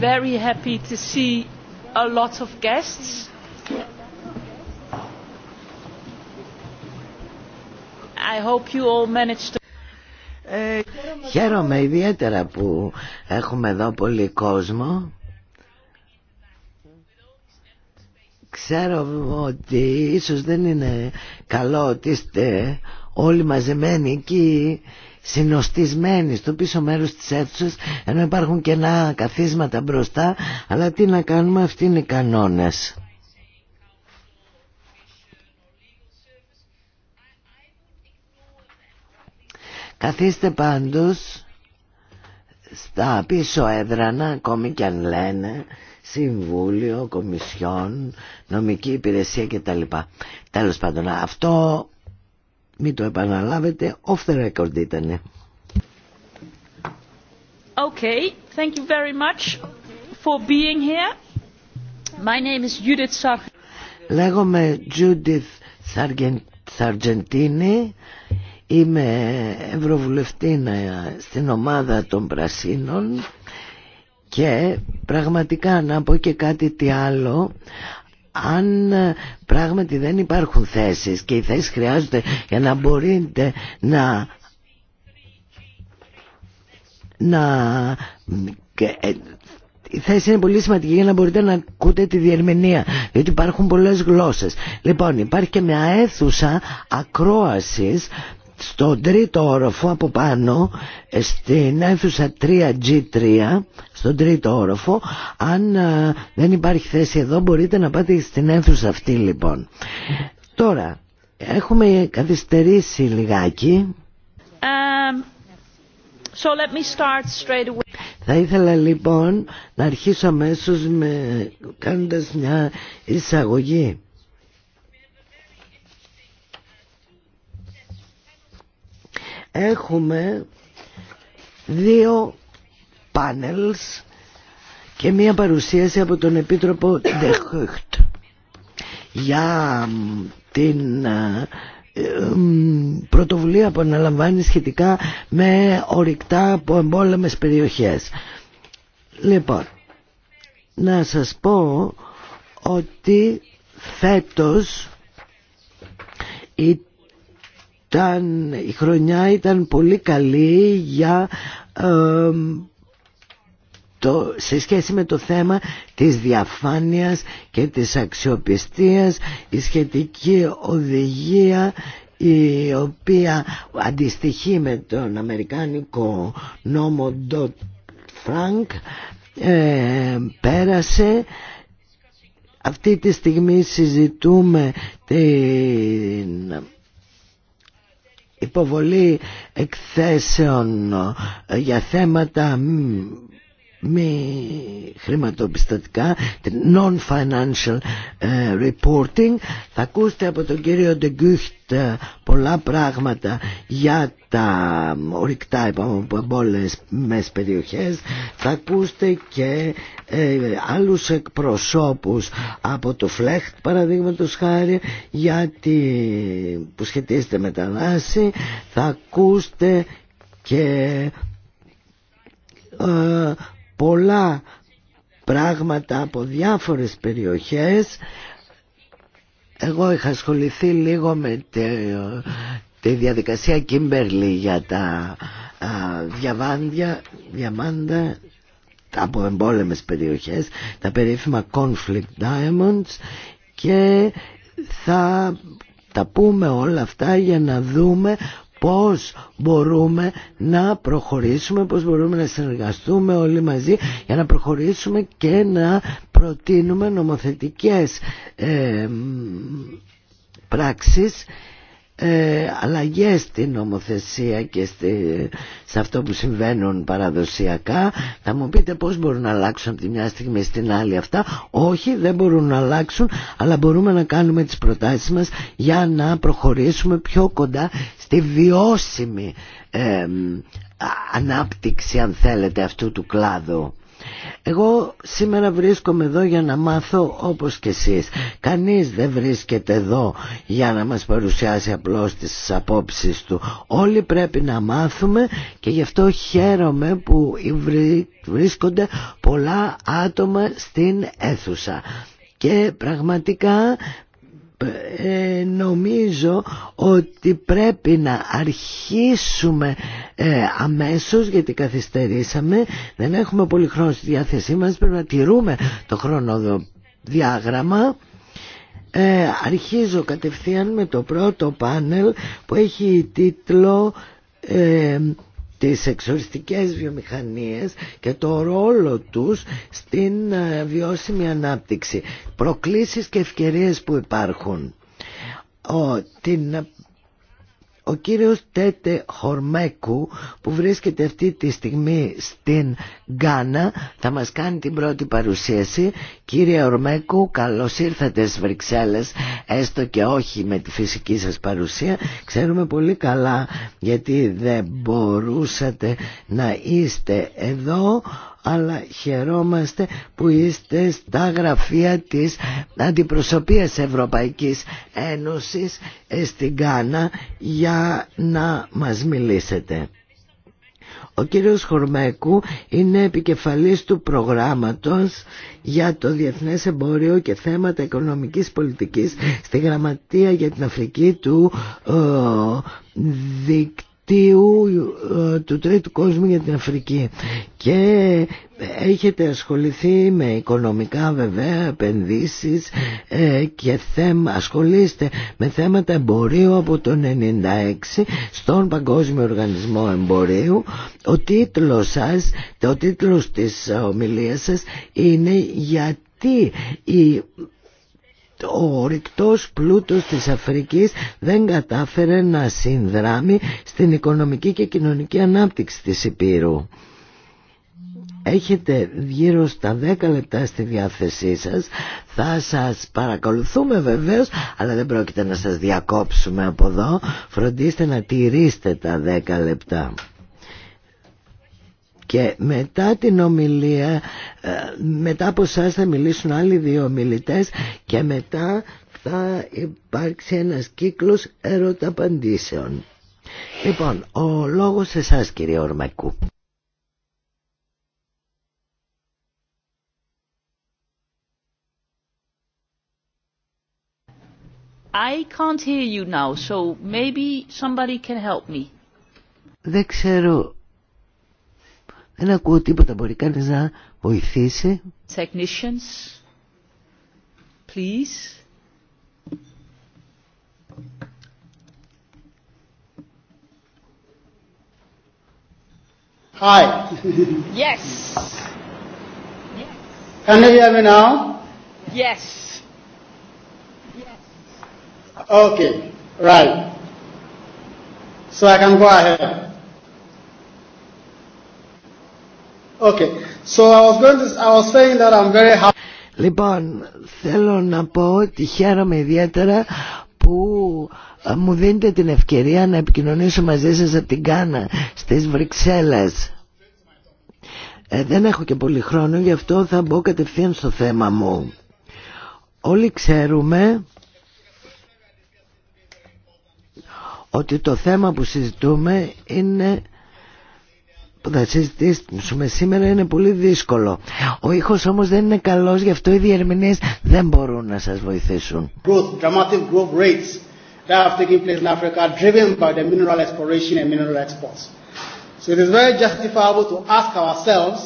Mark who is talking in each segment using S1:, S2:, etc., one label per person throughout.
S1: very happy to see a lot of guests. I hope you all managed to... ε,
S2: χαίρομαι ιδιαίτερα που έχουμε εδώ πολύ κόσμο. Ξέρω ότι ίσως δεν είναι καλό ότι είστε όλοι μαζεμένοι εκεί συνοστισμένοι στο πίσω μέρος της αίθουσας ενώ υπάρχουν κενά καθίσματα μπροστά αλλά τι να κάνουμε αυτοί είναι οι κανόνες. Καθίστε πάντως στα πίσω έδρανα, ακόμη και αν λένε, συμβούλιο, κομισιόν, νομική υπηρεσία κτλ. Τέλος πάντων, αυτό μην το επαναλάβετε, off the record ήτανε.
S1: Okay, thank you very much for being here. My name is Judith
S2: Sargentini. Λέγομαι Judith Sargentini. Είμαι ευρωβουλευτήνα στην ομάδα των Πρασίνων και πραγματικά να πω και κάτι τι άλλο αν ε, πράγματι δεν υπάρχουν θέσεις και οι θέσεις χρειάζονται για να μπορείτε να να ε, η είναι πολύ σημαντική για να μπορείτε να ακούτε τη διερμηνία γιατί υπάρχουν πολλές γλώσσες λοιπόν υπάρχει και μια αίθουσα ακρόασης στον τρίτο όροφο από πάνω ε, στην αίθουσα 3G3 στον τρίτο όροφο αν ε, δεν υπάρχει θέση εδώ μπορείτε να πάτε στην αίθουσα αυτή λοιπόν τώρα έχουμε καθυστερήσει λιγάκι
S1: um, so
S2: θα ήθελα λοιπόν να αρχίσω αμέσως με, κάνοντας μια εισαγωγή έχουμε δύο πάνελ και μία παρουσίαση από τον Επίτροπο Ντεχούχτ για την ε, πρωτοβουλία που αναλαμβάνει σχετικά με ορυκτά από εμπόλεμες περιοχές. Λοιπόν, να σας πω ότι φέτος ήταν, η χρονιά ήταν πολύ καλή για το, σε σχέση με το θέμα της διαφάνειας και της αξιοπιστίας η σχετική οδηγία η οποία αντιστοιχεί με τον Αμερικάνικο νόμο Dodd Frank ε, πέρασε αυτή τη στιγμή συζητούμε την υποβολή εκθέσεων ε, για θέματα μη χρηματοπιστωτικά, non-financial ε, reporting. Θα ακούσετε από τον κύριο Ντεγκούχτ πολλά πράγματα για τα ορυκτά όλες μες περιοχές. Θα ακούσετε και ε, άλλους εκπροσώπους από το φλέχτ παραδείγματος χάρη γιατί, που σχετίζεται με τα δάση. Θα ακούσετε και ε, πολλά πράγματα από διάφορες περιοχές εγώ είχα ασχοληθεί λίγο με τη, διαδικασία Κίμπερλι για τα α, διαβάντια, διαμάντα από εμπόλεμες περιοχές, τα περίφημα conflict diamonds και θα τα πούμε όλα αυτά για να δούμε πώς μπορούμε να προχωρήσουμε, πώς μπορούμε να συνεργαστούμε όλοι μαζί για να προχωρήσουμε και να προτείνουμε νομοθετικές ε, πράξεις ε, αλλαγές στην νομοθεσία και στη, σε αυτό που συμβαίνουν παραδοσιακά θα μου πείτε πως μπορούν να αλλάξουν από τη μια στιγμή στην άλλη αυτά όχι δεν μπορούν να αλλάξουν αλλά μπορούμε να κάνουμε τις προτάσεις μας για να προχωρήσουμε πιο κοντά στη βιώσιμη ε, ανάπτυξη αν θέλετε αυτού του κλάδου εγώ σήμερα βρίσκομαι εδώ για να μάθω όπως και εσείς. Κανείς δεν βρίσκεται εδώ για να μας παρουσιάσει απλώς τις απόψεις του. Όλοι πρέπει να μάθουμε και γι' αυτό χαίρομαι που βρίσκονται πολλά άτομα στην αίθουσα. Και πραγματικά ε, νομίζω ότι πρέπει να αρχίσουμε ε, αμέσως γιατί καθυστερήσαμε δεν έχουμε πολύ χρόνο στη διάθεσή μας πρέπει να τηρούμε το χρονοδιάγραμμα ε, αρχίζω κατευθείαν με το πρώτο πάνελ που έχει τίτλο ε, τις εξοριστικές βιομηχανίες και το ρόλο τους στην ε, βιώσιμη ανάπτυξη, προκλήσεις και ευκαιρίες που υπάρχουν. Ο, την ο κύριος Τέτε Χορμέκου που βρίσκεται αυτή τη στιγμή στην Γκάνα θα μας κάνει την πρώτη παρουσίαση. Κύριε Χορμέκου καλώς ήρθατε στις Βρυξέλλες έστω και όχι με τη φυσική σας παρουσία. Ξέρουμε πολύ καλά γιατί δεν μπορούσατε να είστε εδώ αλλά χαιρόμαστε που είστε στα γραφεία της Αντιπροσωπείας Ευρωπαϊκής Ένωσης ε, στην Κάνα για να μας μιλήσετε. Ο κύριος Χορμέκου είναι επικεφαλής του προγράμματος για το Διεθνές Εμπόριο και θέματα οικονομικής πολιτικής στη Γραμματεία για την Αφρική του ε, Δικτύου ε, του τρίτου κόσμου για την Αφρική και έχετε ασχοληθεί με οικονομικά βέβαια επενδύσει ε, και θέμα, ασχολείστε με θέματα εμπορίου από το 96 στον Παγκόσμιο Οργανισμό Εμπορίου ο τίτλος σας το τίτλος της ομιλίας σας είναι γιατί η ο ορυκτός πλούτος της Αφρικής δεν κατάφερε να συνδράμει στην οικονομική και κοινωνική ανάπτυξη της Υπήρου. Έχετε γύρω στα 10 λεπτά στη διάθεσή σας. Θα σας παρακολουθούμε βεβαίως, αλλά δεν πρόκειται να σας διακόψουμε από εδώ. Φροντίστε να τηρήσετε τα 10 λεπτά και μετά την ομιλία ε, μετά από εσά θα μιλήσουν άλλοι δύο ομιλητές και μετά θα υπάρξει ένας κύκλος ερωταπαντήσεων. Λοιπόν, ο λόγος εσάς κύριε Ορμακού.
S1: I can't hear you now, so maybe somebody can help me.
S2: Δεν ξέρω δεν ακούω τίποτα. Μπορεί κανείς να βοηθήσει.
S1: Technicians, please.
S3: Hi. Yes. Yes. Can you hear me now? Yes. Yes. Okay. Right. So I can go ahead. Okay.
S2: So I was going Λοιπόν, θέλω να πω ότι χαίρομαι ιδιαίτερα που ε, μου δίνετε την ευκαιρία να επικοινωνήσω μαζί σας από την Κάνα, στις Βρυξέλλες. Ε, δεν έχω και πολύ χρόνο, γι' αυτό θα μπω κατευθείαν στο θέμα μου. Όλοι ξέρουμε ότι το θέμα που συζητούμε είναι που θα συζητήσουμε σήμερα είναι πολύ δύσκολο. Ο ήχος όμως δεν είναι καλός, γι' αυτό οι διερμηνείς δεν μπορούν να σας βοηθήσουν.
S3: Growth, dramatic growth rates that have taken place in Africa driven by the mineral exploration and mineral exports. So it is very justifiable to ask ourselves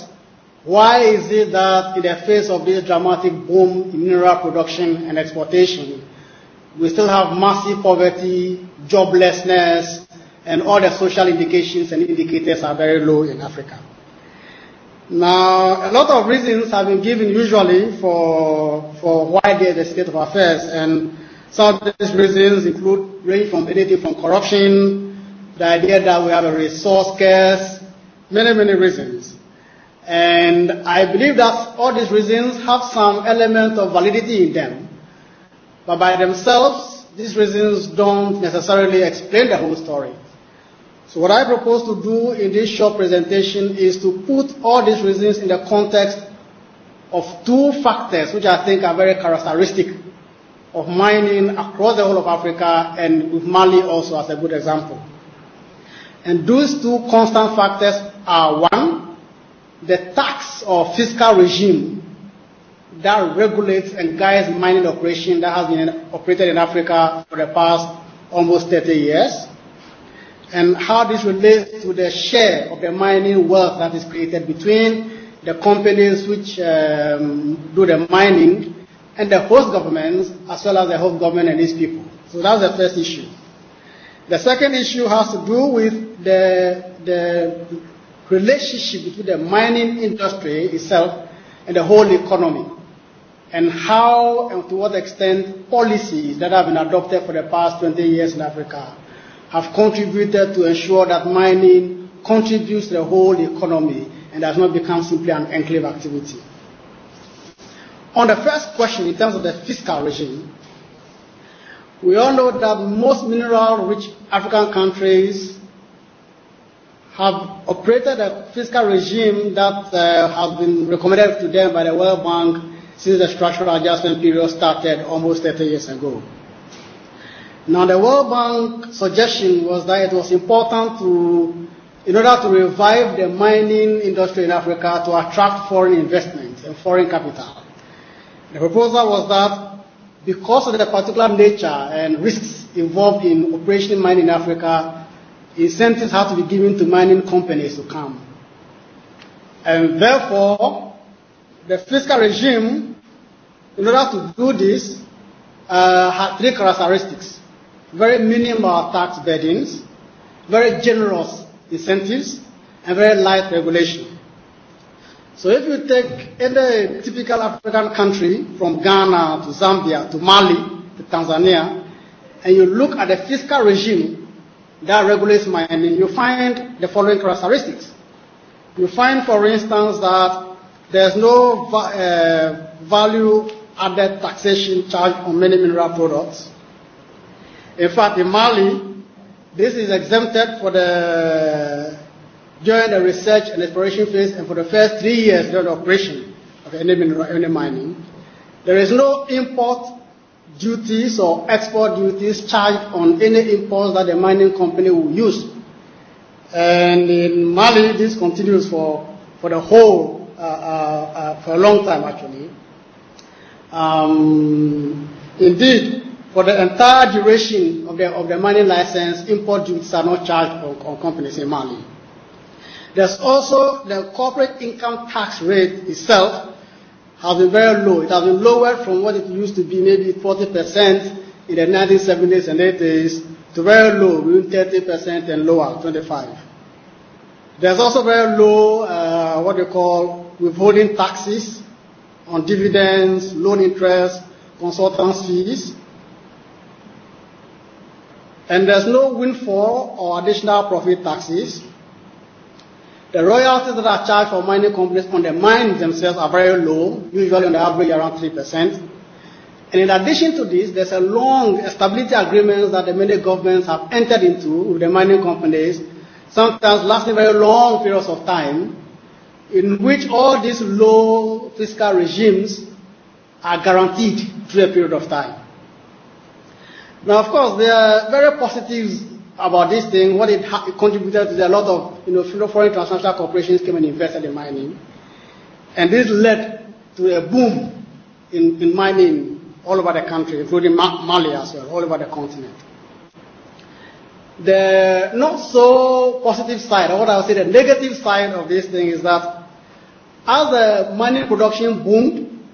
S3: why is it that in the face of this dramatic boom in mineral production and exportation we still have massive poverty, joblessness, and all the social indications and indicators are very low in Africa. Now, a lot of reasons have been given usually for, for why there is a state of affairs, and some of these reasons include range from anything from corruption, the idea that we have a resource scarce, many, many reasons. And I believe that all these reasons have some element of validity in them. But by themselves, these reasons don't necessarily explain the whole story. So what I propose to do in this short presentation is to put all these reasons in the context of two factors which I think are very characteristic of mining across the whole of Africa and with Mali also as a good example. And those two constant factors are one, the tax or fiscal regime that regulates and guides mining operation that has been operated in Africa for the past almost 30 years and how this relates to the share of the mining wealth that is created between the companies which do the mining and the host governments, as well as the host government and its people. So that's the first issue. The second issue has to do with the, the relationship between the mining industry itself and the whole economy, and how and to what extent policies that have been adopted for the past 20 years in Africa have contributed to ensure that mining contributes to the whole economy and does not become simply an enclave activity. On the first question, in terms of the fiscal regime, we all know that most mineral-rich African countries have operated a fiscal regime that has been recommended to them by the World Bank since the structural adjustment period started almost 30 years ago. Now the World Bank suggestion was that it was important to, in order to revive the mining industry in Africa to attract foreign investment and foreign capital. The proposal was that because of the particular nature and risks involved in operation mining in Africa, incentives had to be given to mining companies to come. And therefore, the fiscal regime, in order to do this, uh, had three characteristics very minimal tax burdens, very generous incentives, and very light regulation. So if you take any typical African country, from Ghana to Zambia to Mali to Tanzania, and you look at the fiscal regime that regulates mining, you find the following characteristics. You find, for instance, that there's no value added taxation charged on many mineral products. In fact, in Mali, this is exempted for the during the research and exploration phase and for the first three years during the operation of any mineral any mining. There is no import duties or export duties charged on any imports that the mining company will use. And in Mali, this continues for, for the whole, uh, uh, for a long time actually. Um, indeed, For the entire duration of the, of the mining license, import duties are not charged on, companies in Mali. There's also the corporate income tax rate itself has been very low. It has been lowered from what it used to be, maybe 40% in the 1970s and 80s, to very low, between 30% and lower, 25. There's also very low, uh, what they call withholding taxes on dividends, loan interest, consultants fees and there's no windfall or additional profit taxes. The royalties that are charged for mining companies on the mines themselves are very low, usually on the average around 3%. And in addition to this, there's a long stability agreement that the many governments have entered into with the mining companies, sometimes lasting very long periods of time, in which all these low fiscal regimes are guaranteed through a period of time. Now, of course, there are very positives about this thing, what it contributed to a lot of you know, foreign transnational corporations came and invested in mining. And this led to a boom in, in mining all over the country, including Mali as well, all over the continent. The not so positive side, or what I would say the negative side of this thing is that as the mining production boomed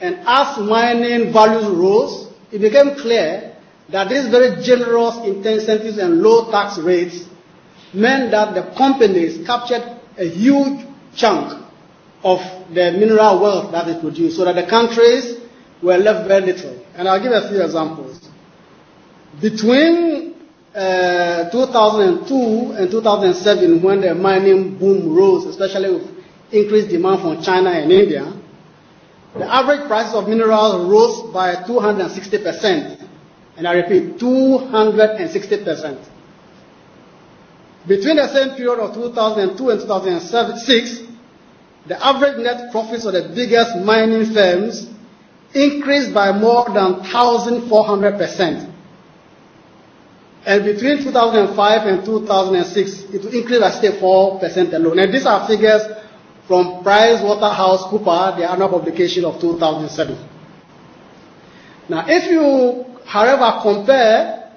S3: and as mining values rose, it became clear that these very generous incentives and low tax rates meant that the companies captured a huge chunk of the mineral wealth that they produced, so that the countries were left very little. And I'll give a few examples. Between 2002 and 2007, when the mining boom rose, especially with increased demand from China and India, the average price of minerals rose by 260 percent And I repeat, 260%. Between the same period of 2002 and 2006, the average net profits of the biggest mining firms increased by more than 1,400%. And between 2005 and 2006, it increased by say 4% alone. And these are figures from Price Waterhouse Cooper, the annual publication of 2007. Now, if you However, compare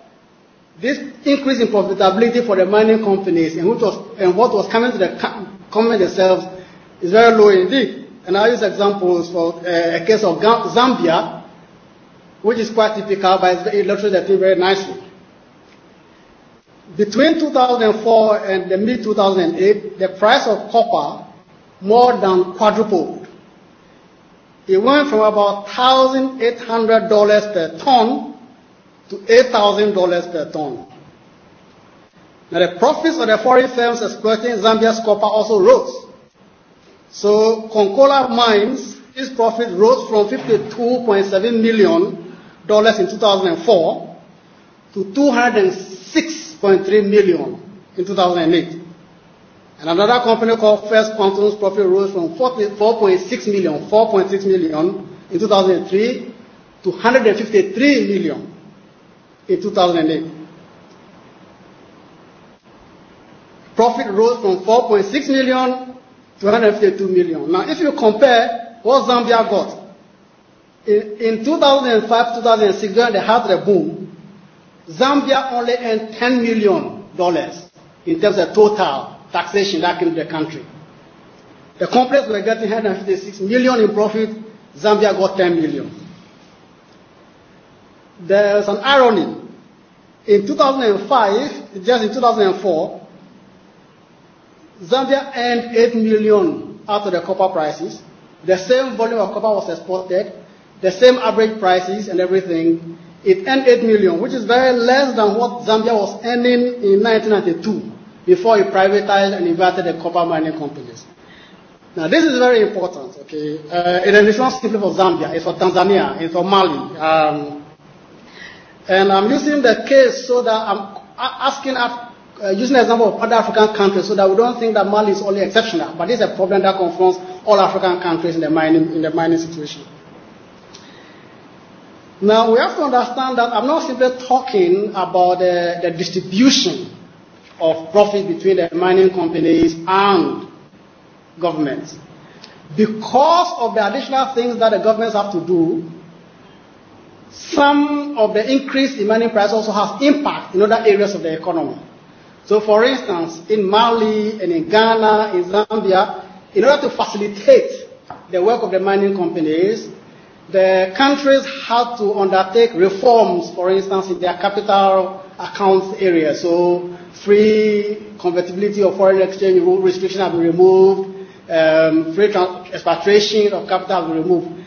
S3: this increase in profitability for the mining companies and, which was, and what was coming to the company themselves is very low indeed. And I use examples for a case of Zambia, which is quite typical, but it illustrates very nicely. Between 2004 and the mid-2008, the price of copper more than quadrupled. It went from about $1,800 per ton to $8,000 per ton. Now the profits of the foreign firms exploiting Zambia's copper also rose. So Concola Mines, its profit rose from $52.7 million dollars in 2004 to $206.3 million in 2008. And another company called First Quantum's profit rose from 4.6 million, 4.6 million in 2003 to 153 million in 2008. Profit rose from 4.6 million to 152 million. Now, if you compare what Zambia got, in 2005-2006, when they had the boom, Zambia only earned 10 million dollars in terms of total taxation that came to the country. The companies were getting 156 million in profit, Zambia got 10 million. There's an irony In 2005, just in 2004, Zambia earned 8 million out of the copper prices. The same volume of copper was exported, the same average prices and everything. It earned 8 million, which is very less than what Zambia was earning in 1992 before it privatized and inverted the copper mining companies. Now, this is very important, okay? Uh, it is not simply for Zambia, it's for Tanzania, it's for Mali. Um, And I'm using the case so that I'm asking, uh, using the example of other African countries so that we don't think that Mali is only exceptional, but it's a problem that confronts all African countries in the mining, in the mining situation. Now, we have to understand that I'm not simply talking about the, the distribution of profit between the mining companies and governments. Because of the additional things that the governments have to do, some of the increase in mining price also has impact in other areas of the economy. So for instance, in Mali and in Ghana, in Zambia, in order to facilitate the work of the mining companies, the countries had to undertake reforms, for instance, in their capital accounts area. So free convertibility of foreign exchange restrictions have been removed, free expatriation of capital have been removed.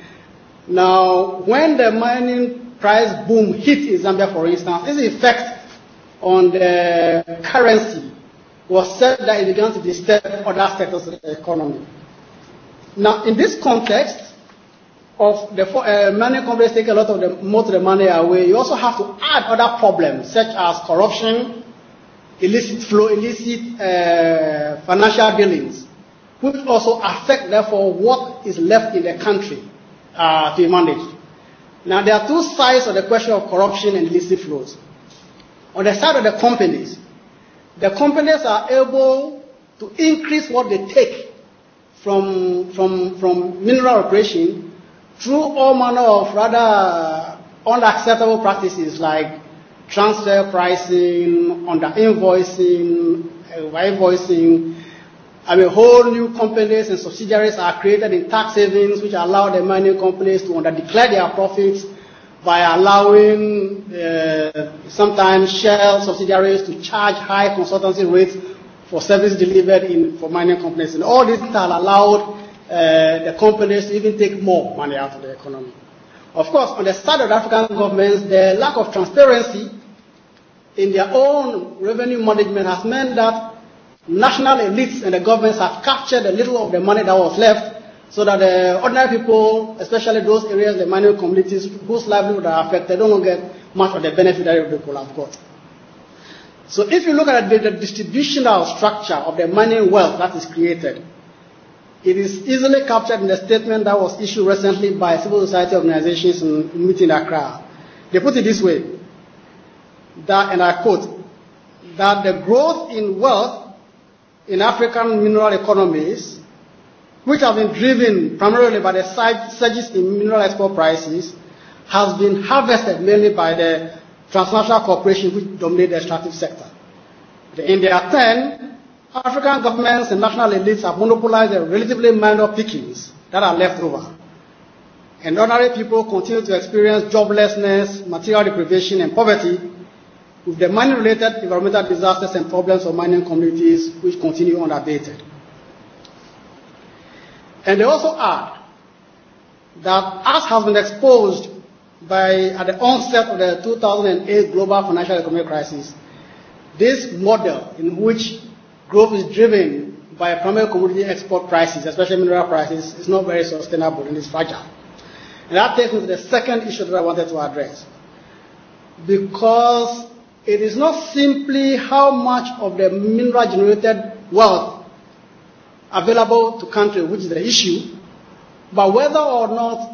S3: Now, when the mining price boom hit in Zambia, for instance, its effect on the currency was said that it began to disturb other sectors of the economy. Now, in this context of the uh, mining companies take a lot of the, most of the money away, you also have to add other problems such as corruption, illicit flow, illicit uh, financial dealings, which also affect, therefore, what is left in the country uh, to managed. Now, there are two sides of the question of corruption and illicit flows. On the side of the companies, the companies are able to increase what they take from, from, from mineral operation through all manner of rather unacceptable practices like transfer pricing, under invoicing, uh, invoicing, I mean, whole new companies and subsidiaries are created in tax savings which allow the mining companies to underdeclare their profits by allowing sometimes shell subsidiaries to charge high consultancy rates for services delivered in for mining companies. And all this has allowed the companies to even take more money out of the economy. Of course, on the side of African governments, the lack of transparency in their own revenue management has meant that national elites and the governments have captured a little of the money that was left so that the ordinary people, especially those areas, the mining communities whose livelihoods are affected, don't get much of the benefit that the. people have got. So if you look at the, distributional structure of the money wealth that is created, it is easily captured in the statement that was issued recently by civil society organizations in meeting in Accra. They put it this way, that, and I quote, that the growth in wealth in African mineral economies, which have been driven primarily by the surges in mineral export prices, has been harvested mainly by the transnational corporations which dominate the extractive sector. In their turn, African governments and national elites have monopolized the relatively minor pickings that are left over. And ordinary people continue to experience joblessness, material deprivation, and poverty with the mining-related environmental disasters and problems of mining communities which continue unabated. And they also add that as has been exposed by at the onset of the 2008 global financial economic crisis, this model in which growth is driven by primary commodity export prices, especially mineral prices, is not very sustainable and is fragile. And that takes me to the second issue that I wanted to address. Because It is not simply how much of the mineral generated wealth available to country, which is the issue, but whether or not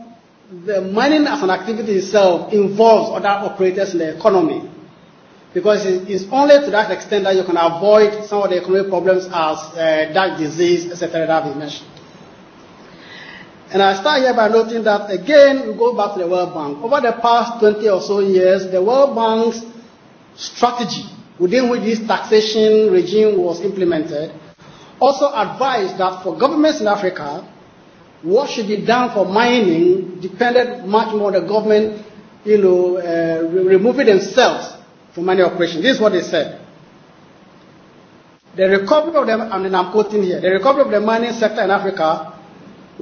S3: the mining as an activity itself involves other operators in the economy. Because it is only to that extent that you can avoid some of the economic problems as uh, that disease, etc. that we mentioned. And I start here by noting that, again, we go back to the World Bank. Over the past 20 or so years, the World Bank's strategy within which this taxation regime was implemented also advised that for governments in Africa, what should be done for mining depended much more on the government, you know, uh, removing themselves from mining operations. This is what they said. The recovery of the, and I'm quoting here, the recovery of the mining sector in Africa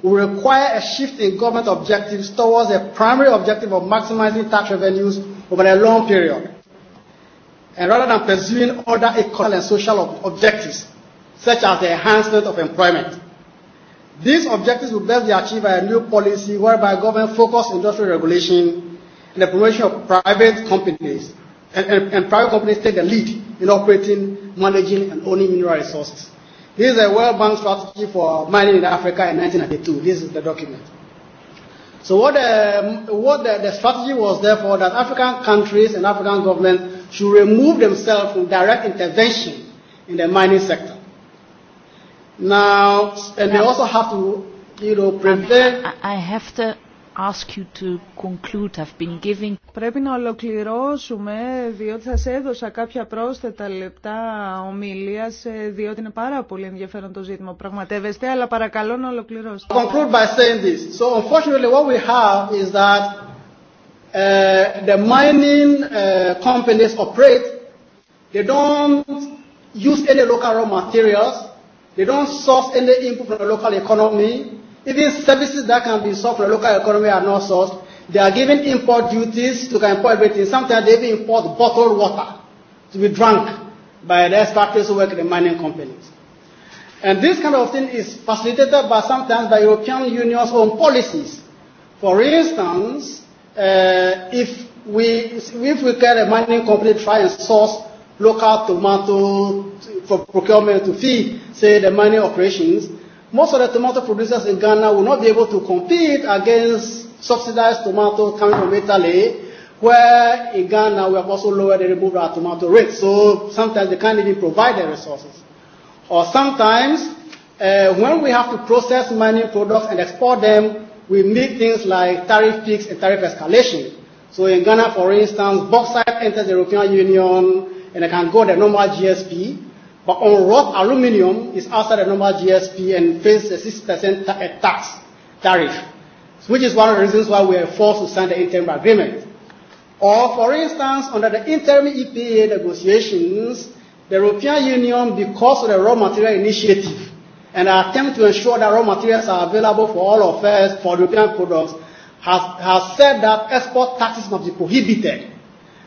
S3: will require a shift in government objectives towards a primary objective of maximizing tax revenues over a long period and rather than pursuing other economic and social objectives, such as the enhancement of employment. These objectives will best be achieved by a new policy whereby government focused industrial regulation and the promotion of private companies and, and, private companies take the lead in operating, managing and owning mineral resources. This is a World Bank strategy for mining in Africa in 1992. This is the document. So what, the, what the, the strategy was therefore that African countries and African governments should remove themselves from direct intervention in the mining sector. Now,
S1: and they also have to, you
S3: know, prevent.
S4: I I have to ask you to conclude. I've been giving. Πρέπει να ολοκληρώσουμε, διότι θα σε έδωσα κάποια πρόσθετα λεπτά ομιλία, διότι είναι πάρα πολύ ενδιαφέρον το ζήτημα που πραγματεύεστε, αλλά παρακαλώ να ολοκληρώσετε. Conclude
S3: by saying this. So unfortunately what we have is that the mining companies operate, they don't use any local raw materials, they don't source any input from the local economy, even services that can be sourced from the local economy are not sourced. They are given import duties to import everything. Sometimes they even import bottled water to be drunk by the expatriates who work in the mining companies. And this kind of thing is facilitated by sometimes by European Union's own policies. For instance, if we if we get a mining company try and source local tomato for procurement to feed, say, the mining operations, most of the tomato producers in Ghana will not be able to compete against subsidized tomato coming from Italy, where in Ghana we have also lowered and removed our tomato rates. So sometimes they can't even provide the resources. Or sometimes uh, when we have to process mining products and export them, we meet things like tariff peaks and tariff escalation. So in Ghana, for instance, bauxite enters the European Union and it can go the normal GSP, but on rock aluminium is outside the normal GSP and faces a 6% tax tariff, which is one of the reasons why we are forced to sign the interim agreement. Or, for instance, under the interim EPA negotiations, the European Union, because of the raw material initiative, and our attempt to ensure that raw materials are available for all of us for European products has, has said that export taxes must be prohibited.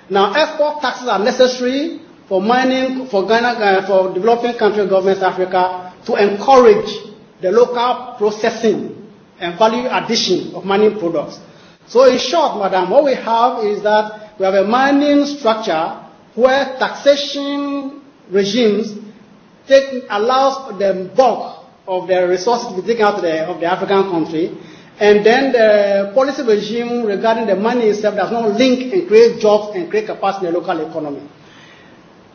S3: Now, export taxes are necessary for mining, for Ghana, uh, for developing country governments in Africa to encourage the local processing and value addition of mining products. So in short, madam, what we have is that we have a mining structure where taxation regimes taking allows the bulk of the resources to be taken out of the, of the African country. And then the policy regime regarding the money itself does not link and create jobs and create capacity in the local economy.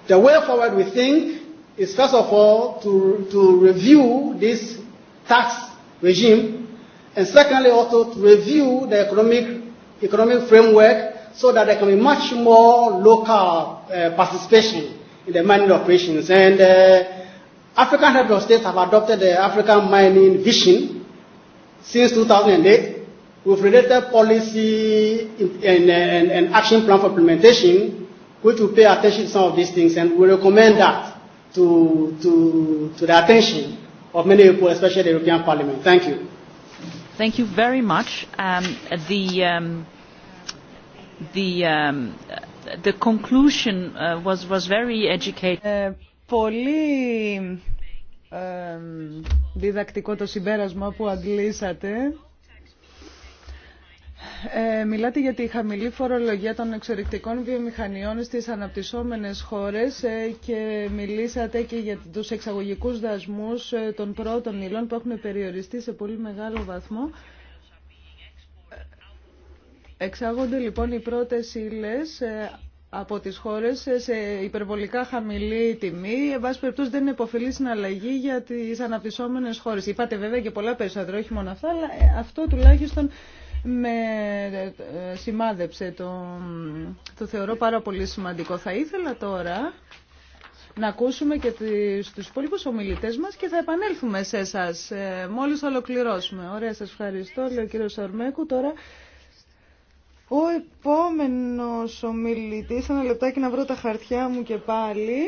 S3: The way forward, we think, is first of all to, to review this tax regime, and secondly also to review the economic, economic framework so that there can be much more local participation in the mining operations. And African heads of State have adopted the African mining vision since 2008 with related policy and, and, action plan for implementation, which will pay attention to some of these things, and we recommend that to, to, to the attention of many people, especially the European Parliament. Thank you.
S1: Thank you very much. the, the,
S4: the conclusion was, was very educated πολύ διδακτικό το συμπέρασμα που αντλήσατε. Ε, μιλάτε για τη χαμηλή φορολογία των εξορρυκτικών βιομηχανιών στις αναπτυσσόμενες χώρες ε, και μιλήσατε και για τους εξαγωγικούς δασμούς ε, των πρώτων υλών που έχουν περιοριστεί σε πολύ μεγάλο βαθμό. Ε, εξάγονται λοιπόν οι πρώτες ύλες από τις χώρες σε υπερβολικά χαμηλή τιμή. Εν πάση περιπτώσει δεν είναι υποφελή συναλλαγή για τις αναπτυσσόμενες χώρες. Είπατε βέβαια και πολλά περισσότερο όχι μόνο αυτά, αλλά ε, αυτό τουλάχιστον με ε, ε, σημάδεψε. Το, το θεωρώ πάρα πολύ σημαντικό. Θα ήθελα τώρα να ακούσουμε και τους υπόλοιπους ομιλητέ μας και θα επανέλθουμε σε εσά. μόλις ολοκληρώσουμε. Ωραία, σας ευχαριστώ, λέει ο κύριος Σαρμέκου. Τώρα ο επόμενος ομιλητής, ένα λεπτάκι να βρω τα χαρτιά μου και πάλι,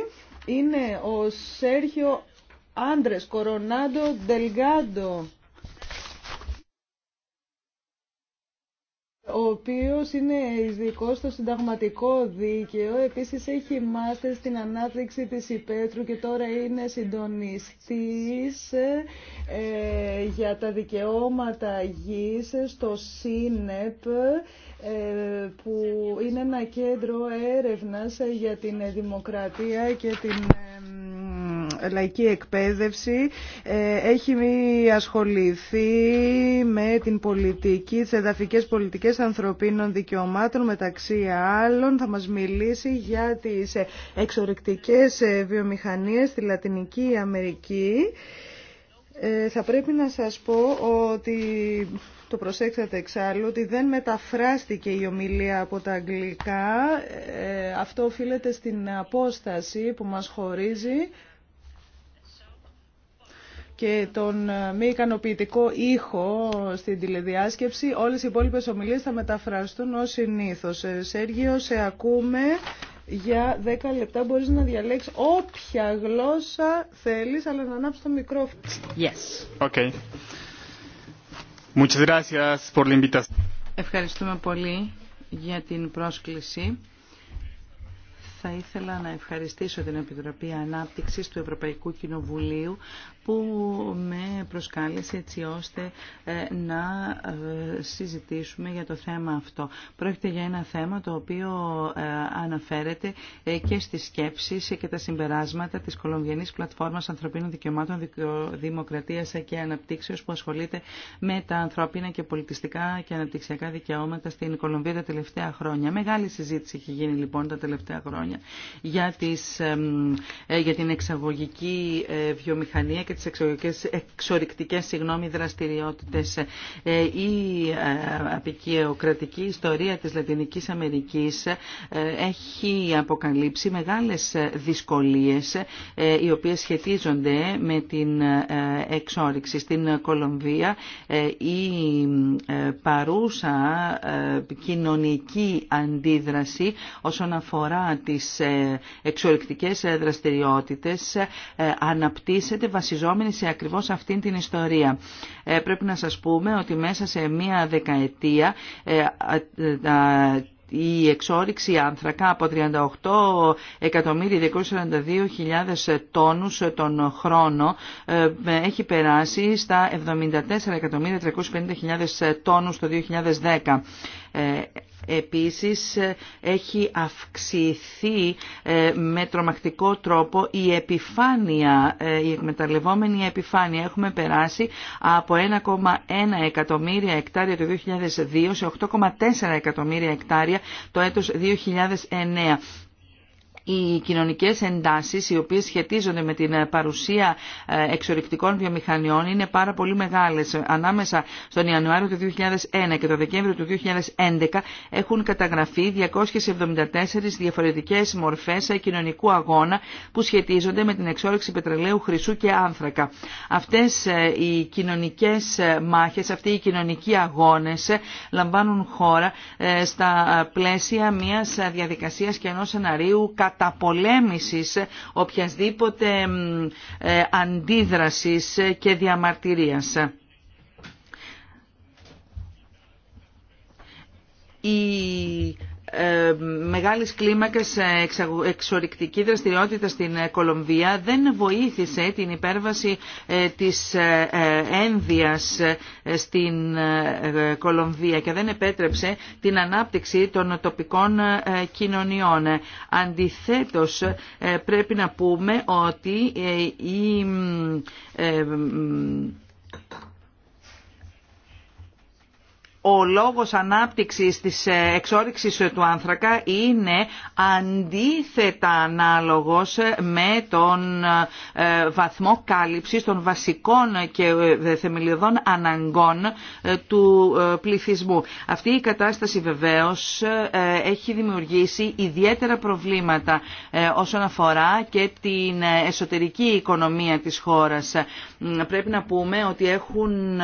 S4: είναι ο Σέρχιο Άντρες Κορονάντο Ντελγάντο. ο οποίος είναι ειδικό στο συνταγματικό δίκαιο. Επίσης έχει μάστερ στην ανάπτυξη της υπέτρου και τώρα είναι συντονιστής ε, για τα δικαιώματα γης στο ΣΥΝΕΠ ε, που είναι ένα κέντρο έρευνας για την δημοκρατία και την... Ε, λαϊκή εκπαίδευση ε, έχει ασχοληθεί με την πολιτική, τις πολιτικές ανθρωπίνων δικαιωμάτων μεταξύ άλλων. Θα μας μιλήσει για τις εξορρυκτικές ε, βιομηχανίες στη Λατινική Αμερική. Ε, θα πρέπει να σας πω ότι το προσέξατε εξάλλου ότι δεν μεταφράστηκε η ομιλία από τα αγγλικά. Αυτό οφείλεται στην απόσταση που μας χωρίζει και τον ε, μη ικανοποιητικό ήχο στην τηλεδιάσκεψη. Όλες οι υπόλοιπες ομιλίες θα μεταφραστούν ως συνήθως. Ε, Σέργιο, σε ακούμε για 10 λεπτά. Μπορείς να διαλέξεις όποια γλώσσα θέλεις, αλλά να ανάψεις το μικρόφωνο.
S3: Yes. Okay. Muchas gracias por
S4: Ευχαριστούμε πολύ για την πρόσκληση.
S5: Θα ήθελα να ευχαριστήσω την Επιτροπή Ανάπτυξης του Ευρωπαϊκού Κοινοβουλίου που με προσκάλεσε έτσι ώστε ε, να ε, συζητήσουμε για το θέμα αυτό. Πρόκειται για ένα θέμα το οποίο ε, αναφέρεται και στις σκέψεις και τα συμπεράσματα της Κολομβιανής Πλατφόρμας Ανθρωπίνων Δικαιωμάτων Δημοκρατίας και Αναπτύξεως που ασχολείται με τα ανθρώπινα και πολιτιστικά και αναπτυξιακά δικαιώματα στην Κολομβία τα τελευταία χρόνια. Μεγάλη συζήτηση έχει γίνει λοιπόν τα τελευταία χρόνια για, για την εξαγωγική βιομηχανία τις εξορυκτικές συγγνώμη, δραστηριότητες. Ε, η ε, απεικιοκρατική ιστορία της Λατινικής Αμερικής ε, έχει αποκαλύψει μεγάλες δυσκολίες οι οποίες σχετίζονται με την εξόριξη. Στην Κολομβία η παρούσα κοινωνική αντίδραση όσον αφορά τις εξορυκτικές δραστηριότητες αναπτύσσεται βασιζόμενη βασιζόμενη σε ακριβώς αυτήν την ιστορία. Ε, πρέπει να σας πούμε ότι μέσα σε μία δεκαετία ε, ε, η εξόριξη άνθρακα από 38 εκατομμύρια 242.000 τόνους τον χρόνο έχει περάσει στα 74.350.000 εκατομμύρια τόνους το 2010. Ε, επίσης έχει αυξηθεί ε, με τρομακτικό τρόπο η επιφάνεια, ε, η εκμεταλλευόμενη επιφάνεια. Έχουμε περάσει από 1,1 εκατομμύρια εκτάρια το 2002 σε 8,4 εκατομμύρια εκτάρια το έτος 2009 οι κοινωνικές εντάσεις οι οποίες σχετίζονται με την παρουσία ε, εξορυκτικών βιομηχανιών είναι πάρα πολύ μεγάλες. Ανάμεσα στον Ιανουάριο του 2001 και τον Δεκέμβριο του 2011 έχουν καταγραφεί 274 διαφορετικές μορφές κοινωνικού αγώνα που σχετίζονται με την εξόρυξη πετρελαίου, χρυσού και άνθρακα. Αυτές ε, οι κοινωνικές ε, μάχες, αυτοί οι κοινωνικοί αγώνες λαμβάνουν χώρα στα πλαίσια μιας διαδικασίας και ενός σεναρίου καταπολέμησης οποιασδήποτε ε, αντίδρασης και διαμαρτυρίας. Ε, μεγάλης κλίμακας εξορυκτική δραστηριότητα στην ε, Κολομβία δεν βοήθησε την υπέρβαση ε, της ένδυας στην Κολομβία και δεν επέτρεψε την ανάπτυξη των τοπικών κοινωνιών. Αντιθέτως πρέπει να πούμε ότι η ο λόγος ανάπτυξης της ε, εξόριξης ε, του άνθρακα είναι αντίθετα ανάλογος ε, με τον βαθμό κάλυψης των βασικών και θεμελιωδών αναγκών του πληθυσμού. Αυτή η κατάσταση βεβαίως έχει δημιουργήσει ιδιαίτερα προβλήματα όσον αφορά και την εσωτερική οικονομία της χώρας. Πρέπει να πούμε ότι έχουν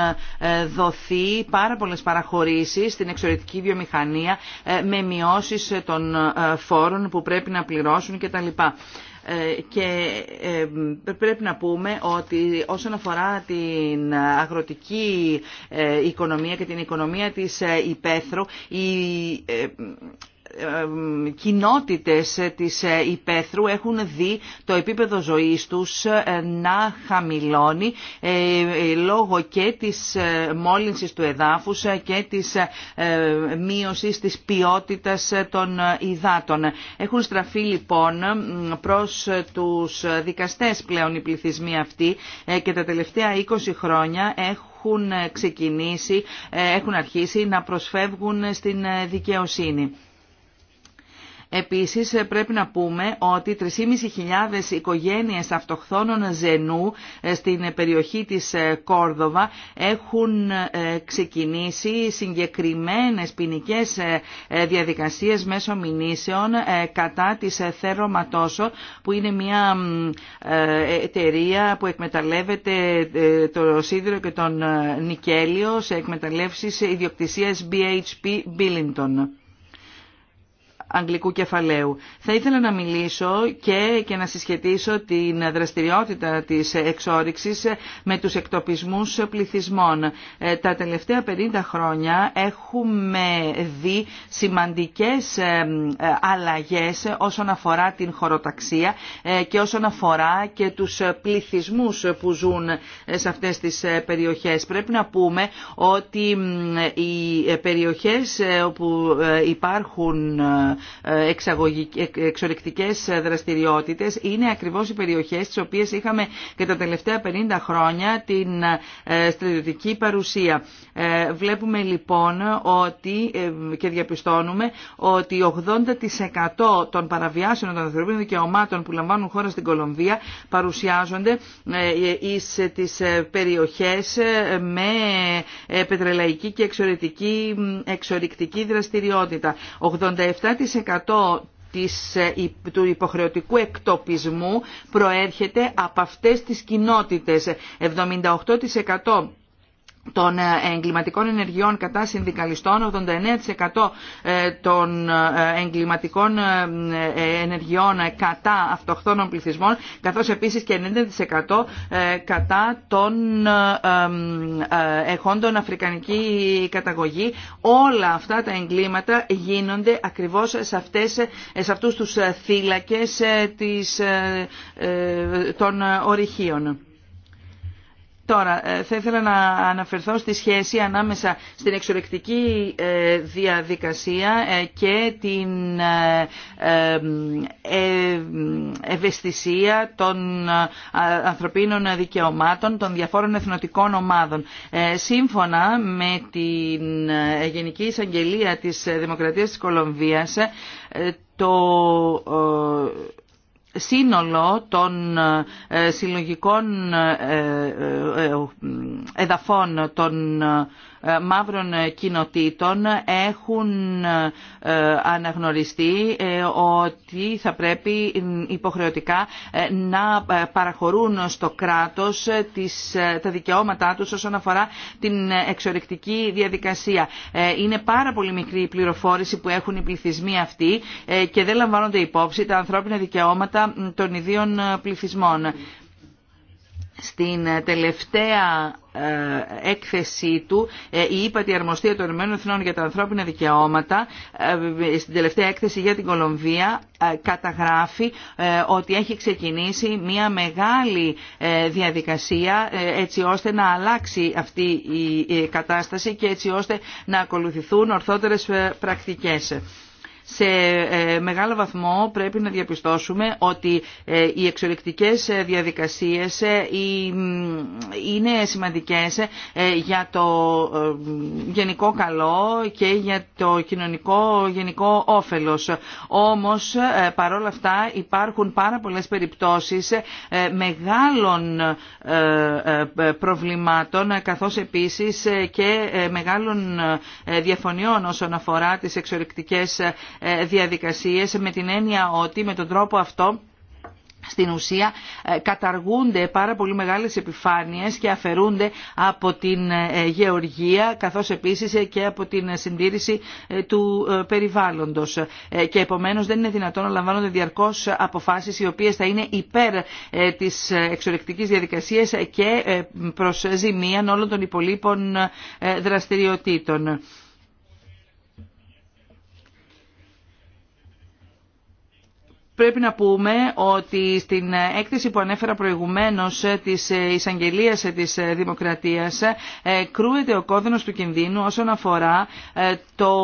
S5: δοθεί πάρα πολλές παραχωρήσεις προχωρήσει στην εξωτερική βιομηχανία ε, με μειώσεις ε, των ε, φόρων που πρέπει να πληρώσουν κτλ και πρέπει να πούμε ότι όσον αφορά την αγροτική οικονομία και την οικονομία της υπαίθρου ε, κοινότητες της ε, υπαίθρου έχουν δει το επίπεδο ζωής τους ε, να χαμηλώνει λόγω και της μόλυνσης του εδάφους και της μείωσης της ποιότητας των υδάτων. Έχουν στραφεί λοιπόν προς τους δικαστές πλέον οι πληθυσμοί αυτοί και τα τελευταία 20 χρόνια έχουν έχουν ξεκινήσει, έχουν αρχίσει να προσφεύγουν στην δικαιοσύνη. Επίσης πρέπει να πούμε ότι 3.500 οικογένειες αυτοχθόνων ζενού ε, στην περιοχή της ε, Κόρδοβα έχουν ε, ξεκινήσει συγκεκριμένες ποινικέ διαδικασίες μέσω μηνύσεων κατά της Θέρο που είναι μια εταιρεία που εκμεταλλεύεται το σίδηρο και τον νικέλιο σε εκμεταλλεύσεις ιδιοκτησίας BHP Billington αγγλικού κεφαλαίου. Θα ήθελα να μιλήσω και, να συσχετήσω την δραστηριότητα της εξόριξης με τους εκτοπισμούς πληθυσμών. Ε, τα τελευταία 50 χρόνια έχουμε δει σημαντικές ε, αλλαγές όσον αφορά την χωροταξία ε, και όσον αφορά και τους πληθυσμούς που ζουν σε αυτές τις περιοχές. Πρέπει να πούμε ότι οι περιοχές όπου υπάρχουν ε, ε, εξορυκτικές δραστηριότητες είναι ακριβώς οι περιοχές τις οποίες είχαμε και τα τελευταία 50 χρόνια την ε, στρατιωτική παρουσία. Βλέπουμε λοιπόν ότι και διαπιστώνουμε ότι 80% των παραβιάσεων των ανθρωπίνων δικαιωμάτων που λαμβάνουν χώρα στην Κολομβία παρουσιάζονται σε τις περιοχές με πετρελαϊκή και εξορυκτική δραστηριότητα. 87% ε, του υποχρεωτικού εκτοπισμού προέρχεται από αυτές τις κοινότητες. 78% των ε, εγκληματικών ενεργειών κατά συνδικαλιστών, 89% ε, των ε, εγκληματικών ενεργειών κατά αυτοχθόνων πληθυσμών, καθώς επίσης και 90% κατά των εχόντων αφρικανική καταγωγή. Όλα αυτά τα εγκλήματα γίνονται ακριβώς σε, αυτές, σε αυτούς τους θύλακες των ορυχείων. Τώρα, ε, θα ήθελα να αναφερθώ στη σχέση ανάμεσα στην εξορεκτική ε, διαδικασία ε, και την ευαισθησία των ανθρωπίνων δικαιωμάτων των διαφόρων εθνοτικών ομάδων. Σύμφωνα με την Γενική Εισαγγελία της Δημοκρατίας της Κολομβίας, το σύνολο των συλλογικών εδαφών των ε, μαύρων ε, κοινοτήτων έχουν ε, αναγνωριστεί ότι θα πρέπει υποχρεωτικά να παραχωρούν στο κράτος τις, τα δικαιώματά τους όσον αφορά την εξορρυκτική διαδικασία. Είναι πάρα πολύ μικρή η πληροφόρηση που έχουν οι πληθυσμοί αυτοί και δεν λαμβάνονται υπόψη τα ανθρώπινα δικαιώματα των ιδίων πληθυσμών στην ε, τελευταία ε, έκθεσή του ε, η ύπατη αρμοστία των Ηνωμένων για τα ανθρώπινα δικαιώματα στην τελευταία έκθεση για την Κολομβία καταγράφει ότι έχει ξεκινήσει μια μεγάλη διαδικασία έτσι ώστε να αλλάξει αυτή η κατάσταση και έτσι ώστε να ακολουθηθούν ορθότερες πρακτικές. Σε ε, μεγάλο βαθμό πρέπει να διαπιστώσουμε ότι ε, οι εξορρυκτικές ε, διαδικασίες είναι σημαντικές για το γενικό καλό και για το κοινωνικό γενικό όφελος. Όμως παρόλα αυτά υπάρχουν πάρα πολλές περιπτώσεις μεγάλων προβλημάτων καθώς επίσης και μεγάλων διαφωνιών όσον αφορά τις εξορρυκτικές ε, διαδικασίες με την έννοια ότι με τον τρόπο αυτό στην ουσία ε, καταργούνται πάρα πολύ μεγάλες επιφάνειες και αφαιρούνται από την ε, γεωργία καθώς επίσης και από την συντήρηση του περιβάλλοντος και επομένως δεν είναι δυνατόν να λαμβάνονται διαρκώς αποφάσεις οι οποίες θα είναι υπέρ της εξορεκτικής διαδικασίας και προς ζημίαν όλων των υπολείπων δραστηριοτήτων. Πρέπει να πούμε ότι στην έκθεση που ανέφερα προηγουμένως της εισαγγελίας της Δημοκρατίας ε, κρούεται ο κόδωνος του κινδύνου όσον αφορά ε, το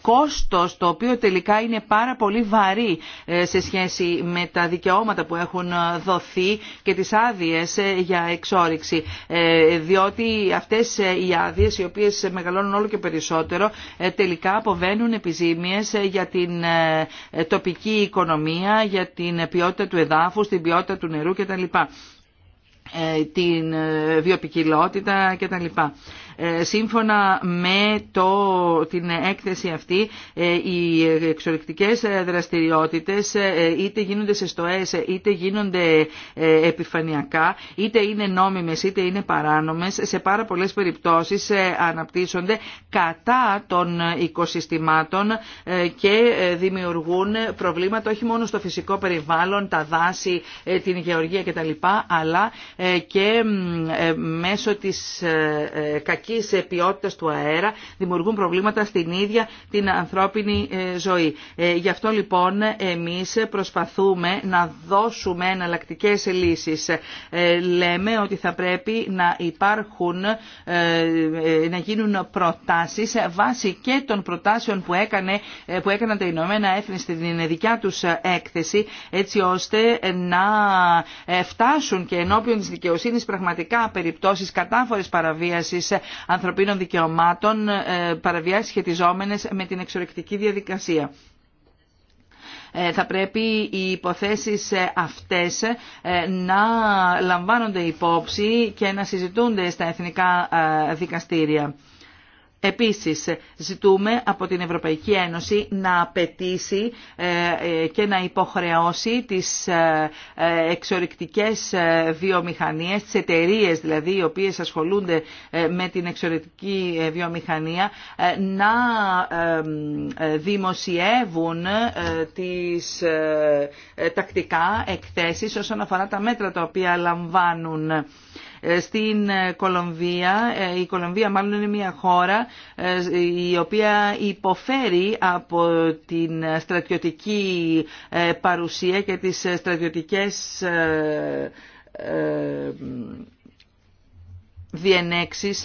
S5: κόστος το οποίο τελικά είναι πάρα πολύ βαρύ ε, σε σχέση με τα δικαιώματα που έχουν δοθεί και τις άδειες για εξόριξη. Διότι αυτές οι άδειες οι οποίες μεγαλώνουν όλο και περισσότερο τελικά αποβαίνουν επιζήμιες για την τοπική οικονομία για την ποιότητα του εδάφους, την ποιότητα του νερού κτλ ε, την ε, βιοπικιλότητα κτλ. Ε, σύμφωνα με το, την έκθεση αυτή, ε, οι εξορυκτικές δραστηριότητες ε, είτε γίνονται σε στοές, είτε γίνονται επιφανειακά, είτε είναι νόμιμες, είτε είναι παράνομες, σε πάρα πολλές περιπτώσεις αναπτύσσονται κατά των οικοσυστημάτων και δημιουργούν προβλήματα όχι μόνο στο φυσικό περιβάλλον, τα δάση, την γεωργία κτλ. αλλά και μέσω της σε ποιότητα του αέρα δημιουργούν προβλήματα στην ίδια την ανθρώπινη ε, ζωή. Ε, γι' αυτό λοιπόν εμείς προσπαθούμε να δώσουμε εναλλακτικέ λύσεις. Ε, λέμε ότι θα πρέπει να υπάρχουν, να γίνουν προτάσεις βάσει και των προτάσεων που, έκανε, που έκαναν τα Ηνωμένα Έθνη στην δικιά τους έκθεση έτσι ώστε να φτάσουν και ενώπιον της δικαιοσύνης πραγματικά περιπτώσεις κατάφορες παραβίασης ανθρωπίνων δικαιωμάτων ε, παραβιάσεις σχετιζόμενες με την εξορεκτική διαδικασία ε, θα πρέπει οι υποθέσεις ε, αυτές να λαμβάνονται υπόψη και να συζητούνται στα εθνικά δικαστήρια. Επίσης, ζητούμε από την Ευρωπαϊκή Ένωση να απαιτήσει ε, ε, και να υποχρεώσει τις ε, εξορρυκτικές βιομηχανίες, τις εταιρείε δηλαδή οι οποίες ασχολούνται με την εξορρυκτική βιομηχανία, να δημοσιεύουν τις τακτικά εκθέσεις όσον αφορά τα μέτρα τα οποία λαμβάνουν στην Κολομβία. Ε, η Κολομβία μάλλον είναι μια χώρα ε, η οποία υποφέρει από την στρατιωτική ε, παρουσία και τις στρατιωτικές διενέξεις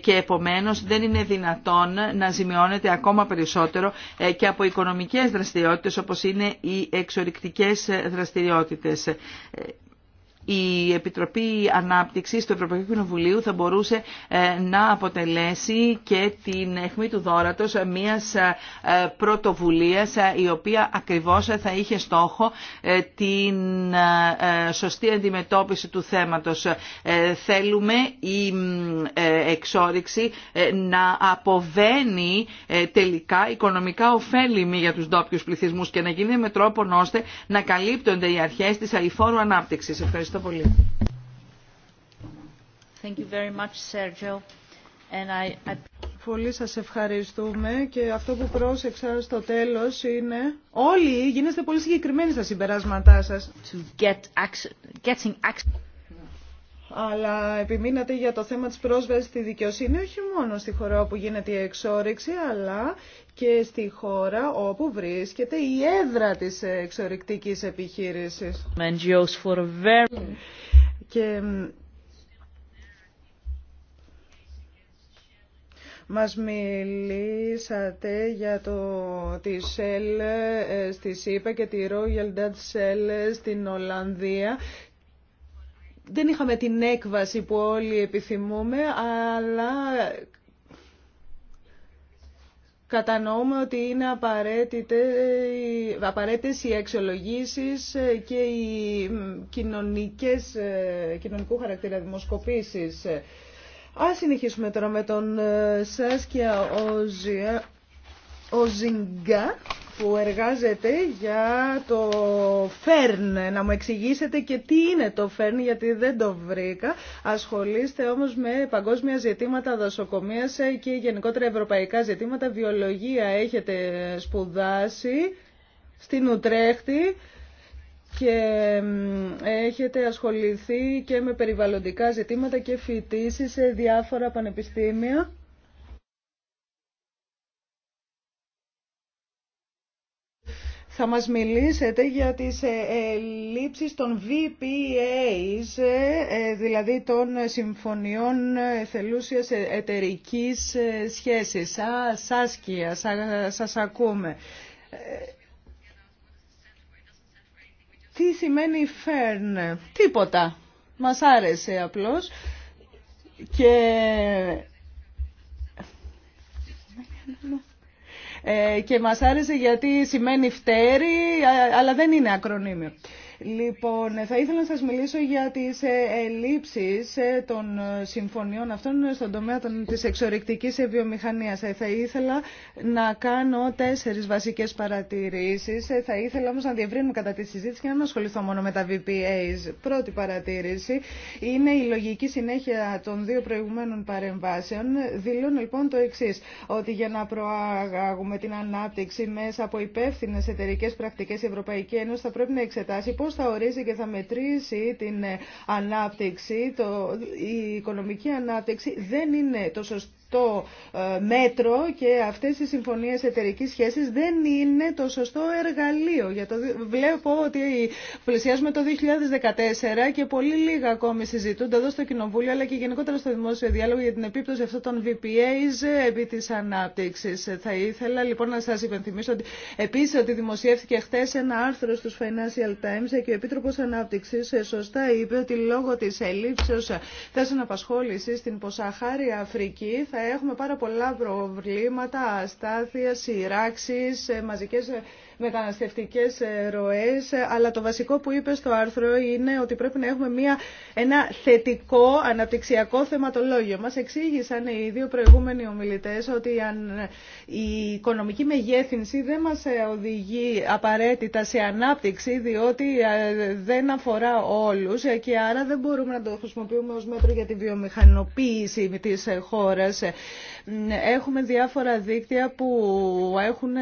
S5: και επομένως δεν είναι δυνατόν να ζημιώνεται ακόμα περισσότερο και από οικονομικές δραστηριότητες όπως είναι οι εξορυκτικές δραστηριότητες η Επιτροπή Ανάπτυξης του Ευρωπαϊκού Κοινοβουλίου θα μπορούσε ε, να αποτελέσει και την αιχμή του δόρατος μιας ε, πρωτοβουλίας ε, η οποία ακριβώς θα είχε στόχο την σωστή αντιμετώπιση του θέματος. Θέλουμε η εξόριξη να αποβαίνει τελικά οικονομικά ωφέλιμη για τους ντόπιου πληθυσμούς και να γίνει με τρόπο ώστε να καλύπτονται οι αρχές της αηφόρου ανάπτυξης. Ευχαριστώ. Ευχαριστώ πολύ.
S4: Thank you very much, Sergio. And I... Πολύ σας ευχαριστούμε και αυτό που πρόσεξα στο τέλος είναι όλοι γίνεστε πολύ συγκεκριμένοι στα συμπεράσματά σας. To get access, getting access. Αλλά επιμείνατε για το θέμα της πρόσβασης στη δικαιοσύνη όχι μόνο στη χώρα όπου γίνεται η εξόριξη, αλλά και στη χώρα όπου βρίσκεται η έδρα της εξορρυκτικής επιχείρησης. For Και Μας μιλήσατε για το, τη ΣΕΛ στη ΣΥΠΑ και τη Royal Dutch Shell ε, στην Ολλανδία. Δεν είχαμε την έκβαση που όλοι επιθυμούμε, αλλά Κατανοούμε ότι είναι απαραίτητες οι αξιολογήσεις και οι κοινωνικές, ε, κοινωνικού χαρακτήρα δημοσκοπήσεις. Ας συνεχίσουμε τώρα με τον ε, Σάσκια Οζιγκα που εργάζεται για το ΦΕΡΝ. Να μου εξηγήσετε και τι είναι το ΦΕΡΝ, γιατί δεν το βρήκα. Ασχολείστε όμως με παγκόσμια ζητήματα δασοκομείας και γενικότερα ευρωπαϊκά ζητήματα. Βιολογία έχετε σπουδάσει στην Ουτρέχτη και έχετε ασχοληθεί και με περιβαλλοντικά ζητήματα και φοιτήσει σε διάφορα πανεπιστήμια. θα μας μιλήσετε για τις ε, ε, λήψεις των VPAs, ε, δηλαδή των Συμφωνιών Θελούσιας Εταιρικής Σχέσης. Σα, σας ακούμε. Τι σημαίνει φέρν, τίποτα. Μας άρεσε απλώς και Ε, και μας άρεσε γιατί σημαίνει φτέρι, αλλά δεν είναι ακρονίμιο. Λοιπόν, θα ήθελα να σας μιλήσω για τις ε, ελλείψεις ε, των ε, συμφωνιών αυτών στον τομέα της εξορρυκτικής βιομηχανίας. Θα ήθελα να κάνω τέσσερις βασικές παρατηρήσεις. Θα ήθελα όμως να διευρύνουμε κατά τη συζήτηση και να μην ασχοληθώ μόνο με τα VPAs. Πρώτη παρατήρηση είναι η λογική συνέχεια των δύο προηγουμένων παρεμβάσεων. Δηλώνω λοιπόν το εξή ότι για να προάγουμε την ανάπτυξη μέσα από υπεύθυνε εταιρικέ πρακτικές η Ευρωπαϊκή Ένωση θα πρέπει να εξετάσει πώ θα ορίζει και θα μετρήσει την ε, ανάπτυξη, το, η οικονομική ανάπτυξη δεν είναι το σωστό το ε, μέτρο και αυτές οι συμφωνίες εταιρικής σχέσης δεν είναι το σωστό εργαλείο. Για Βλέπω ότι πλησιάζουμε το 2014 και πολύ λίγα ακόμη συζητούνται εδώ στο Κοινοβούλιο αλλά και γενικότερα στο Δημόσιο Διάλογο για την επίπτωση αυτών των VPAs επί της ανάπτυξης. Θα ήθελα λοιπόν να σας υπενθυμίσω ότι επίσης ότι δημοσιεύθηκε χθε ένα άρθρο στους Financial Times και ο Επίτροπος Ανάπτυξης σωστά είπε ότι λόγω της ελλείψεως θέσεων απασχόλησης στην ποσαχάρη Αφρική έχουμε πάρα πολλά προβλήματα, αστάθεια, σειράξεις, ε, μαζικές ε, μεταναστευτικές ε, ροές, ε, αλλά το βασικό που είπε στο άρθρο είναι ότι πρέπει να έχουμε μια, ένα θετικό αναπτυξιακό θεματολόγιο. Μας εξήγησαν οι δύο προηγούμενοι ομιλητές ότι αν ε, η οικονομική μεγέθυνση δεν μας οδηγεί απαραίτητα σε ανάπτυξη, διότι δεν αφορά όλους και άρα δεν μπορούμε να το χρησιμοποιούμε ως μέτρο για τη βιομηχανοποίηση της χώρας. Ναι, έχουμε διάφορα δίκτυα που έχουν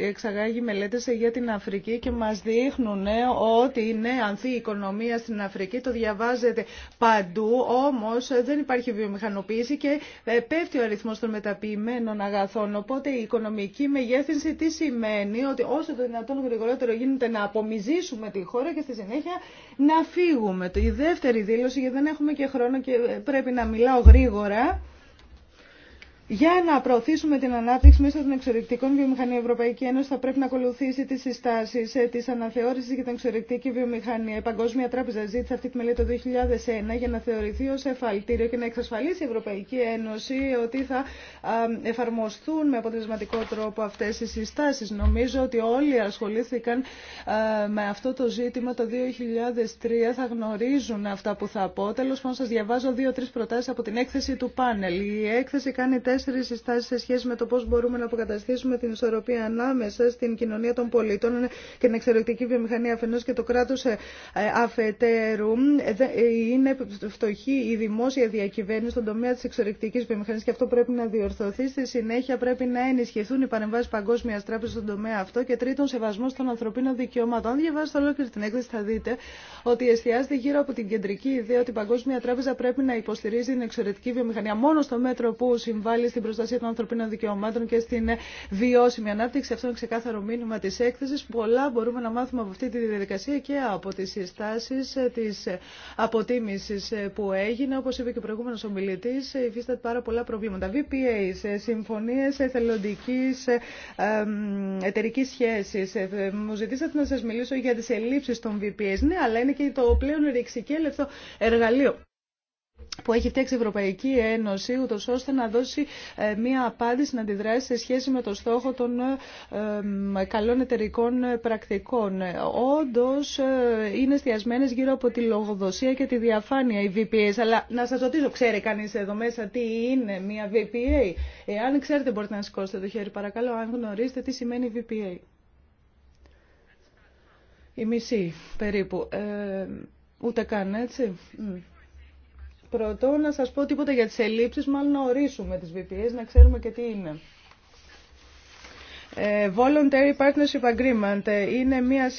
S4: εξαγάγει μελέτες για την Αφρική και μας δείχνουν ναι, ότι είναι ανθή η οικονομία στην Αφρική, το διαβάζεται παντού, όμως δεν υπάρχει βιομηχανοποίηση και ε, πέφτει ο αριθμός των μεταποιημένων αγαθών. Οπότε η οικονομική μεγέθυνση τι σημαίνει, ότι όσο το δυνατόν γρηγορότερο γίνεται να απομυζήσουμε τη χώρα και στη συνέχεια να φύγουμε. Η δεύτερη δήλωση, γιατί δεν έχουμε και χρόνο και ε, πρέπει να μιλάω γρήγορα, για να προωθήσουμε την ανάπτυξη μέσα των εξορρυκτικών βιομηχανία, η Ευρωπαϊκή Ένωση θα πρέπει να ακολουθήσει τι συστάσει ε, τη αναθεώρηση για την εξορρυκτική βιομηχανία. Η Παγκόσμια Τράπεζα ζήτησε αυτή τη μελέτη το 2001 για να θεωρηθεί ω εφαλτήριο και να εξασφαλίσει η Ευρωπαϊκή Ένωση ότι θα εφαρμοστούν με αποτελεσματικό τρόπο αυτέ οι συστάσει. Νομίζω ότι όλοι ασχολήθηκαν με αυτό το ζήτημα το 2003. Θα γνωρίζουν αυτά που θα πω. Τέλο σα διαβάζω δύο-τρει προτάσει από την έκθεση του πάνελ. Η έκθεση κάνει τέσσερι συστάσει σε σχέση με το πώ μπορούμε να αποκαταστήσουμε την ισορροπία ανάμεσα στην κοινωνία των πολιτών και την εξαιρετική βιομηχανία αφενό και το κράτο ε, ε, αφετέρου. Ε, είναι φτωχή η δημόσια διακυβέρνηση στον τομέα τη εξαιρετική βιομηχανία, και αυτό πρέπει να διορθωθεί. Στη συνέχεια πρέπει να ενισχυθούν οι παρεμβάσει Παγκόσμια Τράπεζα στον τομέα αυτό και τρίτον σεβασμό των ανθρωπίνων δικαιωμάτων. Αν διαβάσετε ολόκληρη την έκθεση θα δείτε ότι εστιάζεται γύρω από την κεντρική ιδέα ότι η Παγκόσμια Τράπεζα πρέπει να υποστηρίζει την εξαιρετική βιομηχανία μόνο στο μέτρο που συμβάλλει στην προστασία των ανθρωπίνων δικαιωμάτων και στην βιώσιμη ανάπτυξη. Αυτό είναι ξεκάθαρο μήνυμα τη έκθεση. Πολλά μπορούμε να μάθουμε από αυτή τη διαδικασία και από τι συστάσει ε, τη αποτίμηση ε, που έγινε. Όπω είπε και ο προηγούμενο ομιλητή, ε, υφίσταται πάρα πολλά προβλήματα. VPA, συμφωνίε εθελοντική εταιρική σχέση. Μου ζητήσατε να σα μιλήσω για τι ελλείψει των VPA. Ναι, αλλά είναι και το πλέον ρηξικέλευτο εργαλείο που έχει φτιάξει η Ευρωπαϊκή Ένωση, ούτω ώστε να δώσει ε, μία απάντηση, να αντιδράσει σε σχέση με το στόχο των ε, καλών εταιρικών πρακτικών. Όντω, ε, είναι εστιασμένε γύρω από τη λογοδοσία και τη διαφάνεια οι VPAs. Αλλά να σα ρωτήσω, ξέρει κανεί εδώ μέσα τι είναι μία VPA. Εάν ξέρετε, μπορείτε να σηκώσετε το χέρι, παρακαλώ, αν γνωρίζετε τι σημαίνει VPA. Η μισή περίπου. ούτε καν, έτσι. Πρωτό να σας πω τίποτα για τις ελλείψεις, μάλλον να ορίσουμε τις VPS, να ξέρουμε και τι είναι. Ε, voluntary Partnership Agreement ε, είναι μια,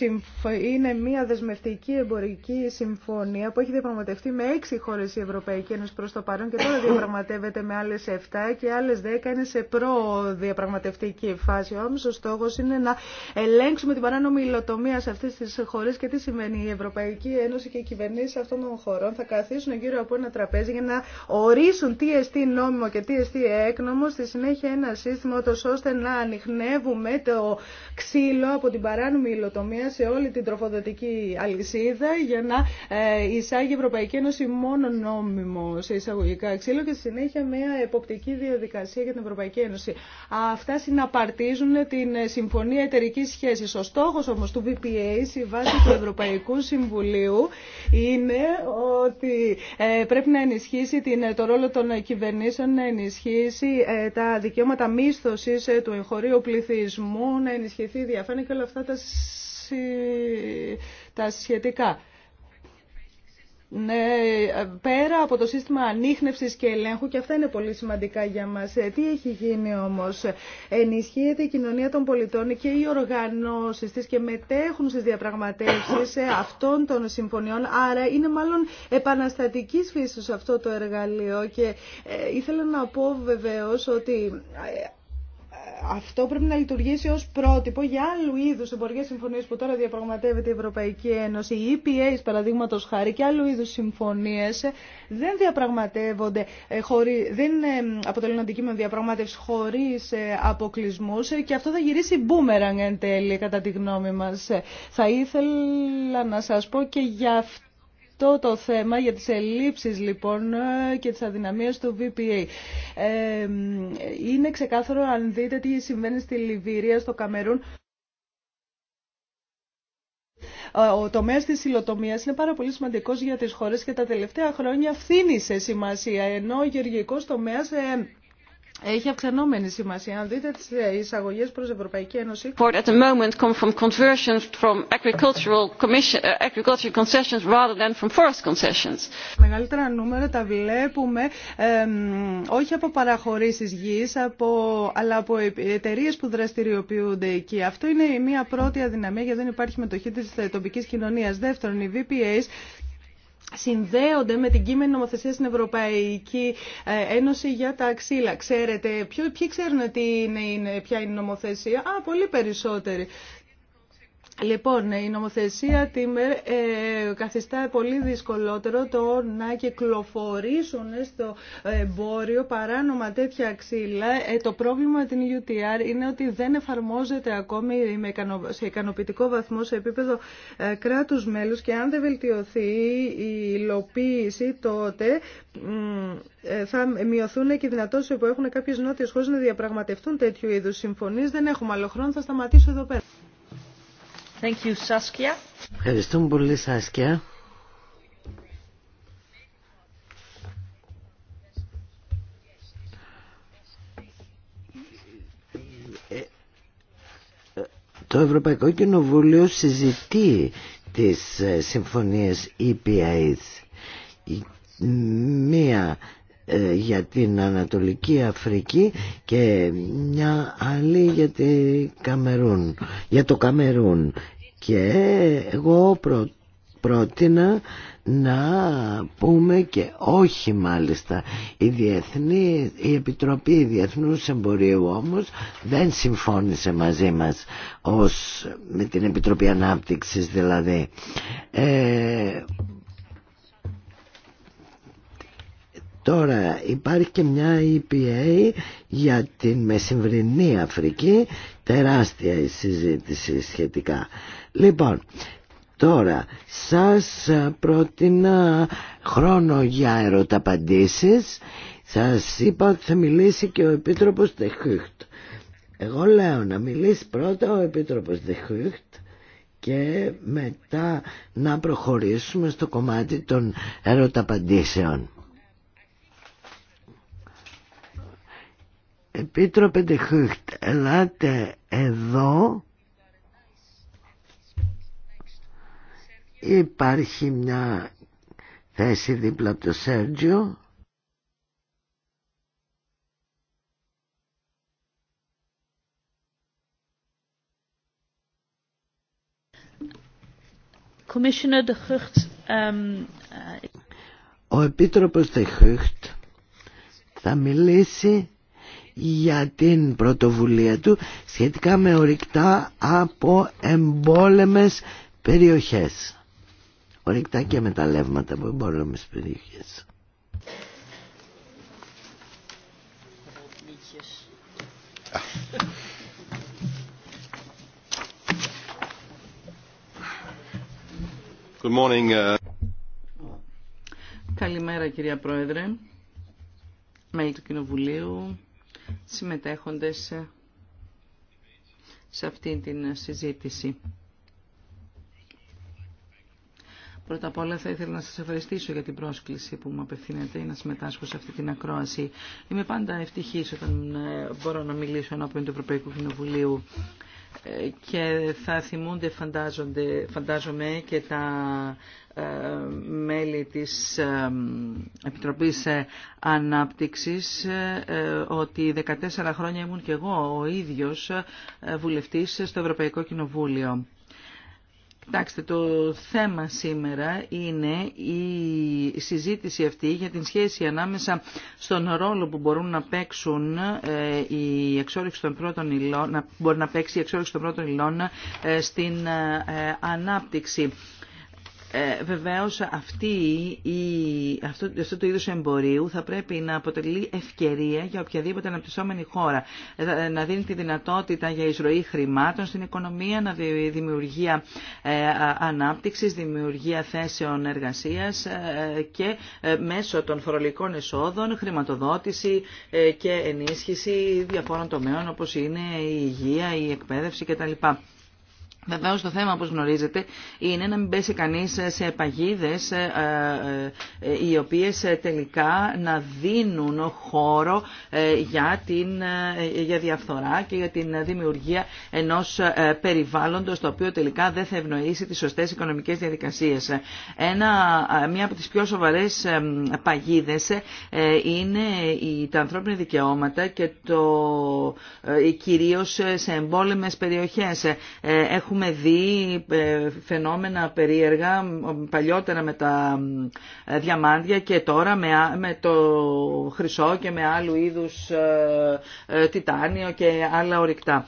S4: είναι μια δεσμευτική εμπορική συμφωνία που έχει διαπραγματευτεί με έξι χώρε η Ευρωπαϊκή Ένωση προ το παρόν και τώρα διαπραγματεύεται με άλλε 7 και άλλε 10 είναι σε προ-διαπραγματευτική φάση. Ο στόχο είναι να ελέγξουμε την παράνομη υλοτομία σε αυτέ τι χώρε και τι σημαίνει η Ευρωπαϊκή Ένωση και οι κυβερνήσει αυτών των χωρών θα καθίσουν γύρω από ένα τραπέζι για να ορίσουν τι εστί νόμιμο και τι εστί έκνομο, στη συνέχεια ένα σύστημα ώστε να ανοιχνεύουν μαζεύουμε το ξύλο από την παράνομη υλοτομία σε όλη την τροφοδοτική αλυσίδα για να ε, εισάγει η Ευρωπαϊκή Ένωση μόνο νόμιμο σε εισαγωγικά ξύλο και στη συνέχεια μια εποπτική διαδικασία για την Ευρωπαϊκή Ένωση. Αυτά συναπαρτίζουν την Συμφωνία Εταιρική Σχέση. Ο στόχο όμω του VPA, η βάση του Ευρωπαϊκού Συμβουλίου, είναι ότι ε, πρέπει να ενισχύσει την, το ρόλο των κυβερνήσεων, να ενισχύσει ε, τα δικαιώματα μίσθωση του εγχωρίου πληθυσμού να ενισχυθεί η διαφάνεια και όλα αυτά τα, συ... τα σχετικά. Ναι, πέρα από το σύστημα ανείχνευσης και ελέγχου, και αυτά είναι πολύ σημαντικά για μας, ε, τι έχει γίνει όμως. Ενισχύεται η κοινωνία των πολιτών και οι οργανώσεις της και μετέχουν στις διαπραγματεύσεις ε, αυτών των συμφωνιών, άρα είναι μάλλον επαναστατικής φύσης αυτό το εργαλείο και ε, ήθελα να πω βεβαίως ότι αυτό πρέπει να λειτουργήσει ως πρότυπο για άλλου είδους εμπορικές συμφωνίες που τώρα διαπραγματεύεται η Ευρωπαϊκή Ένωση. Οι EPA, παραδείγματο χάρη, και άλλου είδους συμφωνίες δεν διαπραγματεύονται, ε, χωρί, δεν ε, αποτελούν αντικείμενο διαπραγμάτευση χωρίς ε, αποκλεισμούς και αυτό θα γυρίσει μπούμερανγκ εν τέλει, κατά τη γνώμη μας. Θα ήθελα να σας πω και για αυτό αυτό το θέμα, για τις ελλείψεις λοιπόν ε, και τις αδυναμίες του VPA. Ε, είναι ξεκάθαρο αν δείτε τι συμβαίνει στη Λιβύρια, στο Καμερούν. Ε, ο τομέα τη υλοτομία είναι πάρα πολύ σημαντικό για τι χώρε και τα τελευταία χρόνια σε σημασία, ενώ ο γεωργικό τομέα έχει αυξανόμενη σημασία. Αν δείτε τις εισαγωγές προς Ευρωπαϊκή Ένωση.
S1: At the moment come from conversions from agricultural, uh, agricultural concessions rather than from forest concessions.
S4: Μεγαλύτερα νούμερα τα βλέπουμε όχι από παραχωρήσεις γης από, αλλά από εταιρείε που δραστηριοποιούνται εκεί. Αυτό είναι μια πρώτη αδυναμία γιατί δεν υπάρχει μετοχή της ε, τοπικής κοινωνίας. Δεύτερον, οι VPAs συνδέονται με την κείμενη νομοθεσία στην Ευρωπαϊκή ε, Ένωση για τα ξύλα. Ξέρετε, ποιο, ποιοι ξέρουν τι είναι, ποια είναι η νομοθεσία. Α, πολύ περισσότεροι. Λοιπόν, η νομοθεσία Τίμερ ε, καθιστά πολύ δυσκολότερο το να κυκλοφορήσουν στο εμπόριο παράνομα τέτοια ξύλα. Ε, το πρόβλημα με την UTR είναι ότι δεν εφαρμόζεται ακόμη με σε ικανοποιητικό βαθμό σε επίπεδο ε, κράτους μέλους και αν δεν βελτιωθεί η υλοποίηση τότε ε, θα μειωθούν και οι δυνατότητες που έχουν κάποιες νότιες χώρες να διαπραγματευτούν τέτοιου είδους συμφωνίες. Δεν έχουμε άλλο χρόνο, θα σταματήσω εδώ πέρα.
S2: Ευχαριστούμε πολύ Σάσκια. Το Ευρωπαϊκό Κοινοβούλιο συζητεί τις ε, συμφωνίες EPAs. Μία ε, για την Ανατολική Αφρική και μια άλλη για, τη Καμερούν, για το Καμερούν και εγώ προ, πρότεινα να πούμε και όχι μάλιστα η, Διεθνή, η Επιτροπή Διεθνούς Εμπορίου όμως δεν συμφώνησε μαζί μας ως, με την Επιτροπή Ανάπτυξης δηλαδή ε, Τώρα υπάρχει και μια EPA για την μεσημβρινή Αφρική, τεράστια η συζήτηση σχετικά. Λοιπόν, τώρα σας πρότεινα χρόνο για ερωταπαντήσεις. Σας είπα ότι θα μιλήσει και ο Επίτροπος Δεχούχτ Εγώ λέω να μιλήσει πρώτα ο Επίτροπος Δεχούχτ και μετά να προχωρήσουμε στο κομμάτι των ερωταπαντήσεων. Επίτροπε Ντεχούχτ, ελάτε εδώ. Υπάρχει μια θέση δίπλα από το Σέργιο.
S1: Um, uh,
S2: Ο Επίτροπος Τεχούχτ θα μιλήσει για την πρωτοβουλία του σχετικά με ορυκτά από εμπόλεμες περιοχές. Ορυκτά και μεταλλεύματα από εμπόλεμες περιοχές.
S1: Good morning. Uh,
S5: Καλημέρα κυρία Πρόεδρε, μέλη του Κοινοβουλίου, συμμετέχοντες σε αυτήν την συζήτηση. Πρώτα απ' όλα θα ήθελα να σας ευχαριστήσω για την πρόσκληση που μου απευθύνεται να συμμετάσχω σε αυτή την ακρόαση. Είμαι πάντα ευτυχής όταν ε, μπορώ να μιλήσω ενώπιον του Ευρωπαϊκού Κοινοβουλίου και θα θυμούνται φαντάζονται, φαντάζομαι και τα ε, μέλη της ε, Επιτροπής ε, Ανάπτυξης ε, ότι 14 χρόνια ήμουν και εγώ ο ίδιος βουλευτής στο Ευρωπαϊκό Κοινοβούλιο. Κοιτάξτε, το θέμα σήμερα είναι η συζήτηση αυτή για την σχέση ανάμεσα στον ρόλο που μπορούν να παίξουν ε, η εξόριξη των πρώτων υλών, να μπορεί να παίξει η εξόριξη των πρώτων υλών ε, στην ε, ανάπτυξη ε, βεβαίως αυτή η, αυτό, αυτό το είδος εμπορίου θα πρέπει να αποτελεί ευκαιρία για οποιαδήποτε αναπτυσσόμενη χώρα ε, ε, να δίνει τη δυνατότητα για εισρωή χρημάτων στην οικονομία, να δημιουργεί ανάπτυξη, ανάπτυξης, δημιουργία θέσεων εργασίας ε, και μέσω των φορολογικών εσόδων χρηματοδότηση και ενίσχυση διαφόρων τομέων όπως είναι η υγεία, η εκπαίδευση κτλ. Βεβαίω το θέμα, όπως γνωρίζετε, είναι να μην πέσει κανεί σε παγίδες ε, ε, ε, οι οποίες τελικά να δίνουν χώρο για, την, για διαφθορά και για την δημιουργία ενός περιβάλλοντος το οποίο τελικά δεν θα ευνοήσει τι σωστές οικονομικές διαδικασίες. Ένα, μία από τις πιο σοβαρές παγίδες είναι τα ανθρώπινα δικαιώματα και το, κυρίως σε εμπόλεμες περιοχές. Έχουμε δει ε, φαινόμενα περίεργα παλιότερα με τα διαμάντια και τώρα με το χρυσό και με άλλου είδους ε, ε, τιτάνιο και άλλα ορυκτά.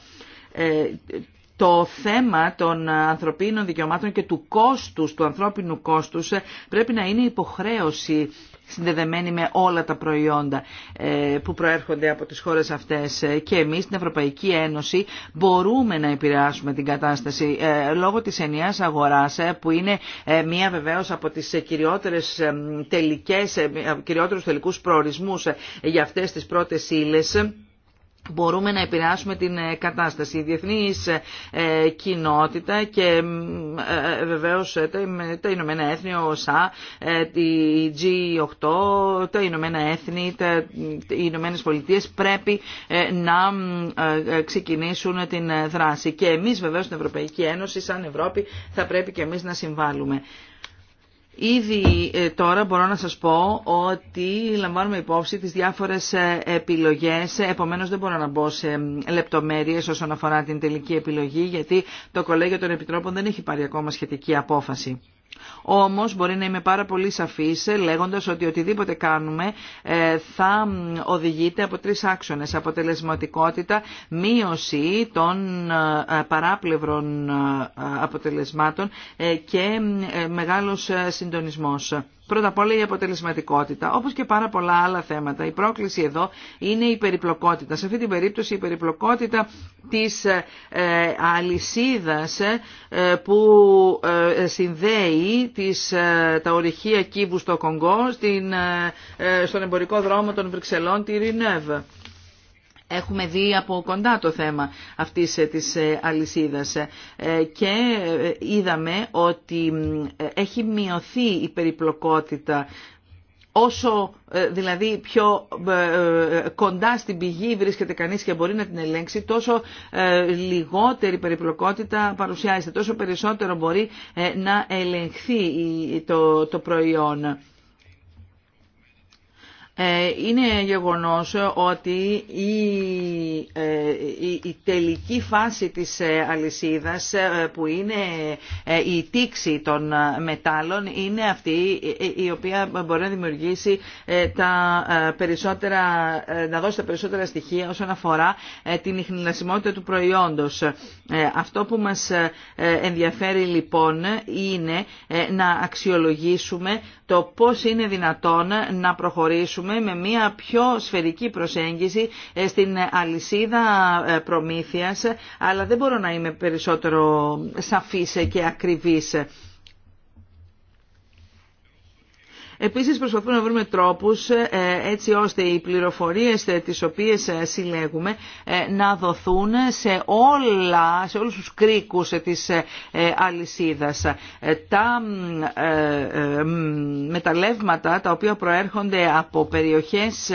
S5: Το θέμα των ανθρωπίνων δικαιωμάτων και του κόστους, του ανθρώπινου κόστους πρέπει να είναι υποχρέωση συνδεδεμένη με όλα τα προϊόντα ε, που προέρχονται από τις χώρες αυτές ε, και εμείς στην Ευρωπαϊκή Ένωση μπορούμε να επηρεάσουμε την κατάσταση ε, λόγω της ενιαίας αγοράς που είναι μία βεβαίως από τις κυριότερες τελικές, κυριότερους τελικούς προορισμούς για αυτές τις πρώτες ύλες μπορούμε να επηρεάσουμε την ε, κατάσταση. Η διεθνής ε, κοινότητα και ε, βεβαίως τα Ηνωμένα Έθνη, ο ΣΑΑ, τη G8, τα Ηνωμένα Έθνη, τα, οι Ηνωμένε Πολιτείε πρέπει να ξεκινήσουν την δράση. Και εμείς βεβαίως στην Ευρωπαϊκή Ένωση, σαν Ευρώπη, θα πρέπει και εμείς να συμβάλλουμε. Ήδη ε, τώρα μπορώ να σας πω ότι λαμβάνουμε υπόψη τις διάφορες ε, επιλογές, επομένως δεν μπορώ να μπω σε λεπτομέρειες όσον αφορά την τελική επιλογή, γιατί το Κολέγιο των Επιτρόπων δεν έχει πάρει ακόμα σχετική απόφαση. Όμως μπορεί να είμαι πάρα πολύ σαφής λέγοντας ότι οτιδήποτε κάνουμε ε, θα οδηγείται από τρεις άξονες. Αποτελεσματικότητα, μείωση των ε, παράπλευρων ε, αποτελεσμάτων και μεγάλος συντονισμός. Πρώτα απ' όλα η αποτελεσματικότητα, όπως και πάρα πολλά άλλα θέματα. Η πρόκληση εδώ είναι η περιπλοκότητα. Σε αυτή την περίπτωση η περιπλοκότητα της ε, αλυσίδας ε, που ε, συνδέει τις, τα ορυχεία κύβου στο Κονγκό στην, στον εμπορικό δρόμο των Βρυξελών, τη Ρινεύ. Έχουμε δει από κοντά το θέμα αυτής ε, της ε, αλυσίδας ε, και είδαμε ότι έχει μειωθεί η περιπλοκότητα Όσο δηλαδή πιο κοντά στην πηγή βρίσκεται κανείς και μπορεί να την ελέγξει, τόσο λιγότερη περιπλοκότητα παρουσιάζεται, τόσο περισσότερο μπορεί να ελεγχθεί το προϊόν. Ε, είναι γεγονός ότι ε, η, η, τελική φάση της ε, αλυσίδας που είναι η τήξη των μετάλλων είναι αυτή η οποία μπορεί να δημιουργήσει τα περισσότερα, να δώσει τα περισσότερα στοιχεία όσον αφορά την ιχνηλασιμότητα του προϊόντος. Αυτό που μας ενδιαφέρει λοιπόν είναι να αξιολογήσουμε το πώς είναι δυνατόν να προχωρήσουμε με μια πιο σφαιρική προσέγγιση ε, στην αλυσίδα ε, προμήθειας, αλλά δεν μπορώ να είμαι περισσότερο σαφής και ακριβής. Επίσης προσπαθούμε να βρούμε τρόπους ε, έτσι ώστε οι πληροφορίες ε, τις οποίες ε, συλλέγουμε να δοθούν σε, όλα, σε όλους τους κρίκους της αλυσίδας. Τα μεταλλεύματα τα οποία προέρχονται από περιοχές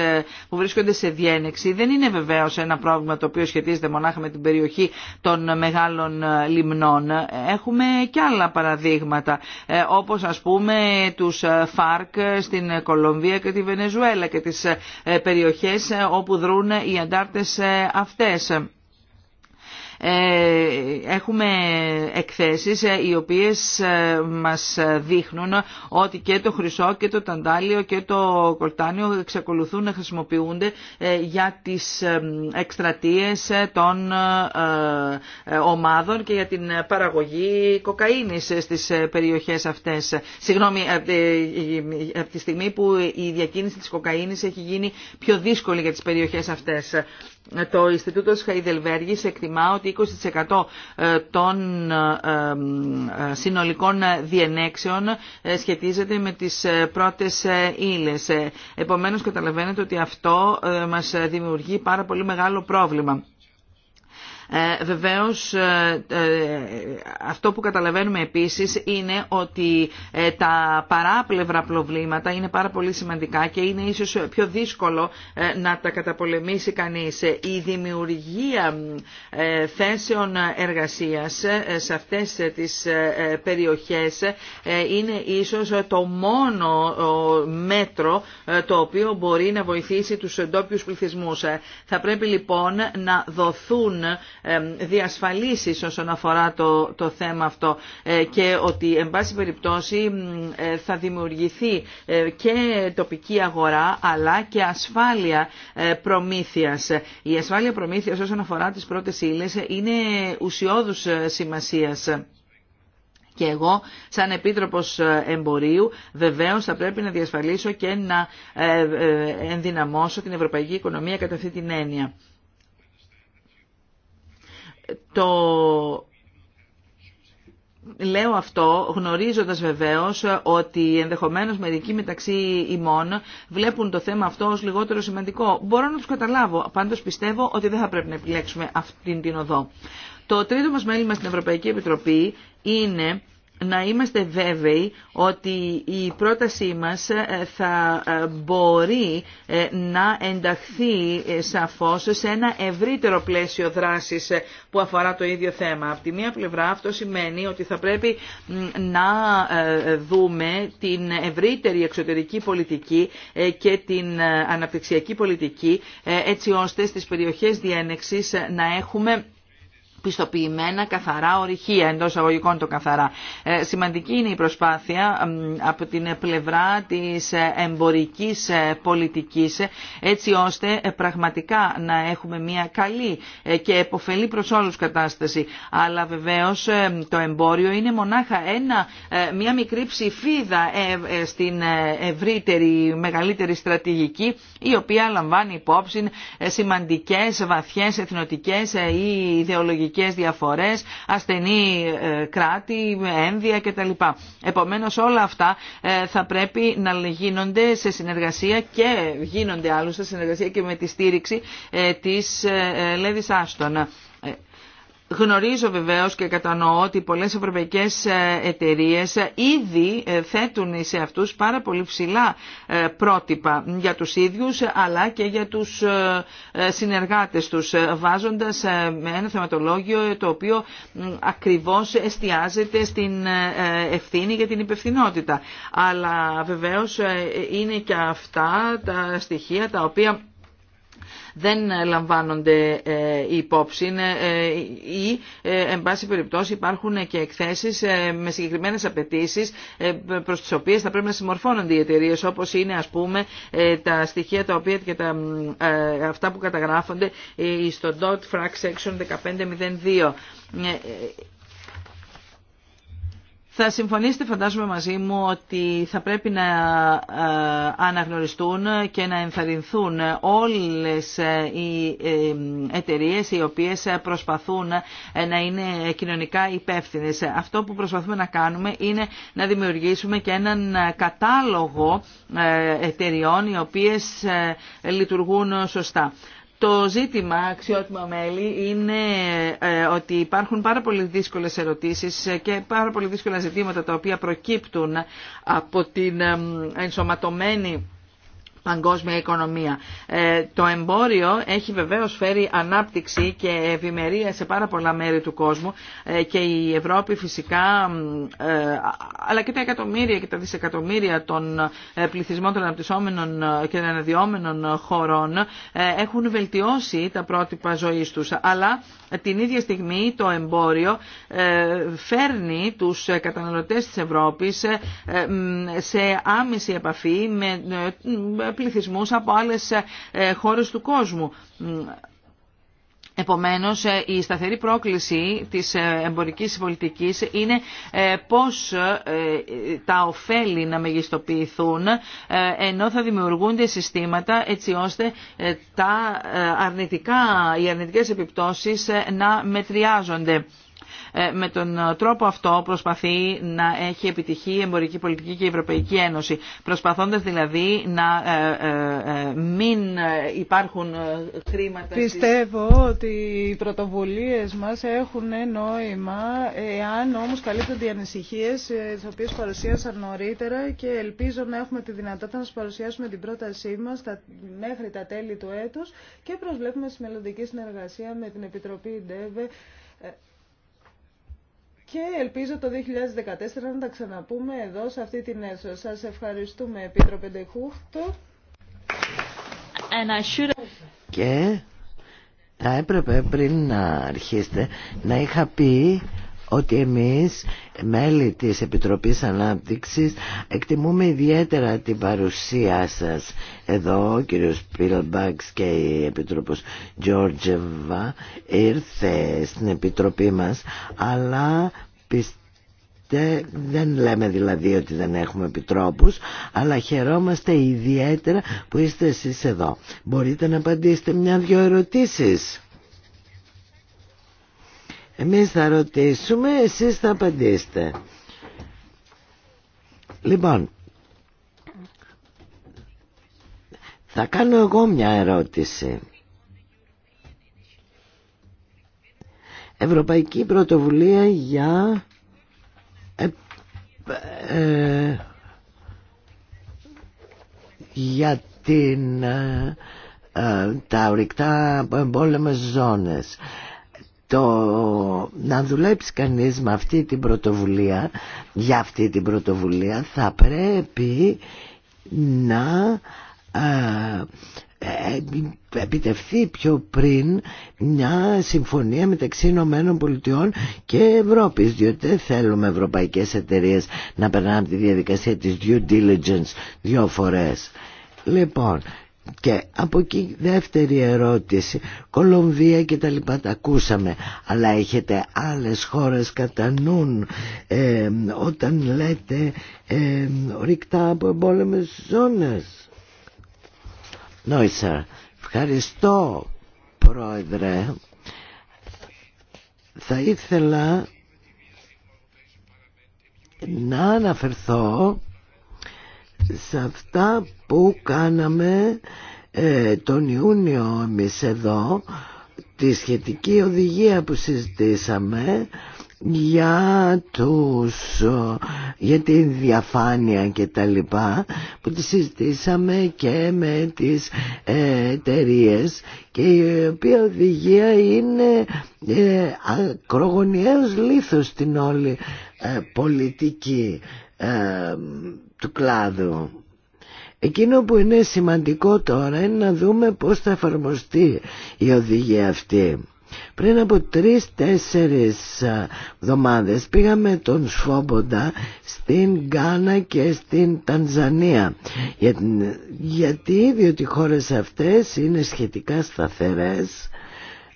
S5: που βρίσκονται σε διένεξη δεν είναι βεβαίως ένα πρόβλημα το οποίο σχετίζεται μονάχα με την περιοχή των μεγάλων λιμνών. Έχουμε και άλλα παραδείγματα όπως ας πούμε τους ΦΑΡΚ στην Κολομβία και τη Βενεζουέλα και τις ε, περιοχές ε, όπου δρούν οι αντάρτες ε, αυτές. Ε, έχουμε εκθέσεις ε, οι οποίες ε, μας δείχνουν ότι και το χρυσό και το ταντάλιο και το κολτάνιο εξακολουθούν να χρησιμοποιούνται για τις εκστρατείες των ομάδων και για την παραγωγή κοκαίνης στις περιοχές αυτές. Συγγνώμη, από τη στιγμή που η διακίνηση της κοκαίνης έχει γίνει πιο δύσκολη για τις περιοχές αυτές το Ινστιτούτο Χαϊδελβέργη εκτιμά ότι 20% ε, των ε, ε, συνολικών διενέξεων σχετίζεται με τις πρώτες ύλες. Επομένως καταλαβαίνετε ότι αυτό μας δημιουργεί πάρα πολύ μεγάλο πρόβλημα. Ε, βεβαίως ε, ε, αυτό που καταλαβαίνουμε επίσης είναι ότι τα παράπλευρα προβλήματα είναι πάρα πολύ σημαντικά και είναι ίσως πιο δύσκολο να τα καταπολεμήσει κανείς. Η δημιουργία θέσεων εργασίας σε αυτές τις περιοχές είναι ίσως το μόνο μέτρο το οποίο μπορεί να βοηθήσει τους εντόπιους πληθυσμούς. Θα πρέπει λοιπόν να δοθούν διασφαλίσεις όσον αφορά το, το θέμα αυτό ε, και ότι εν πάση περιπτώσει ε, θα δημιουργηθεί ε, και τοπική αγορά αλλά και ασφάλεια προμήθειας. Η ασφάλεια προμήθειας όσον αφορά τις πρώτες ύλες είναι ουσιώδους σημασίας. Και εγώ, σαν Επίτροπος Εμπορίου, βεβαίως θα πρέπει να διασφαλίσω και να ενδυναμώσω την ευρωπαϊκή οικονομία κατά αυτή την έννοια το Λέω αυτό γνωρίζοντας βεβαίως ότι ενδεχομένως μερικοί μεταξύ ημών βλέπουν το θέμα αυτό ως λιγότερο σημαντικό. Μπορώ να τους καταλάβω, πάντως πιστεύω ότι δεν θα πρέπει να επιλέξουμε αυτήν την οδό. Το τρίτο μας μέλημα στην Ευρωπαϊκή Επιτροπή είναι να είμαστε βέβαιοι ότι η πρότασή μας ε, θα ε, μπορεί ε, να ενταχθεί σαφώς σε ένα ευρύτερο πλαίσιο δράσης που αφορά το ίδιο θέμα. Από τη μία πλευρά αυτό σημαίνει ότι θα πρέπει να δούμε την ευρύτερη εξωτερική πολιτική και την αναπτυξιακή πολιτική έτσι ώστε στις περιοχές διένεξης να έχουμε πιστοποιημένα καθαρά ορυχεία, εντό αγωγικών το καθαρά. Ε, σημαντική είναι η προσπάθεια από την πλευρά της εμπορικής ε, πολιτικής, έτσι ώστε ε, πραγματικά να έχουμε μια καλή και εποφέλή προς όλους κατάσταση. Αλλά βεβαίως το εμπόριο είναι μονάχα ένα, μια μικρή ψηφίδα στην ευρύτερη, μεγαλύτερη στρατηγική, η οποία λαμβάνει υπόψη σημαντικές, βαθιές, εθνοτικές ή ιδεολογικές μισθολογικές διαφορές, ασθενή ε, κράτη, ένδια κτλ. Επομένως όλα αυτά ε, θα πρέπει να γίνονται σε συνεργασία και γίνονται άλλωστε σε συνεργασία και με τη στήριξη ε, της Λέδης Άστον. Γνωρίζω βεβαίως και κατανοώ ότι πολλές ευρωπαϊκές ε, εταιρείες ε, ήδη ε, θέτουν σε αυτούς πάρα πολύ ψηλά πρότυπα για τους ίδιους αλλά και για τους συνεργάτες τους βάζοντας ένα θεματολόγιο το οποίο ακριβώς εστιάζεται στην ευθύνη για την υπευθυνότητα. Αλλά βεβαίως είναι και αυτά τα στοιχεία τα οποία δεν λαμβάνονται ε, υπόψη ε, ή, ε, εν πάση περιπτώσει, υπάρχουν και εκθέσεις με συγκεκριμένες απαιτήσει προς τις οποίες θα πρέπει να συμμορφώνονται οι εταιρείε, όπως είναι, ας πούμε, τα στοιχεία τα οποία και τα, αυτά που καταγράφονται στο Dot FRAC Section 1502 θα συμφωνήσετε φαντάζομαι μαζί μου ότι θα πρέπει να ε, αναγνωριστούν και να ενθαρρυνθούν όλες ε, οι ε, εταιρείες οι οποίες προσπαθούν να είναι κοινωνικά υπεύθυνες. Αυτό που προσπαθούμε να κάνουμε είναι να δημιουργήσουμε και έναν κατάλογο εταιριών οι οποίες λειτουργούν σωστά. Το ζήτημα, αξιότιμα μέλη, είναι ε, ότι υπάρχουν πάρα πολύ δύσκολες ερωτήσεις και πάρα πολύ δύσκολα ζητήματα τα οποία προκύπτουν από την ενσωματωμένη παγκόσμια οικονομία. Ε, το εμπόριο έχει βεβαίως φέρει ανάπτυξη και ευημερία σε πάρα πολλά μέρη του κόσμου ε, και η Ευρώπη φυσικά ε, αλλά και τα εκατομμύρια και τα δισεκατομμύρια των πληθυσμών των αναπτυσσόμενων και των αναδυόμενων χωρών έχουν βελτιώσει τα πρότυπα ζωής τους. Αλλά την ίδια στιγμή το εμπόριο φέρνει τους καταναλωτές της Ευρώπης σε άμεση επαφή με από άλλε ε, χώρε του κόσμου. Επομένως, ε, η σταθερή πρόκληση της ε, εμπορική πολιτική είναι πώς τα ωφέλη να μεγιστοποιηθούν, ενώ θα δημιουργούνται συστήματα έτσι ώστε τα αρνητικά, οι αρνητικές επιπτώσεις να μετριάζονται. Ε, με τον ε, τρόπο αυτό προσπαθεί να έχει επιτυχεί η εμπορική πολιτική και η Ευρωπαϊκή Ένωση. Προσπαθώντας δηλαδή να ε, μην υπάρχουν χρήματα.
S4: Πιστεύω ότι οι πρωτοβουλίες μας έχουν νόημα εάν όμως καλύπτονται οι ανησυχίες τις οποίες παρουσίασαν νωρίτερα και ελπίζω να έχουμε τη δυνατότητα να σας παρουσιάσουμε την πρότασή μας μέχρι τα τέλη του έτους και προσβλέπουμε στη μελλοντική συνεργασία με την Επιτροπή ΔΕΒΕ και ελπίζω το 2014 να τα ξαναπούμε εδώ σε αυτή την αίθουσα. Σα ευχαριστούμε Επίτροπε Ντεχούχτο.
S1: Should...
S2: Και θα έπρεπε πριν να αρχίσετε να είχα πει ότι εμείς μέλη της Επιτροπής Ανάπτυξης εκτιμούμε ιδιαίτερα την παρουσία σας εδώ ο κύριος Πίλμπαξ και η Επιτροπος Γιώργεβα ήρθε στην Επιτροπή μας αλλά πιστεύω δεν λέμε δηλαδή ότι δεν έχουμε επιτρόπους αλλά χαιρόμαστε ιδιαίτερα που είστε εσείς εδώ μπορείτε να απαντήσετε μια-δυο ερωτήσεις εμείς θα ρωτήσουμε, εσείς θα απαντήσετε. Λοιπόν, θα κάνω εγώ μια ερώτηση. Ευρωπαϊκή Πρωτοβουλία για ε, ε, για την ε, ε τα ορυκτά ζώνες το να δουλέψει κανείς με αυτή την πρωτοβουλία, για αυτή την πρωτοβουλία θα πρέπει να ε, ε, επιτευθεί πιο πριν μια συμφωνία μεταξύ Ηνωμένων Πολιτειών και Ευρώπης διότι θέλουμε ευρωπαϊκές εταιρείες να περνάνε τη διαδικασία της due diligence δύο φορές. Λοιπόν, και από εκεί δεύτερη ερώτηση. Κολομβία και τα λοιπά τα ακούσαμε. Αλλά έχετε άλλες χώρες κατά νουν ε, όταν λέτε ε, ρηκτά από εμπόλεμες ζώνες. νόησα ευχαριστώ πρόεδρε. Θα ήθελα να αναφερθώ σε αυτά που κάναμε ε, τον Ιούνιο εμείς εδώ τη σχετική οδηγία που συζητήσαμε για, τους, ε, για τη διαφάνεια και τα λοιπά που τη συζητήσαμε και με τις ε, εταιρείε και η οποία οδηγία είναι ε, ακρογωνιαίος λίθος στην όλη ε, πολιτική του κλάδου. Εκείνο που είναι σημαντικό τώρα είναι να δούμε πώς θα εφαρμοστεί η οδηγία αυτή. Πριν από τρεις-τέσσερις εβδομάδες πήγαμε τον Σφόμποντα στην Γκάνα και στην Τανζανία γιατί, διότι οι χώρες αυτές είναι σχετικά σταθερές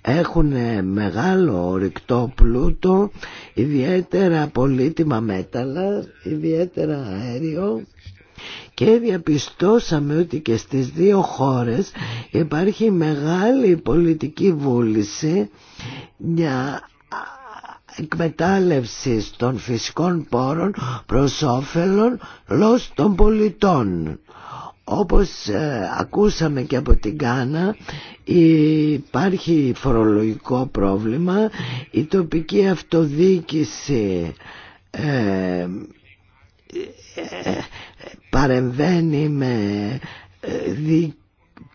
S2: έχουν μεγάλο ορυκτό πλούτο, ιδιαίτερα πολύτιμα μέταλλα, ιδιαίτερα αέριο και διαπιστώσαμε ότι και στις δύο χώρες υπάρχει μεγάλη πολιτική βούληση για εκμετάλλευση των φυσικών πόρων προς όφελον των πολιτών. Όπως ε, ακούσαμε και από την Κάνα υπάρχει φορολογικό πρόβλημα, η τοπική αυτοδίκηση ε, ε, παρεμβαίνει με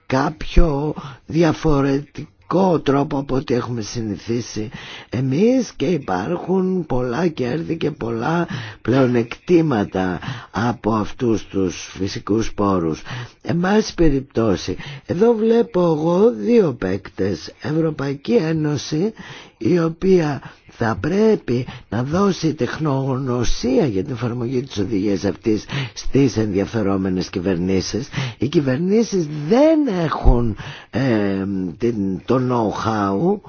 S2: κάποιο διαφορετικό διαφορετικό τρόπο από ό,τι έχουμε συνηθίσει εμείς και υπάρχουν πολλά κέρδη και πολλά πλεονεκτήματα από αυτούς τους φυσικούς πόρους. Εμάς περιπτώσει, εδώ βλέπω εγώ δύο παίκτες, Ευρωπαϊκή Ένωση η οποία θα πρέπει να δώσει τεχνογνωσία για την εφαρμογή της οδηγίας αυτής στις ενδιαφερόμενες κυβερνήσεις. Οι κυβερνήσεις δεν έχουν ε, την, το know-how,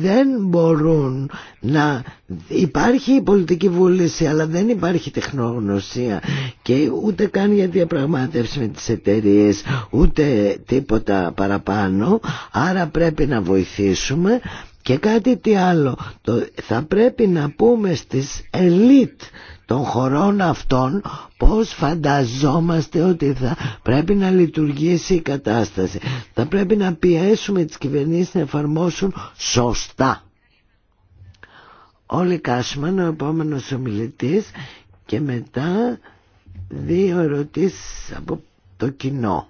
S2: δεν μπορούν να... Υπάρχει η πολιτική βούληση αλλά δεν υπάρχει τεχνογνωσία και ούτε καν για διαπραγμάτευση με τις εταιρείε, ούτε τίποτα παραπάνω άρα πρέπει να βοηθήσουμε και κάτι τι άλλο, το, θα πρέπει να πούμε στις ελίτ των χωρών αυτών πώς φανταζόμαστε ότι θα πρέπει να λειτουργήσει η κατάσταση. Θα πρέπει να πιέσουμε τις κυβερνήσεις να εφαρμόσουν σωστά. Όλοι Κάσμαν, ο επόμενος ομιλητής και μετά δύο ερωτήσεις από το κοινό.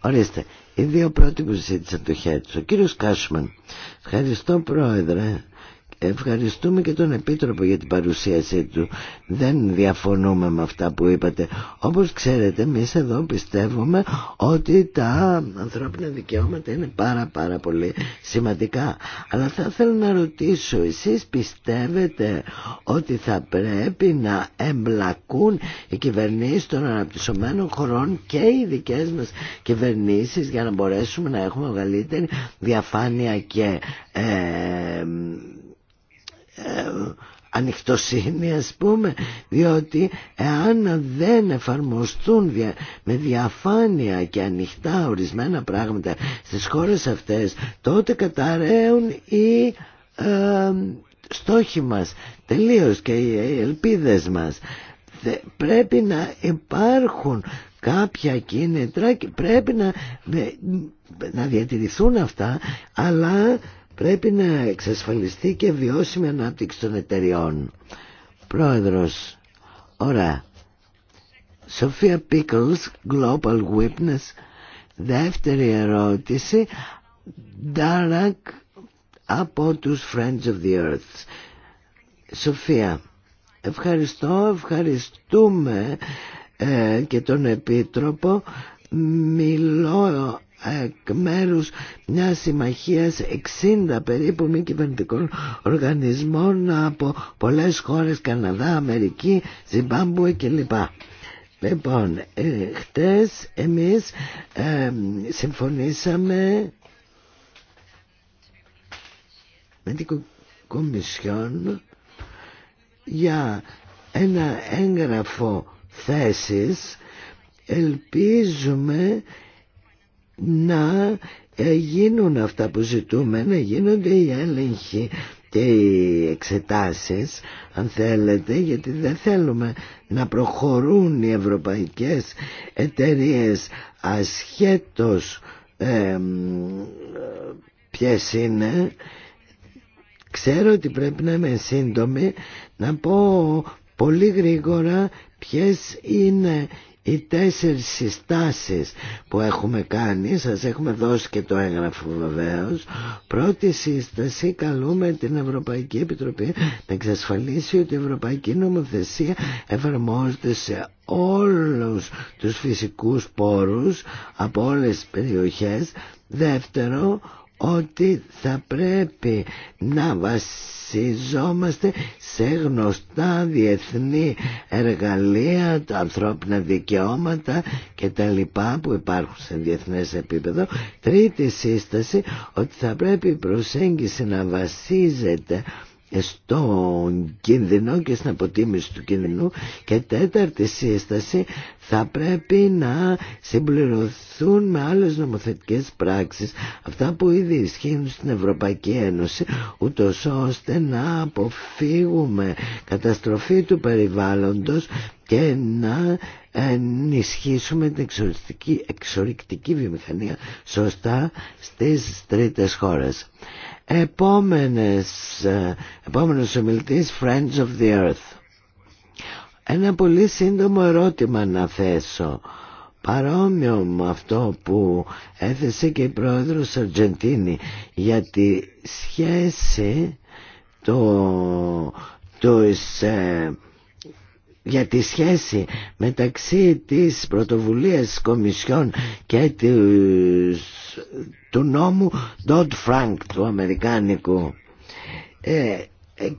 S2: Ορίστε, οι δύο πρώτοι που ζήτησαν το χέρι του. Ο κύριος Κάσμαν. Ευχαριστώ πρόεδρε. Ευχαριστούμε και τον Επίτροπο για την παρουσίασή του. Δεν διαφωνούμε με αυτά που είπατε. Όπως ξέρετε, εμεί εδώ πιστεύουμε ότι τα ανθρώπινα δικαιώματα είναι πάρα πάρα πολύ σημαντικά. Αλλά θα ήθελα να ρωτήσω, εσείς πιστεύετε ότι θα πρέπει να εμπλακούν οι κυβερνήσεις των αναπτυσσομένων χωρών και οι δικές μας κυβερνήσεις για να μπορέσουμε να έχουμε μεγαλύτερη διαφάνεια και ε, ανοιχτοσύνη ας πούμε διότι εάν δεν εφαρμοστούν με διαφάνεια και ανοιχτά ορισμένα πράγματα στις χώρες αυτές τότε καταραίουν οι ε, στόχοι μας τελείως και οι ελπίδες μας πρέπει να υπάρχουν κάποια κίνητρα και πρέπει να, να διατηρηθούν αυτά αλλά πρέπει να εξασφαλιστεί και βιώσιμη ανάπτυξη των εταιριών. Πρόεδρος, ωραία. Σοφία Πίκολς, Global Witness. Δεύτερη ερώτηση, Ντάρακ από τους Friends of the Earth. Σοφία, ευχαριστώ, ευχαριστούμε ε, και τον Επίτροπο. Μιλώ ε, εκ μέρους μιας συμμαχίας 60 περίπου μη κυβερνητικών οργανισμών από πολλές χώρες Καναδά, Αμερική, Ζιμπάμπουε κλπ. Λοιπόν, ε, χτες εμείς ε, συμφωνήσαμε με την Κομισιόν για ένα έγγραφο θέσεις ελπίζουμε να ε, γίνουν αυτά που ζητούμε, να γίνονται οι έλεγχοι και οι εξετάσεις αν θέλετε γιατί δεν θέλουμε να προχωρούν οι ευρωπαϊκές εταιρείες ασχέτως ε, ποιες είναι ξέρω ότι πρέπει να είμαι σύντομη να πω πολύ γρήγορα ποιες είναι οι τέσσερις συστάσεις που έχουμε κάνει, σας έχουμε δώσει και το έγγραφο βεβαίω. πρώτη σύσταση καλούμε την Ευρωπαϊκή Επιτροπή να εξασφαλίσει ότι η Ευρωπαϊκή Νομοθεσία εφαρμόζεται σε όλους τους φυσικούς πόρους από όλες τις περιοχές. Δεύτερο, ότι θα πρέπει να βασιζόμαστε σε γνωστά διεθνή εργαλεία, τα ανθρώπινα δικαιώματα και τα λοιπά που υπάρχουν σε διεθνές επίπεδο. Τρίτη σύσταση ότι θα πρέπει η προσέγγιση να βασίζεται στον κίνδυνο και στην αποτίμηση του κίνδυνου και τέταρτη σύσταση θα πρέπει να συμπληρωθούν με άλλες νομοθετικές πράξεις αυτά που ήδη ισχύουν στην Ευρωπαϊκή Ένωση ούτω ώστε να αποφύγουμε καταστροφή του περιβάλλοντος και να ενισχύσουμε την εξορικτική βιομηχανία σωστά στις τρίτες χώρες. Επόμενες, ε, επόμενος ομιλητής Friends of the Earth. Ένα πολύ σύντομο ερώτημα να θέσω. Παρόμοιο με αυτό που έθεσε και η πρόεδρος Αργεντίνη για τη σχέση του το, ε, για τη σχέση μεταξύ της πρωτοβουλίας Κομισιόν και του νόμου Dodd Frank του Αμερικάνικου ε, ε,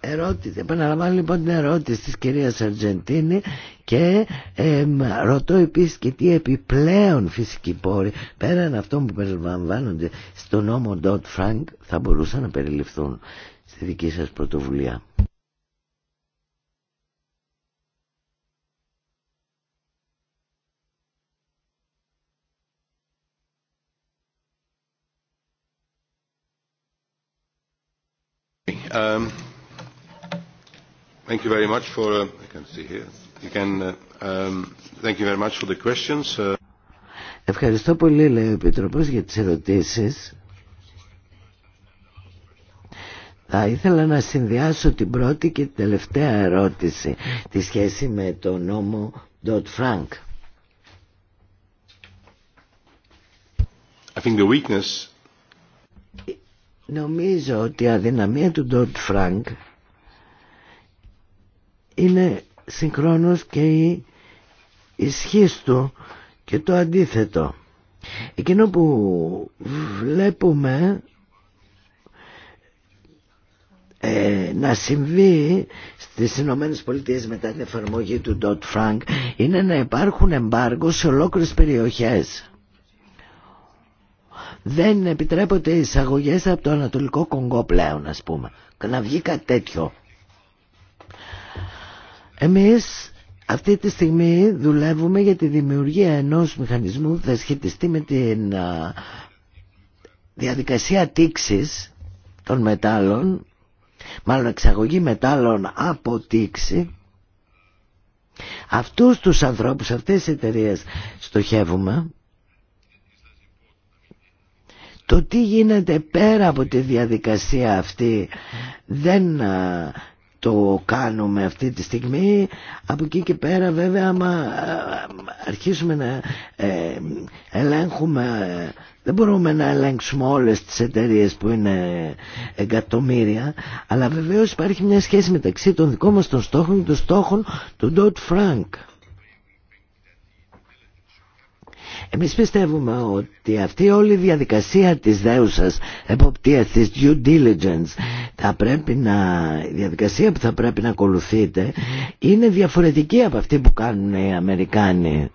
S2: ερώτηση, επαναλαμβάνω λοιπόν την ερώτηση της κυρίας Αργεντίνη και ε, ρωτώ επίσης και τι επιπλέον φυσικοί πόροι πέραν αυτών που περιλαμβάνονται στο νόμο Dodd Frank θα μπορούσαν να περιληφθούν στη δική σας πρωτοβουλία. Um, thank you very much for. Uh, I can see here. You can. Uh,
S1: um, Thank you very much for the questions. Uh.
S2: Ευχαριστώ πολύ, λέει ο Επιτροπός, για τις ερωτήσεις. Θα ήθελα να συνδυάσω την πρώτη και την τελευταία ερώτηση, τη σχέση με το νόμο Dodd Frank. I think the weakness Νομίζω ότι η αδυναμία του Ντόρτ Φρανκ είναι συγχρόνως και η ισχύς του και το αντίθετο. Εκείνο που βλέπουμε ε, να συμβεί στις Ηνωμένες Πολιτείες μετά την εφαρμογή του Ντότ Φρανκ είναι να υπάρχουν εμπάργο σε ολόκληρες περιοχές δεν επιτρέπονται εισαγωγέ από το Ανατολικό Κονγκό πλέον ας πούμε να βγει κάτι τέτοιο εμείς αυτή τη στιγμή δουλεύουμε για τη δημιουργία ενός μηχανισμού που θα σχετιστεί με την διαδικασία τήξης των μετάλλων μάλλον εξαγωγή μετάλλων από τήξη αυτούς τους ανθρώπους, αυτές τις εταιρείες στοχεύουμε το τι γίνεται πέρα από τη διαδικασία αυτή δεν το κάνουμε αυτή τη στιγμή από εκεί και πέρα βέβαια άμα αρχίσουμε να ε, ελέγχουμε δεν μπορούμε να ελέγξουμε όλες τις εταιρείε που είναι εκατομμύρια αλλά βεβαίως υπάρχει μια σχέση μεταξύ των δικών μας των στόχων και των στόχων του Dodd Frank Εμείς πιστεύουμε ότι αυτή όλη η διαδικασία της δέουσας εποπτείας, της due diligence, θα πρέπει να, η διαδικασία που θα πρέπει να ακολουθείτε είναι διαφορετική από αυτή που κάνουν οι Αμερικάνοι.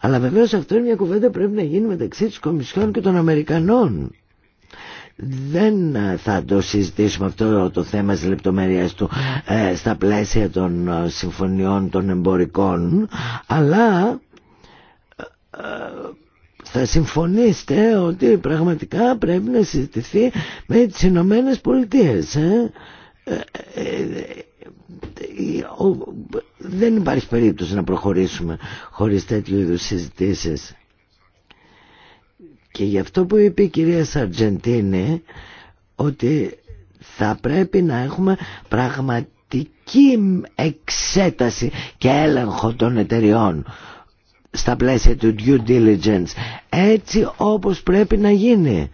S2: Αλλά βεβαίως αυτό είναι μια κουβέντα που πρέπει να γίνει μεταξύ της Κομισιόν και των Αμερικανών. Δεν θα το συζητήσουμε αυτό το θέμα στις λεπτομέρειες του ε, στα πλαίσια των ε, συμφωνιών των εμπορικών αλλά ε, θα συμφωνήσετε ότι πραγματικά πρέπει να συζητηθεί με τις Ηνωμένε Πολιτείες. Ε? Ε, δεν υπάρχει περίπτωση να προχωρήσουμε χωρίς τέτοιου είδους συζητήσεις. Και γι' αυτό που είπε η κυρία Σαρτζεντίνη ότι θα πρέπει να έχουμε πραγματική εξέταση και έλεγχο των εταιριών στα πλαίσια του due diligence έτσι όπως πρέπει να γίνει.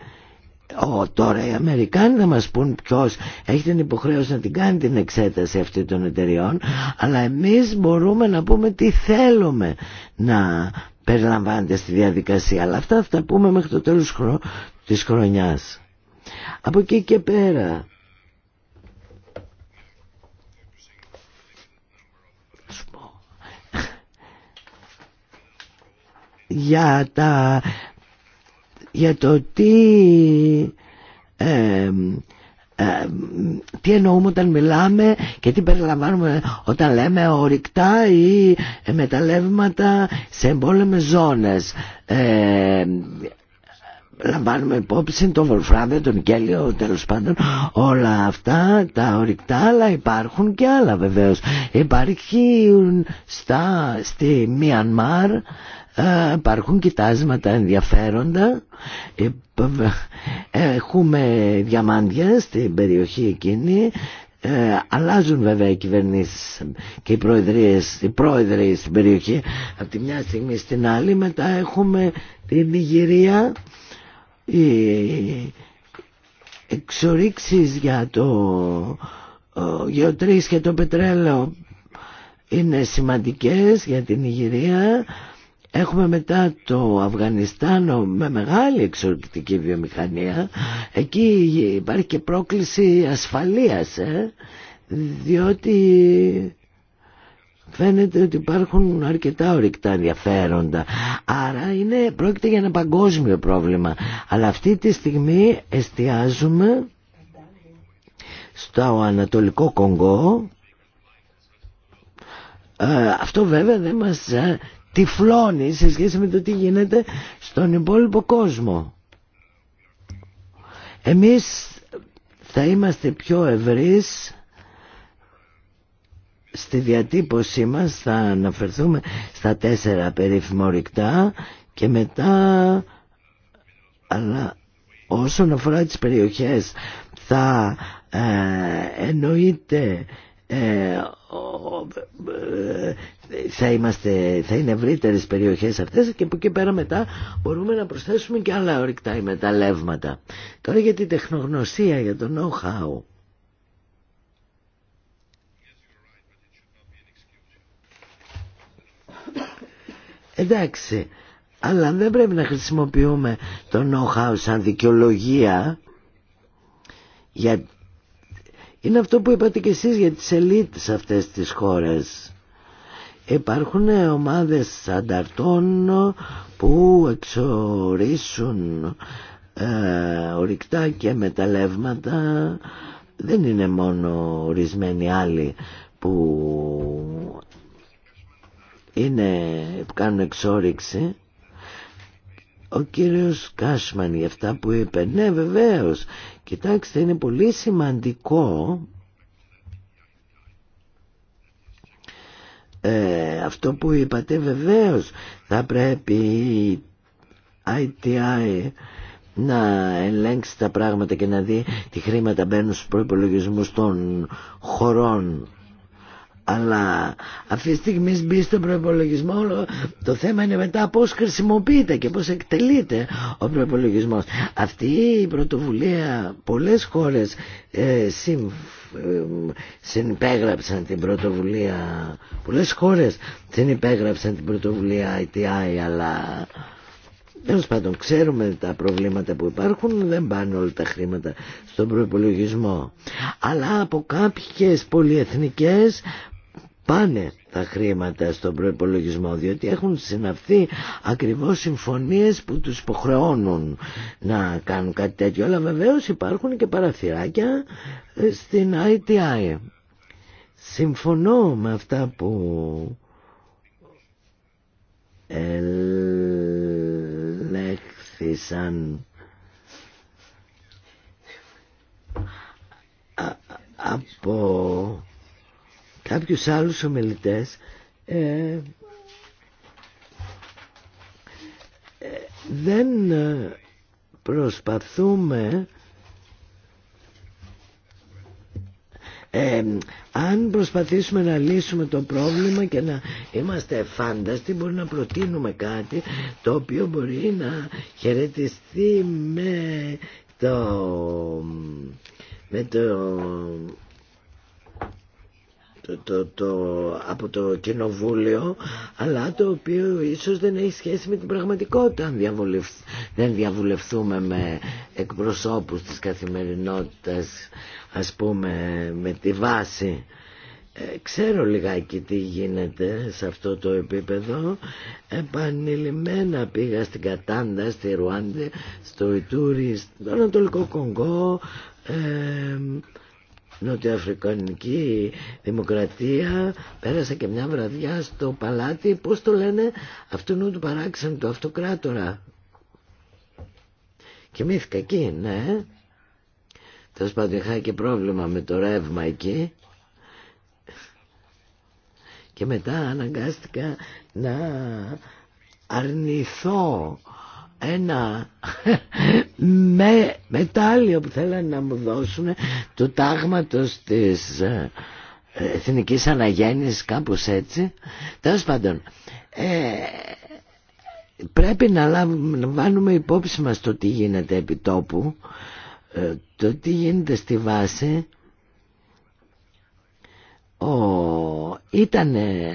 S2: Ο, τώρα οι Αμερικάνοι θα μας πούν ποιος έχει την υποχρέωση να την κάνει την εξέταση αυτή των εταιριών αλλά εμείς μπορούμε να πούμε τι θέλουμε να περιλαμβάνεται στη διαδικασία αλλά αυτά θα τα πούμε μέχρι το τέλος χρο... της χρονιάς. Από εκεί και πέρα για, τα, για το τι, ε, ε, τι εννοούμε όταν μιλάμε και τι περιλαμβάνουμε όταν λέμε ορυκτά ή μεταλλεύματα σε εμπόλεμες ζώνες. Ε, λαμβάνουμε υπόψη τον Βολφράδε, τον Κέλιο, τέλο πάντων όλα αυτά τα ορυκτά, αλλά υπάρχουν και άλλα βεβαίως Υπάρχουν στα, στη Μιανμάρ ε, υπάρχουν κοιτάσματα ενδιαφέροντα ε, ε, έχουμε διαμάντια στην περιοχή εκείνη αλλάζουν βέβαια οι κυβερνήσεις και οι προεδρίες, οι πρόεδροι στην περιοχή από τη μια στιγμή στην άλλη μετά έχουμε την Ιγυρία οι εξορίξεις για το γεωτρής και το πετρέλαιο είναι σημαντικές για την Ιγυρία Έχουμε μετά το Αφγανιστάνο με μεγάλη εξορρυκτική βιομηχανία. Εκεί υπάρχει και πρόκληση ασφαλείας, ε, διότι φαίνεται ότι υπάρχουν αρκετά ορυκτά ενδιαφέροντα. Άρα είναι, πρόκειται για ένα παγκόσμιο πρόβλημα. Αλλά αυτή τη στιγμή εστιάζουμε στο Ανατολικό Κονγκό. Ε, αυτό βέβαια δεν μας ε, τυφλώνει σε σχέση με το τι γίνεται στον υπόλοιπο κόσμο. Εμείς θα είμαστε πιο ευρείς στη διατύπωσή μας θα αναφερθούμε στα τέσσερα περίφημα και μετά αλλά όσον αφορά τις περιοχές θα ε, εννοείται ε, θα, είμαστε, θα είναι ευρύτερες περιοχές αυτές και από εκεί πέρα μετά μπορούμε να προσθέσουμε και άλλα ορυκτά ή Τώρα για την τεχνογνωσία, για το know-how. Εντάξει, αλλά δεν πρέπει να χρησιμοποιούμε το know-how σαν δικαιολογία για είναι αυτό που είπατε και εσείς για τις ελίτ αυτές τις χώρες. Υπάρχουν ομάδες ανταρτών που εξορίσουν ε, ορυκτά και μεταλλεύματα. Δεν είναι μόνο ορισμένοι άλλοι που, είναι, που κάνουν εξόριξη ο κύριος Κάσμαν για αυτά που είπε. Ναι βεβαίως, κοιτάξτε είναι πολύ σημαντικό ε, αυτό που είπατε βεβαίως θα πρέπει η ITI να ελέγξει τα πράγματα και να δει τι χρήματα μπαίνουν στους προϋπολογισμούς των χωρών αλλά αυτή τη στιγμή μπει στον προπολογισμό το θέμα είναι μετά πώς χρησιμοποιείται και πώς εκτελείται ο προπολογισμό. Αυτή η πρωτοβουλία πολλές χώρες ε, συμ, ε, συνυπέγραψαν την πρωτοβουλία πολλές χώρες συνυπέγραψαν την πρωτοβουλία ITI αλλά Τέλο πάντων, ξέρουμε τα προβλήματα που υπάρχουν, δεν πάνε όλα τα χρήματα στον προπολογισμό. Αλλά από κάποιες πολυεθνικές πάνε τα χρήματα στον προϋπολογισμό διότι έχουν συναυθεί ακριβώς συμφωνίες που τους υποχρεώνουν να κάνουν κάτι τέτοιο αλλά βεβαίως υπάρχουν και παραθυράκια ε, στην ITI συμφωνώ με αυτά που ελέγχθησαν από κάποιους άλλους ομιλητές ε, ε, δεν ε, προσπαθούμε ε, αν προσπαθήσουμε να λύσουμε το πρόβλημα και να είμαστε φάνταστοι μπορεί να προτείνουμε κάτι το οποίο μπορεί να χαιρετιστεί με το με το το, το, από το κοινοβούλιο αλλά το οποίο ίσως δεν έχει σχέση με την πραγματικότητα αν δεν διαβουλευτούμε με εκπροσώπους της καθημερινότητας ας πούμε με τη βάση ε, ξέρω λιγάκι τι γίνεται σε αυτό το επίπεδο επανειλημμένα πήγα στην Κατάντα, στη Ρουάντε στο Ιτούρι, στο Ανατολικό Κονγκό ε, νοτιοαφρικανική δημοκρατία πέρασα και μια βραδιά στο παλάτι πώς το λένε αυτού του παράξενου του αυτοκράτορα κοιμήθηκα εκεί ναι τέλος πάντων είχα και πρόβλημα με το ρεύμα εκεί και μετά αναγκάστηκα να αρνηθώ ένα με, μετάλλιο που θέλανε να μου δώσουν του τάγματος της ε, εθνικής αναγέννησης κάπως έτσι τέλος πάντων ε, πρέπει να, λαμβάνουμε βάλουμε υπόψη μας το τι γίνεται επί τόπου ε, το τι γίνεται στη βάση ο, ήτανε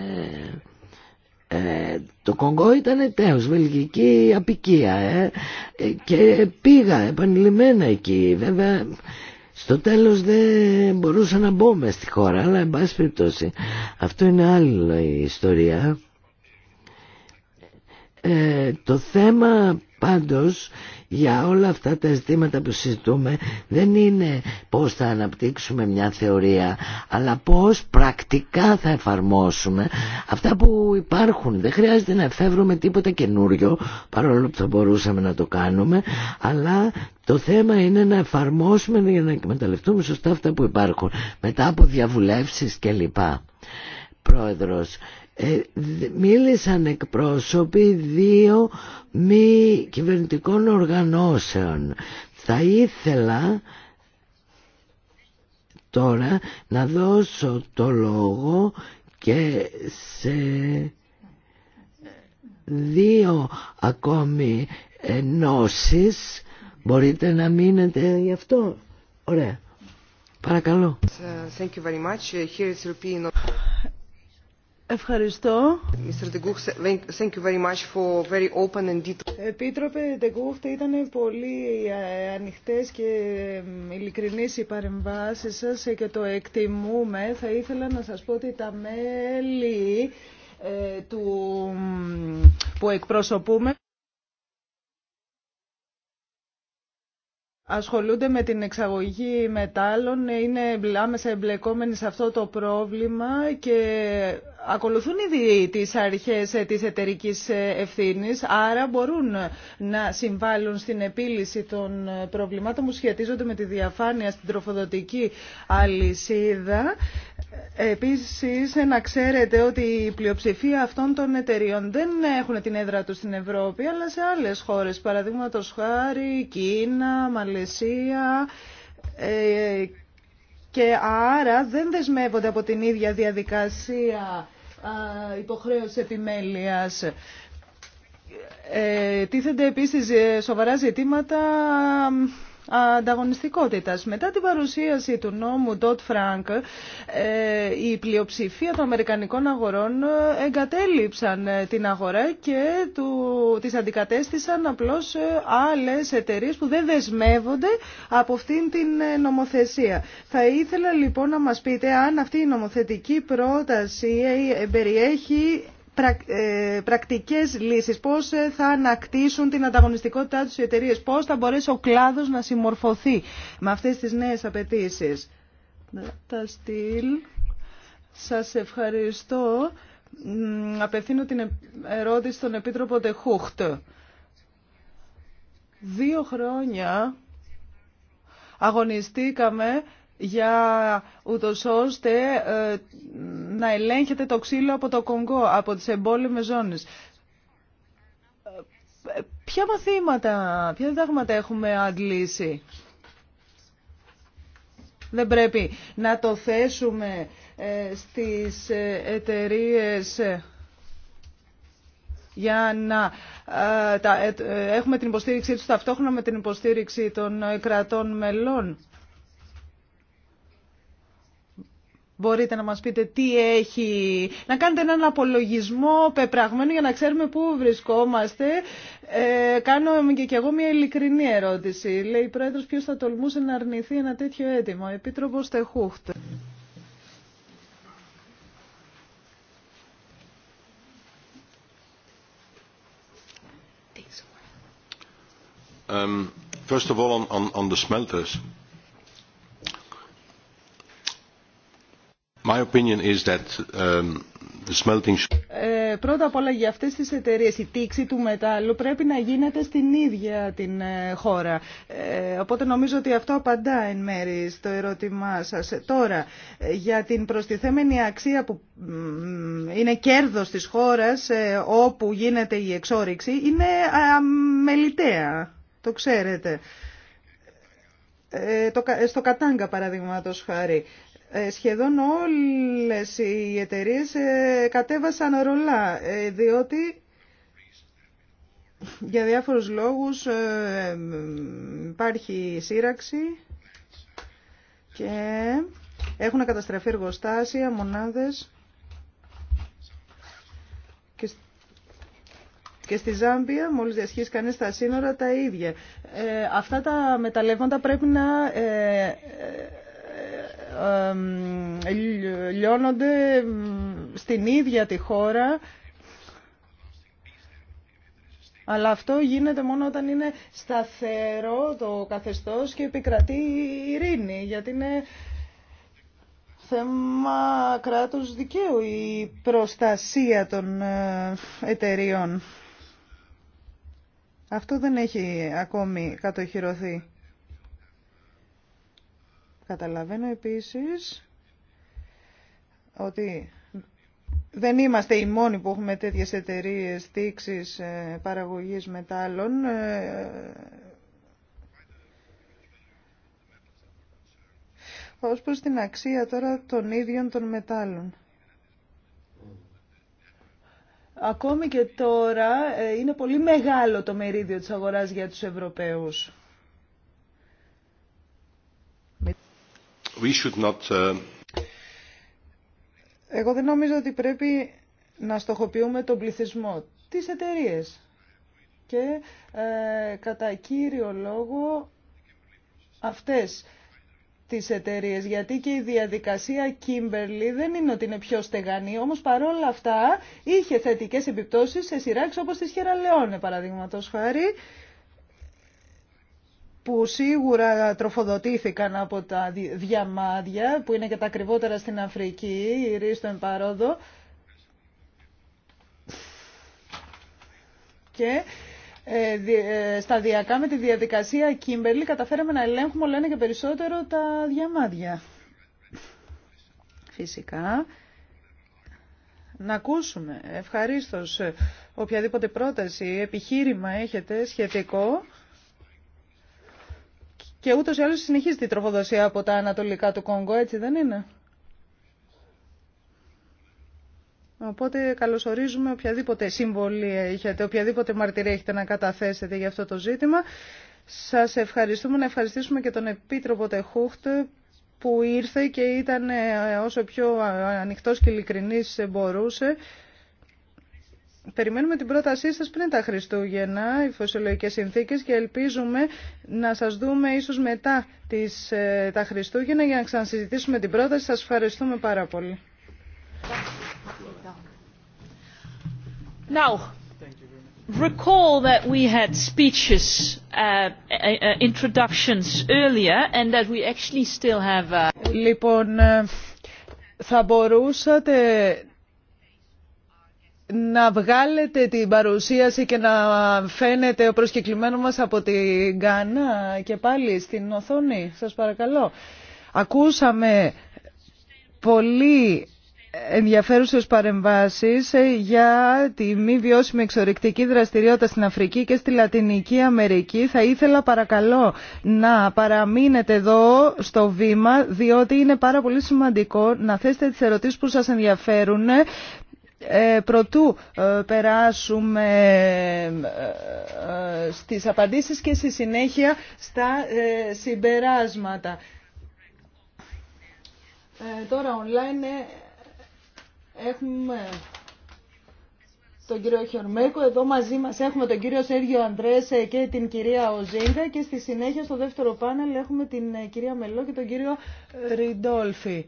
S2: ε, το Κονγκό ήταν τέως βελγική απικία ε. ε, και πήγα επανειλημμένα εκεί. Βέβαια στο τέλος δεν μπορούσα να μπω μες στη χώρα αλλά εν πάση περιπτώσει αυτό είναι άλλη ιστορία. Ε, το θέμα πάντως για όλα αυτά τα ζητήματα που συζητούμε δεν είναι πώς θα αναπτύξουμε μια θεωρία αλλά πώς πρακτικά θα εφαρμόσουμε αυτά που υπάρχουν δεν χρειάζεται να εφεύρουμε τίποτα καινούριο παρόλο που θα μπορούσαμε να το κάνουμε αλλά το θέμα είναι να εφαρμόσουμε για να εκμεταλλευτούμε σωστά αυτά που υπάρχουν μετά από διαβουλεύσεις κλπ. Πρόεδρος ε, μίλησαν εκπρόσωποι δύο μη κυβερνητικών οργανώσεων. Θα ήθελα τώρα να δώσω το λόγο και σε δύο ακόμη ενώσεις. Μπορείτε να μείνετε γι' αυτό. Ωραία. Παρακαλώ.
S4: Ευχαριστώ. Επίτροπε Ντεγκούχτ, ήταν πολύ ε, ανοιχτέ και ειλικρινείς οι παρεμβάσει σα και το εκτιμούμε. Θα ήθελα να σα πω ότι τα μέλη ε, του, που εκπροσωπούμε ασχολούνται με την εξαγωγή μετάλλων, είναι άμεσα εμπλεκόμενοι σε αυτό το πρόβλημα και ακολουθούν ήδη τις αρχές της εταιρικής ευθύνης, άρα μπορούν να συμβάλλουν στην επίλυση των προβλημάτων που σχετίζονται με τη διαφάνεια στην τροφοδοτική αλυσίδα Επίσης, να ξέρετε ότι η πλειοψηφία αυτών των εταιρείων δεν έχουν την έδρα τους στην Ευρώπη, αλλά σε άλλες χώρες, παραδείγματος χάρη Κίνα, Μαλαισία ε, και άρα δεν δεσμεύονται από την ίδια διαδικασία υποχρέωση επιμέλειας. Ε, τίθενται επίσης ε, σοβαρά ζητήματα ανταγωνιστικότητας. Μετά την παρουσίαση του νόμου Dodd Frank, ε, η πλειοψηφία των Αμερικανικών αγορών εγκατέλειψαν ε, την αγορά και του, τις αντικατέστησαν απλώς ε, άλλες εταιρείε που δεν δεσμεύονται από αυτήν την νομοθεσία. Θα ήθελα λοιπόν να μας πείτε αν αυτή η νομοθετική πρόταση περιέχει ε, πρακτικές λύσεις, πώς ε, θα ανακτήσουν την ανταγωνιστικότητά τους οι εταιρείες, πώς θα μπορέσει ο κλάδος να συμμορφωθεί με αυτές τις νέες απαιτήσεις. Τα στυλ. Σας ευχαριστώ. Απευθύνω την ε, ερώτηση στον Επίτροπο Τεχούχτ. Δύο χρόνια αγωνιστήκαμε για ούτως ώστε ε, να ελέγχεται το ξύλο από το Κονγκό, από τις εμπόλεμες ζώνες. Ε, ποια μαθήματα, ποια διδάγματα έχουμε αντλήσει. Δεν πρέπει να το θέσουμε ε, στις ε, εταιρείες για να έχουμε την υποστήριξή τους ταυτόχρονα με την υποστήριξη των κρατών μελών. Μπορείτε να μας πείτε τι έχει, να κάνετε έναν απολογισμό πεπραγμένο για να ξέρουμε πού βρισκόμαστε. Ε, κάνω και, και εγώ μια ειλικρινή ερώτηση. Λέει η Πρόεδρος ποιος θα τολμούσε να αρνηθεί ένα τέτοιο αίτημα. Επίτροπος Τεχούχτ. Um, first of all on the smelters. Um, ε, πρώτα απ' όλα για αυτές τις εταιρείες η τήξη του μετάλλου πρέπει να γίνεται στην ίδια την ε, χώρα. Ε, οπότε νομίζω ότι αυτό απαντά εν μέρη στο ερώτημά σας. Τώρα, για την προστιθέμενη αξία που είναι κέρδος της χώρας όπου γίνεται η εξόριξη είναι αμεληταία, το ξέρετε. στο Κατάγκα παραδείγματος χάρη. Ε, σχεδόν όλες οι εταιρείες ε, κατέβασαν ρολά, ε, διότι για διάφορους λόγους υπάρχει σύραξη και έχουν καταστραφεί εργοστάσια, μονάδες και, και στη Ζάμπια μόλις διασχίσει κανείς τα σύνορα τα ίδια. αυτά τα μεταλλεύματα πρέπει να λιώνονται στην ίδια τη χώρα αλλά αυτό γίνεται μόνο όταν είναι σταθερό το καθεστώς και επικρατεί η ειρήνη, γιατί είναι θέμα κράτους δικαίου η προστασία των ε, εταιριών. Αυτό δεν έχει ακόμη κατοχυρωθεί. Καταλαβαίνω επίσης ότι δεν είμαστε οι μόνοι που έχουμε τέτοιες εταιρείες ε, παραγωγής μετάλλων. Ε, ως προς την αξία τώρα των ίδιων των μετάλλων. Ακόμη και τώρα ε, είναι πολύ μεγάλο το μερίδιο της αγοράς για τους Ευρωπαίους.
S1: Uh,
S4: Εγώ δεν νομίζω ότι πρέπει να στοχοποιούμε τον πληθυσμό, τις εταιρείε. και ε, κατά κύριο λόγο αυτές τις εταιρείε, γιατί και η διαδικασία Kimberly δεν είναι ότι είναι πιο στεγανή, όμως παρόλα αυτά είχε θετικές επιπτώσεις σε σειράξεις όπως τη Χεραλεόνε, παραδείγματος χάρη, που σίγουρα τροφοδοτήθηκαν από τα διαμάδια, που είναι και τα ακριβότερα στην Αφρική, η ρίστο Παρόδο. Και ε, ε, σταδιακά με τη διαδικασία Κίμπερλι καταφέραμε να ελέγχουμε όλο ένα και περισσότερο τα διαμάδια. Φυσικά, να ακούσουμε ευχαρίστως ε, οποιαδήποτε πρόταση, επιχείρημα έχετε σχετικό και ούτω η αλλω συνεχιζεται η από τα ανατολικά του Κόγκο, έτσι δεν είναι. Οπότε καλωσορίζουμε οποιαδήποτε συμβολή έχετε, οποιαδήποτε μαρτυρία έχετε να καταθέσετε για αυτό το ζήτημα. Σας ευχαριστούμε, να ευχαριστήσουμε και τον Επίτροπο Τεχούχτ που ήρθε και ήταν ε, όσο πιο ανοιχτός και ειλικρινής μπορούσε. Περιμένουμε την πρότασή σας πριν τα Χριστούγεννα, οι φωσιολογικές συνθήκες και ελπίζουμε να σας δούμε ίσως μετά τις, ε, τα Χριστούγεννα για να ξανασυζητήσουμε την πρόταση. Σας ευχαριστούμε πάρα πολύ. Now,
S1: recall that we had speeches, uh, uh, uh, introductions earlier and that we actually still have... Λοιπόν, ε,
S4: θα μπορούσατε να βγάλετε την παρουσίαση και να φαίνεται ο προσκεκλημένο μας από την Γκάνα και πάλι στην οθόνη. Σας παρακαλώ. Ακούσαμε πολύ ενδιαφέρουσες παρεμβάσεις ε, για τη μη βιώσιμη εξορρυκτική δραστηριότητα στην Αφρική και στη Λατινική Αμερική. Θα ήθελα παρακαλώ να παραμείνετε εδώ στο βήμα, διότι είναι πάρα πολύ σημαντικό να θέσετε τις ερωτήσεις που σας ενδιαφέρουν ε, προτού ε, περάσουμε ε, στις απαντήσεις και στη συνέχεια στα συμπεράσματα. Τώρα online έχουμε τον κύριο Χιορμέκο. Εδώ μαζί μας έχουμε τον κύριο Σέργιο Ανδρές και την κυρία Οζίντα. και στη συνέχεια στο δεύτερο πάνελ έχουμε την κυρία Μελό και τον κύριο Ριντόλφη.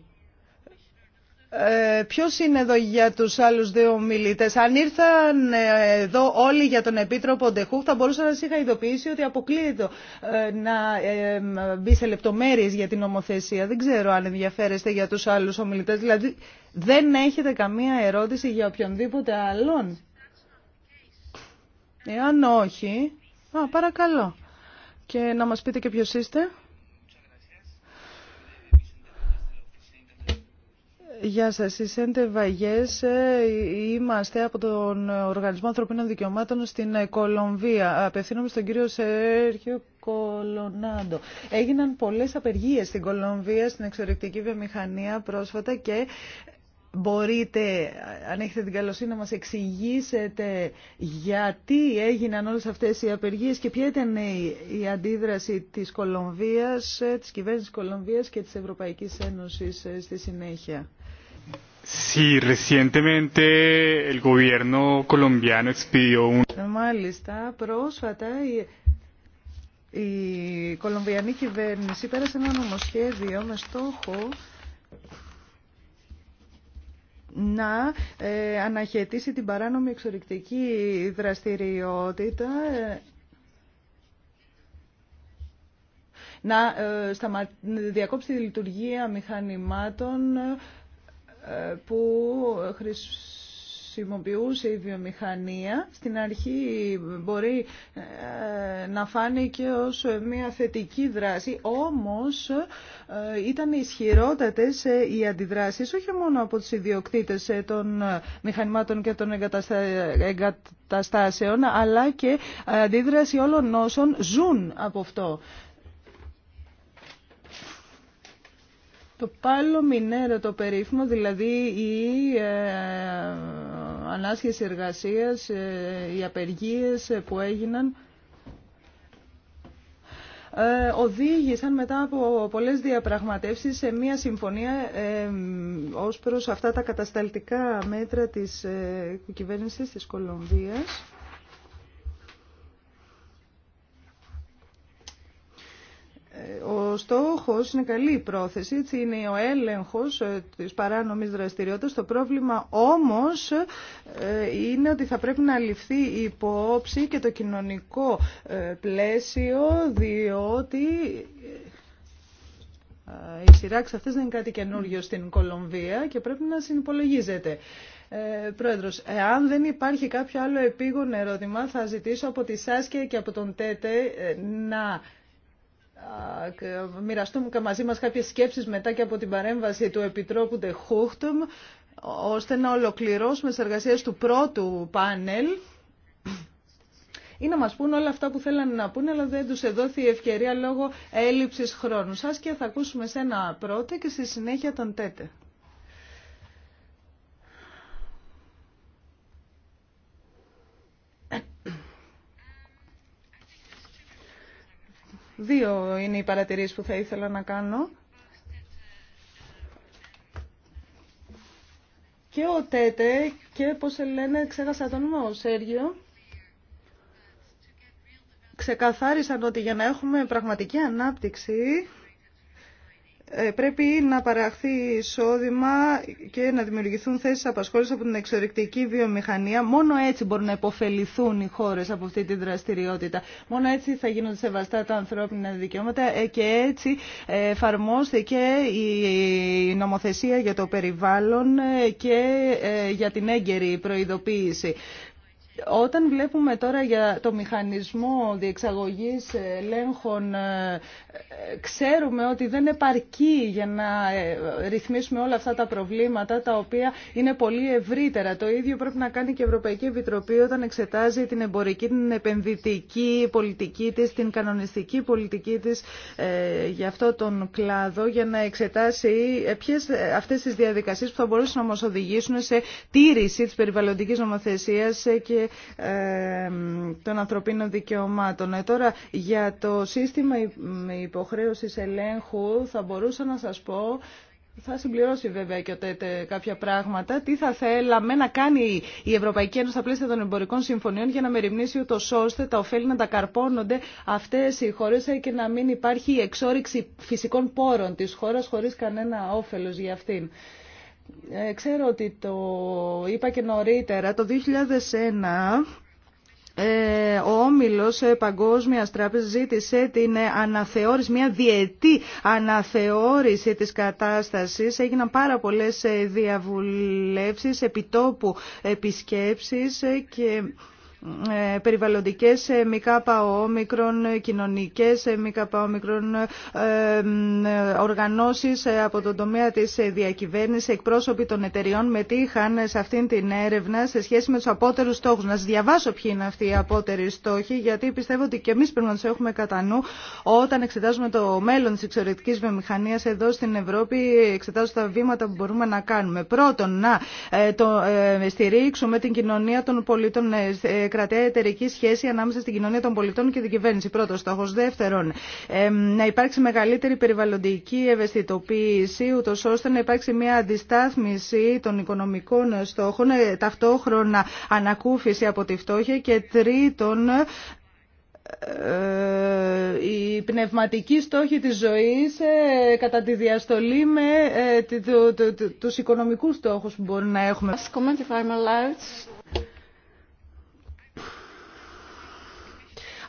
S4: Ε, ποιος είναι εδώ για τους άλλους δύο μιλητές. Αν ήρθαν ε, εδώ όλοι για τον Επίτροπο Ντεχούχ θα μπορούσα να σας είχα ειδοποιήσει ότι αποκλείεται ε, να ε, μπει σε λεπτομέρειες για την νομοθεσία. Δεν ξέρω αν ενδιαφέρεστε για τους άλλους ομιλητές. Δηλαδή δεν έχετε καμία ερώτηση για οποιονδήποτε άλλον. Εάν όχι, α, παρακαλώ. Και να μας πείτε και ποιος είστε. Γεια σα, η Σέντε ε, είμαστε από τον Οργανισμό Ανθρωπίνων Δικαιωμάτων στην ε, Κολομβία. Απευθύνομαι στον κύριο Σέρχιο Κολονάντο. Έγιναν πολλέ απεργίε στην Κολομβία, στην εξορρυκτική βιομηχανία πρόσφατα και μπορείτε, αν έχετε την καλοσύνη, να μα εξηγήσετε γιατί έγιναν όλε αυτές οι απεργίε και ποια ήταν ε, η αντίδραση της Κολομβίας, της κυβέρνηση και της Ευρωπαϊκή Ένωση στη συνέχεια.
S3: Sí, recientemente el gobierno colombiano expidió un...
S4: Μάλιστα, πρόσφατα η, η κολομβιανή κυβέρνηση πέρασε ένα νομοσχέδιο με στόχο να ε, αναχαιτήσει την παράνομη εξορυκτική δραστηριότητα ε, να ε, σταμα... διακόψει τη λειτουργία μηχανημάτων που χρησιμοποιούσε η βιομηχανία στην αρχή μπορεί ε, να φάνηκε ως μια θετική δράση όμως ε, ήταν ισχυρότατες ε, οι αντιδράσεις όχι μόνο από τους ιδιοκτήτες των μηχανημάτων και των εγκαταστάσεων αλλά και αντίδραση όλων όσων ζουν από αυτό. Το πάλο μινέρο το περίφημο, δηλαδή η ε, ανάσχεση εργασίας, ε, οι απεργίες ε, που έγιναν, ε, οδήγησαν μετά από πολλές διαπραγματεύσεις σε μία συμφωνία ε, ως προς αυτά τα κατασταλτικά μέτρα της κυβέρνησης της Κολομβίας. Ο στόχος είναι καλή η πρόθεση, έτσι είναι ο έλεγχος ε, της παράνομης δραστηριότητας. Το πρόβλημα όμως ε, είναι ότι θα πρέπει να ληφθεί υπόψη και το κοινωνικό ε, πλαίσιο, διότι οι σειράξει αυτές δεν είναι κάτι καινούργιο στην Κολομβία και πρέπει να συνυπολογίζεται. Ε, πρόεδρος, εάν δεν υπάρχει κάποιο άλλο επίγον ερώτημα, θα ζητήσω από τη ΣΑΣΚΕ και από τον Τέτε να μοιραστούμε και μαζί μας κάποιες σκέψεις μετά και από την παρέμβαση του Επιτρόπου De Huchtum, ώστε να ολοκληρώσουμε τις εργασίες του πρώτου πάνελ ή να μας πούν όλα αυτά που θέλανε να πούνε, αλλά δεν τους εδόθη η ευκαιρία λόγω έλλειψης χρόνου. Σας και θα ακούσουμε ένα πρώτο και στη συνέχεια τον τέτε. Δύο είναι οι παρατηρήσεις που θα ήθελα να κάνω. Και ο Τέτε και πώς λένε, ξέχασα τον όνομα, ο Σέργιο. Ξεκαθάρισαν ότι για να έχουμε πραγματική ανάπτυξη ε, πρέπει να παραχθεί εισόδημα και να δημιουργηθούν θέσεις απασχόλησης από την εξορρυκτική βιομηχανία. Μόνο έτσι μπορούν να υποφεληθούν οι χώρες από αυτή τη δραστηριότητα. Μόνο έτσι θα γίνονται σεβαστά τα ανθρώπινα δικαιώματα ε, και έτσι εφαρμόστηκε η νομοθεσία για το περιβάλλον ε, και για την έγκαιρη προειδοποίηση. Όταν βλέπουμε τώρα για το μηχανισμό διεξαγωγής ελέγχων, ε, ξέρουμε ότι δεν επαρκεί για να ε, ρυθμίσουμε όλα αυτά τα προβλήματα, τα οποία είναι πολύ ευρύτερα. Το ίδιο πρέπει να κάνει και η Ευρωπαϊκή Επιτροπή όταν εξετάζει την εμπορική, την επενδυτική πολιτική της, την κανονιστική πολιτική της ε, για αυτό τον κλάδο, για να εξετάσει ποιες αυτές τις διαδικασίες που θα μπορούσαν να μας οδηγήσουν σε τήρηση της περιβαλλοντικής νομοθεσίας και ε, των ανθρωπίνων δικαιωμάτων. Ε, τώρα, για το σύστημα υποχρέωσης ελέγχου θα μπορούσα να σας πω θα συμπληρώσει βέβαια και ο ΤΕΤΕ κάποια πράγματα. Τι θα θέλαμε να κάνει η Ευρωπαϊκή Ένωση στα πλαίσια των εμπορικών συμφωνιών για να μεριμνήσει ούτω ώστε τα ωφέλη να τα καρπώνονται αυτέ οι χώρε ε, και να μην υπάρχει η εξόριξη φυσικών πόρων τη χώρα χωρί κανένα όφελο για αυτήν. Ε, ξέρω ότι το είπα και νωρίτερα, το 2001... Ε, ο Όμιλος ε, Παγκόσμιας Τράπεζας ζήτησε την αναθεώρηση, μια διετή αναθεώρηση της κατάστασης. Έγιναν πάρα πολλές διαβουλεύσεις, επιτόπου επισκέψεις και... Ε, περιβαλλοντικές ε, ΜΚΟ, μικρών ε, κοινωνικές ΜΚΟ, μικρών οργανώσεις από τον τομέα της διακυβέρνησης, εκπρόσωποι των εταιριών μετήχαν σε αυτήν την έρευνα σε σχέση με τους απότερους στόχους. Να σας διαβάσω ποιοι είναι αυτοί οι απότεροι στόχοι, γιατί πιστεύω ότι και εμείς πρέπει να τους έχουμε κατά νου όταν εξετάζουμε το μέλλον της εξορρεκτικής βιομηχανίας εδώ στην Ευρώπη, εξετάζω τα βήματα που μπορούμε να κάνουμε. Πρώτον, να το, στηρίξουμε την κοινωνία των πολιτών, ε, κρατέα εταιρική σχέση ανάμεσα στην κοινωνία των πολιτών και την κυβέρνηση. Πρώτο στόχο. Δεύτερον, να υπάρξει μεγαλύτερη περιβαλλοντική ευαισθητοποίηση, ούτω ώστε να υπάρξει μια αντιστάθμιση των οικονομικών στόχων, ε, ταυτόχρονα ανακούφιση από τη φτώχεια και τρίτον, ε, ε, η πνευματική στόχη της ζωής κατά τη διαστολή με τους οικονομικούς στόχους που μπορεί να έχουμε.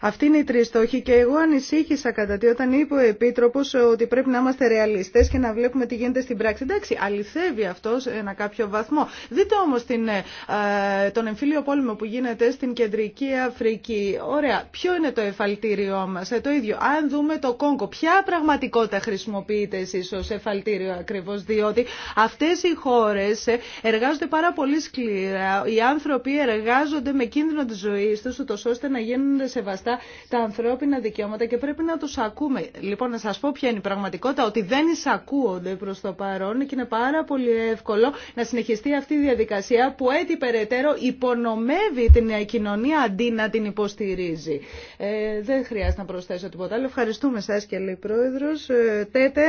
S4: Αυτή είναι η τριστόχη και εγώ ανησύχησα κατά τι όταν είπε ο Επίτροπο ότι πρέπει να είμαστε ρεαλιστέ και να βλέπουμε τι γίνεται στην πράξη. Εντάξει, αληθεύει αυτό σε ένα κάποιο βαθμό. Δείτε όμω ε, τον εμφύλιο πόλεμο που γίνεται στην Κεντρική Αφρική. Ωραία, ποιο είναι το εφαλτήριό μα. Ε, το ίδιο. Αν δούμε το Κόγκο, ποια πραγματικότητα χρησιμοποιείτε εσεί ω εφαλτήριο ακριβώ, διότι αυτέ οι χώρε ε, εργάζονται πάρα πολύ σκληρά. Οι άνθρωποι εργάζονται με κίνδυνο τη ζωή του, ώστε να γίνονται σεβαστοί τα ανθρώπινα δικαιώματα και πρέπει να του ακούμε. Λοιπόν, να σα πω ποια είναι η πραγματικότητα, ότι δεν εισακούονται προ το παρόν και είναι πάρα πολύ εύκολο να συνεχιστεί αυτή η διαδικασία που έτσι περαιτέρω υπονομεύει την κοινωνία αντί να την υποστηρίζει. Ε, δεν χρειάζεται να προσθέσω τίποτα άλλο. Ευχαριστούμε εσά και λέει Πρόεδρος. Ε, τέτε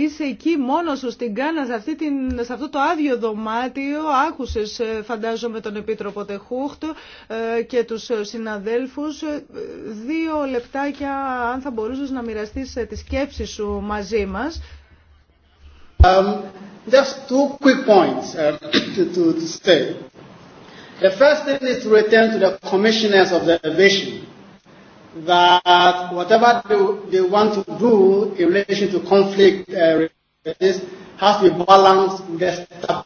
S4: είσαι εκεί μόνος σου στην Κάνα, σε, αυτή την, σε αυτό το άδειο δωμάτιο, άκουσες ε, φαντάζομαι τον Επίτροπο Τεχούχτ ε, και τους ε, συναδέλφους. Δύο λεπτάκια αν θα μπορούσες να μοιραστείς τις σκέψεις σου μαζί μας.
S3: Um, just two quick points uh, to, to say. The first thing is to return to the commissioners of the vision that whatever they, they want to do in relation to conflict uh, has to be balanced with the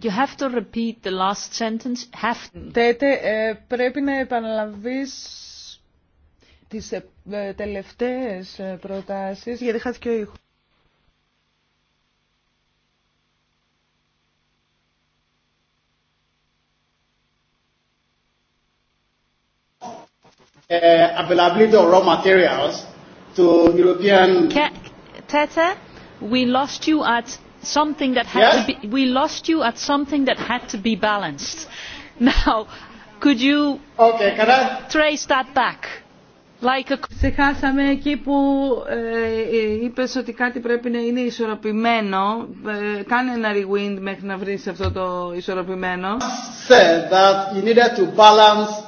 S1: You have to repeat the last
S4: sentence. Have Τέτε, πρέπει να επαναλαβείς τις ε, ε, τελευταίες ε, προτάσεις γιατί χάθηκε ο ήχος.
S3: availability of raw materials to European.
S1: Tete, we lost you at something that had to be. We lost you at something that had to be balanced.
S5: Now, could you trace that back? Like Ξεχάσαμε εκεί που ε, είπες ότι κάτι πρέπει να είναι ισορροπημένο. Ε, κάνε ένα rewind μέχρι να βρεις αυτό το ισορροπημένο.
S3: Said that you needed to balance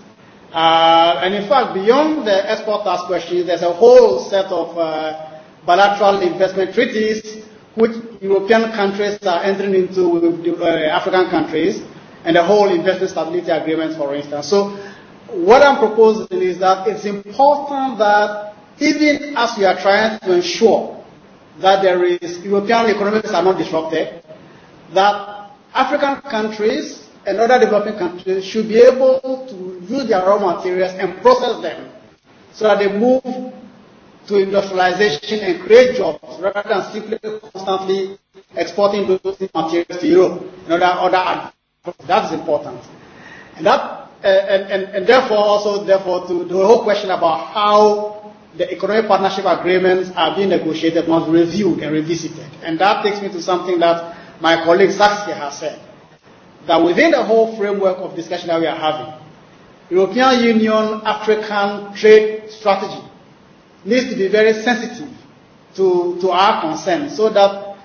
S3: Uh And in fact, beyond the export tax question, there's a whole set of bilateral investment treaties which European countries are entering into with African countries, and the whole investment stability agreement, for instance. So what I'm proposing is that it's important that even as we are trying to ensure that there is European economies are not disrupted, that African countries and other developing countries should be able to use their raw materials and process them so that they move to industrialization and create jobs rather than simply constantly exporting those materials to Europe and other, other That's important. And, that, and, and, and therefore also therefore to the whole question about how the economic partnership agreements are being negotiated must be reviewed and revisited. And that takes me to something that my colleague Saskia has said that within the whole framework of discussion that we are having, European Union African trade strategy needs to be very sensitive to, to our concerns so that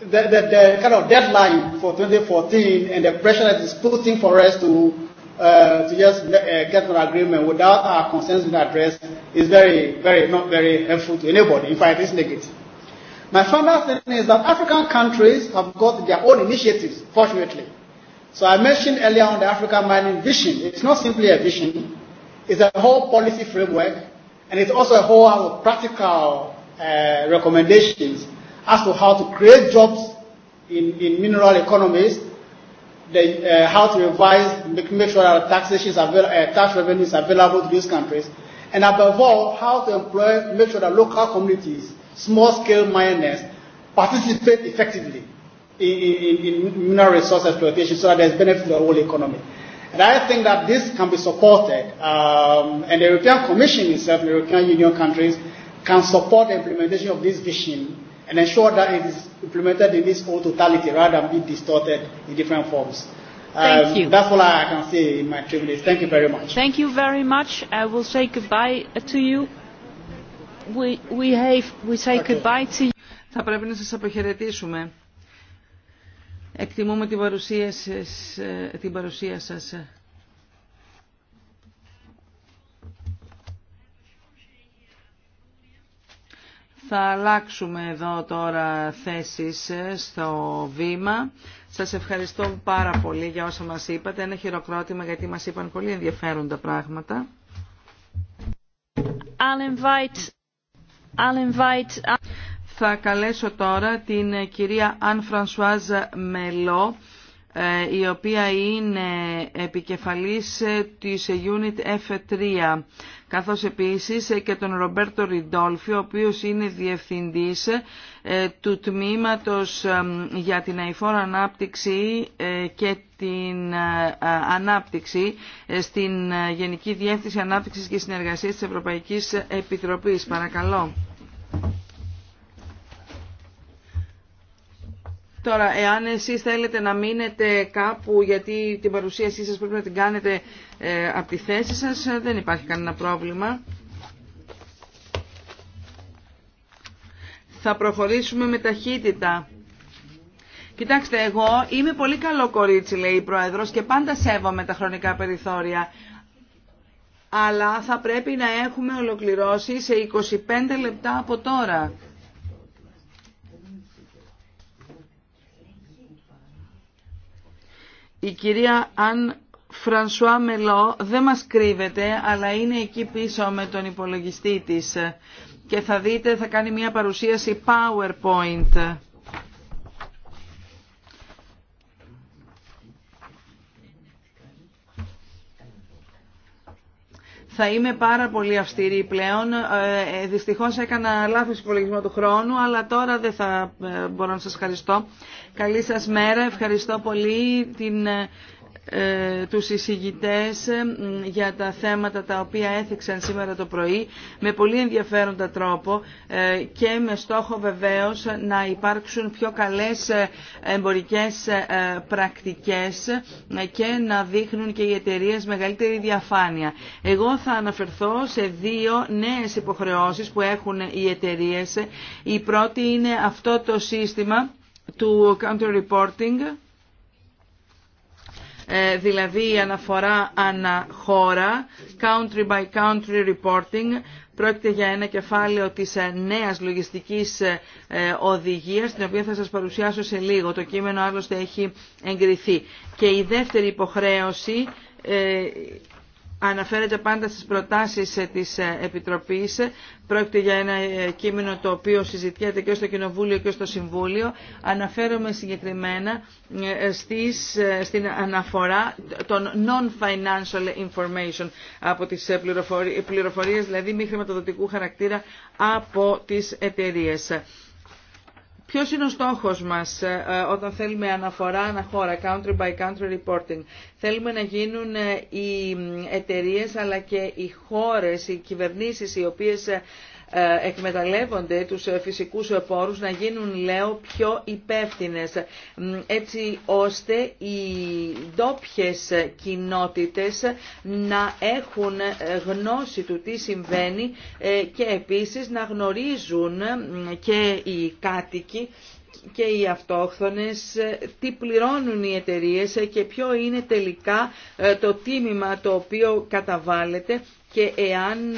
S3: the, the, the kind of deadline for 2014 and the pressure that is putting for us to, uh, to just uh, get an agreement without our concerns being addressed is very, very, not very helpful to anybody. In fact, it's negative. My final thing is that African countries have got their own initiatives, fortunately So I mentioned earlier on the Africa mining vision. It's not simply a vision. It's a whole policy framework, and it's also a whole of practical recommendations as to how to create jobs in, in mineral economies, the, uh, how to revise, make, make sure that uh, tax revenues is available to these countries, and above all, how to employ, make sure that local communities, small-scale miners, participate effectively in in in mineral resource exploitation so that is benefit to the whole economy. And I think that this can be supported, um, and the European Commission itself, the European Union countries, can support the implementation of this vision and ensure that it is implemented in its whole totality rather than be distorted in different forms. Thank you. That's all I can say in my three minutes. Thank you very much.
S1: Thank you very much. I will say goodbye to you. We, we, have, we say goodbye to you.
S5: Θα πρέπει να σας αποχαιρετήσουμε. Εκτιμούμε την παρουσία σας. Ε, την παρουσία σας. Θα αλλάξουμε εδώ τώρα θέσεις ε, στο βήμα. Σας ευχαριστώ πάρα πολύ για όσα μας είπατε. Ένα χειροκρότημα γιατί μας είπαν πολύ ενδιαφέροντα πράγματα. I'll invite... I'll invite... Θα καλέσω τώρα την ε, κυρία Αν Φρανσουάζ Μελό, ε, η οποία είναι επικεφαλής ε, της Unit F3, καθώς επίσης και τον Ρομπέρτο Ριντόλφι, ο οποίος είναι διευθυντής του τμήματος για την αηφόρα ανάπτυξη και την ανάπτυξη στην Γενική Διεύθυνση Ανάπτυξης και Συνεργασίας της Ευρωπαϊκής Επιτροπής. Παρακαλώ. Τώρα, εάν εσείς θέλετε να μείνετε κάπου γιατί την παρουσίασή σας πρέπει να την κάνετε ε, από τη θέση σας, ε, δεν υπάρχει κανένα πρόβλημα. Θα προχωρήσουμε με ταχύτητα. Κοιτάξτε, εγώ είμαι πολύ καλό κορίτσι, λέει η Πρόεδρος, και πάντα σέβομαι τα χρονικά περιθώρια. Αλλά θα πρέπει να έχουμε ολοκληρώσει σε 25 λεπτά από τώρα. Η κυρία Αν Φρανσουά Μελό δεν μας κρύβεται, αλλά είναι εκεί πίσω με τον υπολογιστή της. Και θα δείτε, θα κάνει μια παρουσίαση PowerPoint. Θα είμαι πάρα πολύ αυστηρή πλέον. Ε, ε, δυστυχώς έκανα λάθος υπολογισμό του χρόνου, αλλά τώρα δεν θα ε, μπορώ να σας ευχαριστώ. Καλή σας μέρα. Ευχαριστώ πολύ την ε, τους εισηγητές ε, για τα θέματα τα οποία έθιξαν σήμερα το πρωί με πολύ ενδιαφέροντα τρόπο ε, και με στόχο βεβαίως να υπάρξουν πιο καλές εμπορικές πρακτικές και να δείχνουν και οι εταιρείε μεγαλύτερη διαφάνεια. Εγώ θα αναφερθώ σε δύο νέες υποχρεώσεις που έχουν οι εταιρείε. Η πρώτη είναι αυτό το σύστημα του counter reporting ε, δηλαδή η αναφορά αναχώρα, country by country reporting, Πρόκειται για ένα κεφάλαιο της ε, νέας λογιστικής ε, οδηγίας, την οποία θα σας παρουσιάσω σε λίγο. Το κείμενο άλλωστε έχει εγκριθεί. Και η δεύτερη υποχρέωση αναφέρεται πάντα στις προτάσεις ε, της ε, Επιτροπής. Πρόκειται για ένα ε, κείμενο το οποίο συζητιέται και στο Κοινοβούλιο και στο Συμβούλιο. Αναφέρομαι συγκεκριμένα στις, στην αναφορά των non-financial information από τις πληροφορίες, δηλαδή μη χρηματοδοτικού χαρακτήρα από τις εταιρείες. Ποιος είναι ο στόχος μας ε, ε, όταν θέλουμε αναφορά αναχώρα, country by country reporting. Θέλουμε να γίνουν ε, οι εταιρείες αλλά και οι χώρες, οι κυβερνήσεις οι οποίες ε, εκμεταλλεύονται τους ε, φυσικούς ε, πόρους να γίνουν, λέω, πιο υπεύθυνες, έτσι ώστε οι ντόπιε κοινότητες να έχουν γνώση του τι συμβαίνει και επίσης να γνωρίζουν και οι κάτοικοι και οι αυτόχθονες τι πληρώνουν οι εταιρείες και ποιο είναι τελικά το τίμημα το οποίο καταβάλλεται και εάν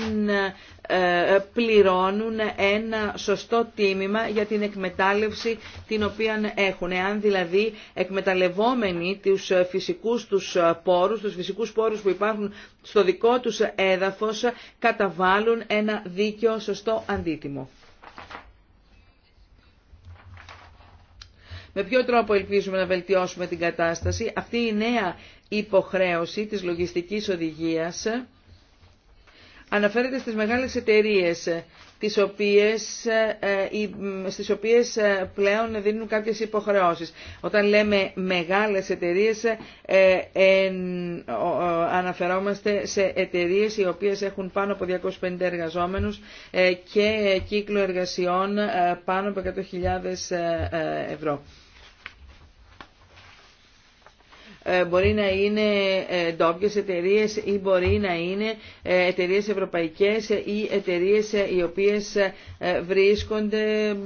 S5: ε, ε, πληρώνουν ένα σωστό τίμημα για την εκμετάλλευση την οποία έχουν. Εάν δηλαδή εκμεταλλευόμενοι τους ε, φυσικούς τους πόρους, τους φυσικούς πόρους που υπάρχουν στο δικό τους έδαφος, καταβάλουν ένα δίκαιο σωστό αντίτιμο. Με ποιο τρόπο ελπίζουμε να βελτιώσουμε την κατάσταση. Αυτή η νέα υποχρέωση της λογιστικής οδηγίας αναφέρεται στις μεγάλες εταιρείες, τις οποίες, ε, ε, στις οποίες ε, πλέον δίνουν κάποιες υποχρεώσεις. Όταν λέμε μεγάλες εταιρείες, αναφερόμαστε σε εταιρείες οι οποίες έχουν πάνω από 250 εργαζόμενους και κύκλο εργασιών πάνω από 100.000 ευρώ. Ε, μπορεί να είναι ε, ντόπιε εταιρείε ή μπορεί να είναι ε, εταιρείε ευρωπαϊκέ ή εταιρείε οι οποίε βρίσκονται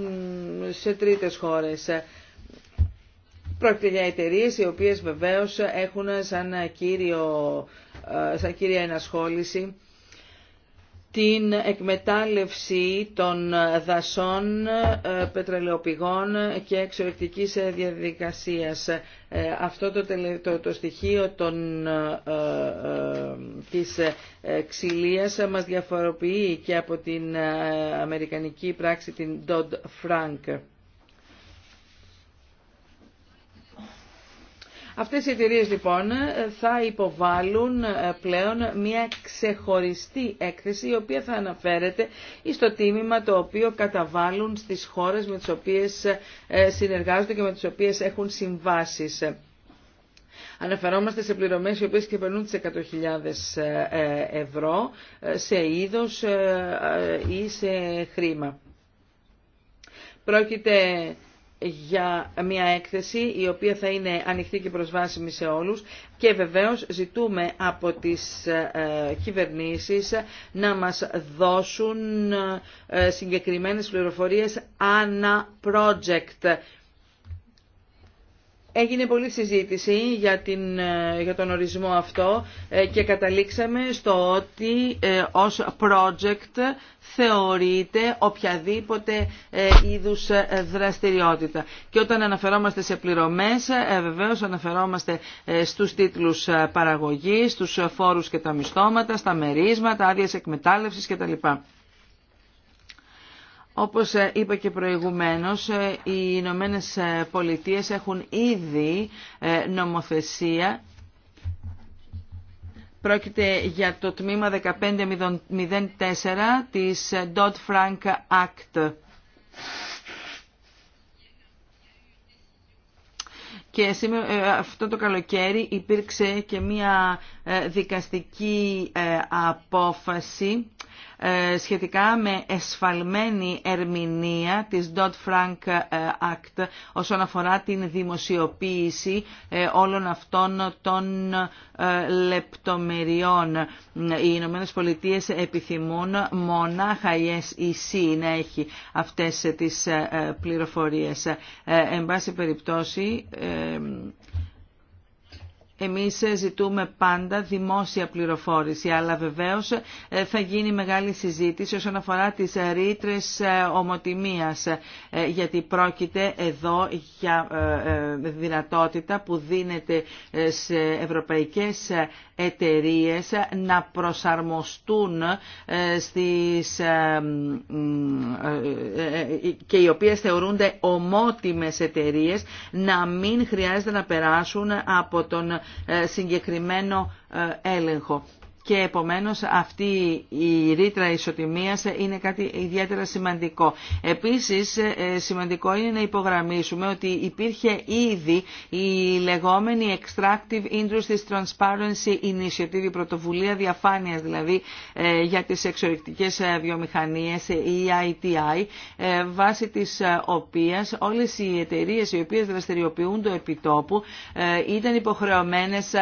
S5: σε τρίτε χώρε. Πρόκειται για εταιρείε οι οποίε βεβαίω έχουν σαν, κύριο, σαν κύρια ενασχόληση την εκμετάλλευση των δασών, ε, πετρελαιοπηγών και εξορρυκτικής ε, διαδικασίας. Ε, αυτό το, το, στοιχείο των, ε, ε, της ξυλίας μας διαφοροποιεί και από την αμερικανική πράξη την Dodd Frank. Αυτές οι εταιρείε λοιπόν θα υποβάλουν ε, πλέον μια ξεχωριστή έκθεση η οποία θα αναφέρεται στο τίμημα το οποίο καταβάλουν στις χώρες με τις οποίες ε, συνεργάζονται και με τις οποίες έχουν συμβάσεις. Αναφερόμαστε σε πληρωμές οι οποίες ξεπερνούν τις 100.000 ε, ευρώ σε είδος ή σε χρήμα. Πρόκειται για μια έκθεση η οποία θα είναι ανοιχτή και προσβάσιμη σε όλους και βεβαίως ζητούμε από τις ε, κυβερνήσεις να μας δώσουν ε, συγκεκριμένες πληροφορίες ανά project Έγινε πολλή συζήτηση για, την, ε, για τον ορισμό αυτό ε, και καταλήξαμε στο ότι ε, ως project θεωρείται οποιαδήποτε είδους δραστηριότητα. Και όταν αναφερόμαστε σε πληρωμές, βεβαίως αναφερόμαστε στους τίτλους παραγωγής, στους φόρους και τα μισθώματα, στα μερίσματα, άδειες εκμετάλλευσης κτλ. Όπως ε, είπα και προηγουμένως, ε, οι Ηνωμένε ε, Πολιτείες έχουν ήδη νομοθεσία Πρόκειται για το τμήμα 1504 της Dodd-Frank Act. Και σήμερα, αυτό το καλοκαίρι υπήρξε και μία δικαστική απόφαση ε, σχετικά με εσφαλμένη ερμηνεία της Dodd-Frank ε, Act όσον αφορά την δημοσιοποίηση ε, όλων αυτών των λεπτομεριών. Οι Ηνωμένε Πολιτείε επιθυμούν μονάχα η SEC να έχει αυτές τις πληροφορίες. Εν πάση περιπτώσει, εμείς ζητούμε πάντα δημόσια πληροφόρηση, αλλά βεβαίως ε, θα γίνει μεγάλη συζήτηση όσον αφορά τις ε, ρήτρε ε, ομοτιμίας, γιατί πρόκειται εδώ για δυνατότητα που δίνεται σε ευρωπαϊκές εταιρείες να προσαρμοστούν στις και οι οποίες θεωρούνται ομότιμες εταιρείες να μην χρειάζεται να περάσουν από τον ε, συγκεκριμένο ε, έλεγχο και επομένως αυτή η ρήτρα ισοτιμίας είναι κάτι ιδιαίτερα σημαντικό. Επίσης ε, σημαντικό είναι να υπογραμμίσουμε ότι υπήρχε ήδη η λεγόμενη Extractive Industries Transparency Initiative, η πρωτοβουλία διαφάνειας δηλαδή ε, για τις εξορρυκτικές ε, βιομηχανίες, η ITI, βάσει της οποίας όλες οι εταιρείε οι οποίες δραστηριοποιούν το επιτόπου ήταν υποχρεωμένες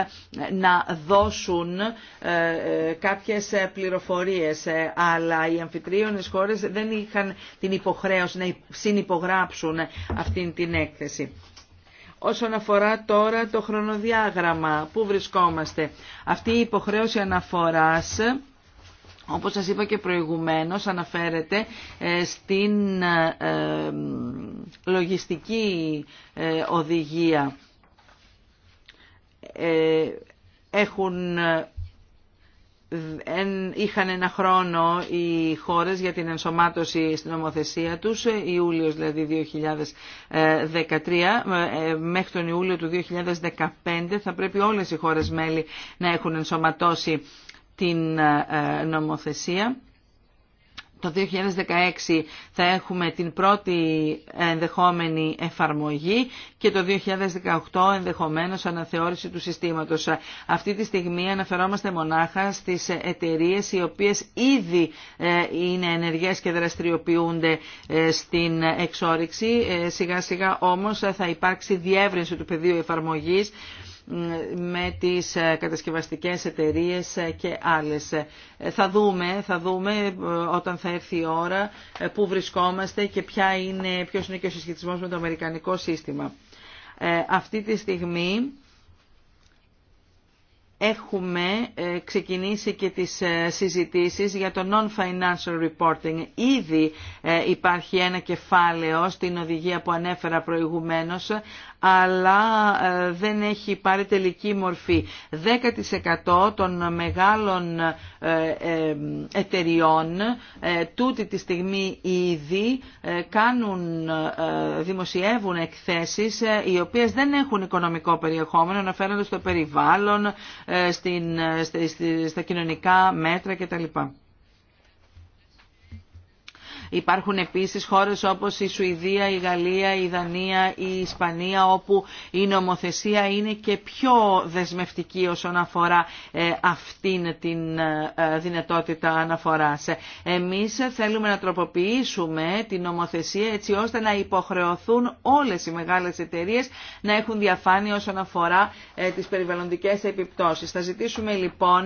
S5: να δώσουν κάποιες πληροφορίες, ε, αλλά οι αμφιτρίωνες χώρες δεν είχαν την υποχρέωση να συνυπογράψουν αυτήν την έκθεση. Όσον αφορά τώρα το χρονοδιάγραμμα, πού βρισκόμαστε. Αυτή η υποχρέωση αναφοράς όπως σας είπα και προηγουμένως, αναφέρεται ε, στην ε, λογιστική οδηγία. Έχουν είχαν ένα χρόνο οι χώρες για την ενσωμάτωση στην νομοθεσία τους, Ιούλιος δηλαδή 2013, ε, μέχρι τον Ιούλιο του 2015 θα πρέπει όλες οι χώρες μέλη να έχουν ενσωματώσει την ε, νομοθεσία το 2016 θα έχουμε την πρώτη ενδεχόμενη εφαρμογή και το 2018 ενδεχομένως αναθεώρηση του συστήματος. Αυτή τη στιγμή αναφερόμαστε μονάχα στις εταιρείες οι οποίες ήδη ε, είναι ενεργές και δραστηριοποιούνται ε, στην εξόριξη. Ε, σιγά σιγά όμως θα υπάρξει διεύρυνση του πεδίου εφαρμογής με τις ε, κατασκευαστικές εταιρείες ε, και άλλες. Ε, θα δούμε, θα δούμε όταν θα έρθει η ώρα πού βρισκόμαστε και ποια είναι, ποιος είναι και ο συσχετισμός με το αμερικανικό σύστημα. Αυτή τη στιγμή έχουμε ξεκινήσει και τις συζητήσεις για το non-financial reporting. Ήδη υπάρχει ένα κεφάλαιο στην οδηγία που ανέφερα προηγουμένως αλλά ε, δεν έχει πάρει τελική μορφή. 10% των μεγάλων ε, ε, εταιριών τούτη τη στιγμή ήδη κάνουν, δημοσιεύουν εκθέσεις οι οποίες δεν έχουν οικονομικό περιεχόμενο, αναφέρονται στο περιβάλλον, στην, στα κοινωνικά μέτρα κτλ. Υπάρχουν επίσης χώρες όπως η Σουηδία, η Γαλλία, η Δανία, η Ισπανία όπου η νομοθεσία είναι και πιο δεσμευτική όσον αφορά ε, αυτήν την ε, δυνατότητα αναφοράς. Εμείς θέλουμε να τροποποιήσουμε την νομοθεσία έτσι ώστε να υποχρεωθούν όλες οι μεγάλες εταιρείες να έχουν διαφάνεια όσον αφορά ε, τις περιβαλλοντικές επιπτώσεις. Θα ζητήσουμε λοιπόν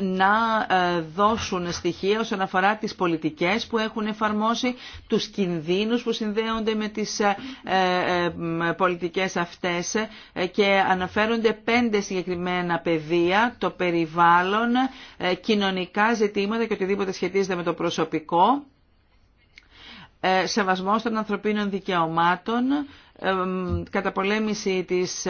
S5: να ε, δώσουν στοιχεία όσον αφορά τις πολιτικές που έχουν εφαρμόσει, τους κινδύνους που συνδέονται με τις ε, ε, πολιτικές αυτές και αναφέρονται πέντε συγκεκριμένα πεδία, το περιβάλλον, κοινωνικά ζητήματα και οτιδήποτε σχετίζεται με το προσωπικό, σεβασμός των ανθρωπίνων δικαιωμάτων, καταπολέμηση της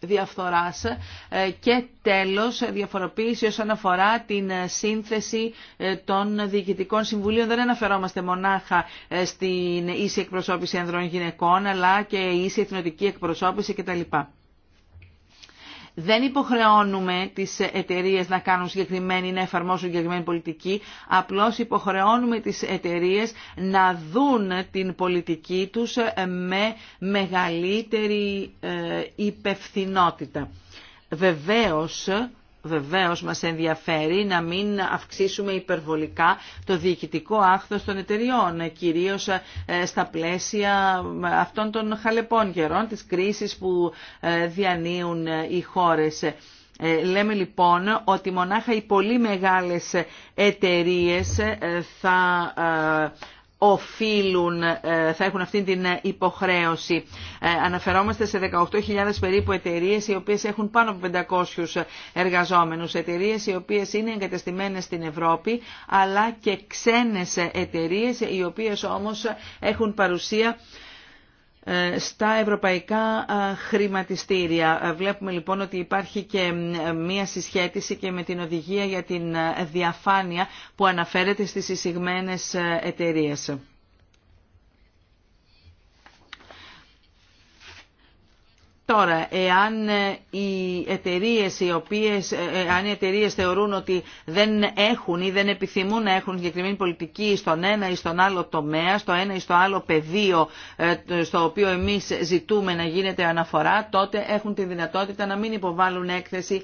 S5: διαφθοράς ε, και τέλος διαφοροποίηση όσον αφορά την ε, σύνθεση ε, των διοικητικών συμβουλίων. Δεν αναφερόμαστε μονάχα στην ίση εκπροσώπηση ανδρών γυναικών αλλά και ίση εθνοτική εκπροσώπηση κτλ δεν υποχρεώνουμε τις εταιρείες να κάνουν συγκεκριμένη, να εφαρμόσουν συγκεκριμένη πολιτική, απλώς υποχρεώνουμε τις εταιρείες να δουν την πολιτική τους ε, με μεγαλύτερη ε, υπευθυνότητα. Βεβαίως, βεβαίως μας ενδιαφέρει να μην αυξήσουμε υπερβολικά το διοικητικό άχθος των εταιριών, κυρίως ε, στα πλαίσια ε, αυτών των χαλεπών καιρών, της κρίσης που ε, διανύουν οι χώρες. Λέμε λοιπόν ότι μονάχα οι πολύ μεγάλες εταιρείες θα οφείλουν, ε, θα έχουν αυτή την ε, υποχρέωση. Ε, αναφερόμαστε σε 18.000 περίπου εταιρείε οι οποίες έχουν πάνω από 500 εργαζόμενους, εταιρείε οι οποίες είναι εγκατεστημένε στην Ευρώπη, αλλά και ξένες εταιρείε οι οποίες όμως έχουν παρουσία ε, στα ευρωπαϊκά χρηματιστήρια. Ε, βλέπουμε λοιπόν ότι υπάρχει και μία συσχέτιση και με την οδηγία για την ε, διαφάνεια που αναφέρεται στις εισηγμένες εταιρείες. Τώρα, εάν ε, οι εταιρείε οι οποίες, εάν ε, οι θεωρούν ότι δεν έχουν ή δεν επιθυμούν να έχουν συγκεκριμένη πολιτική στον ένα ή στον άλλο τομέα, στο ένα ή στο άλλο πεδίο ε, στο οποίο εμείς ζητούμε να γίνεται αναφορά, τότε έχουν τη δυνατότητα να μην υποβάλουν έκθεση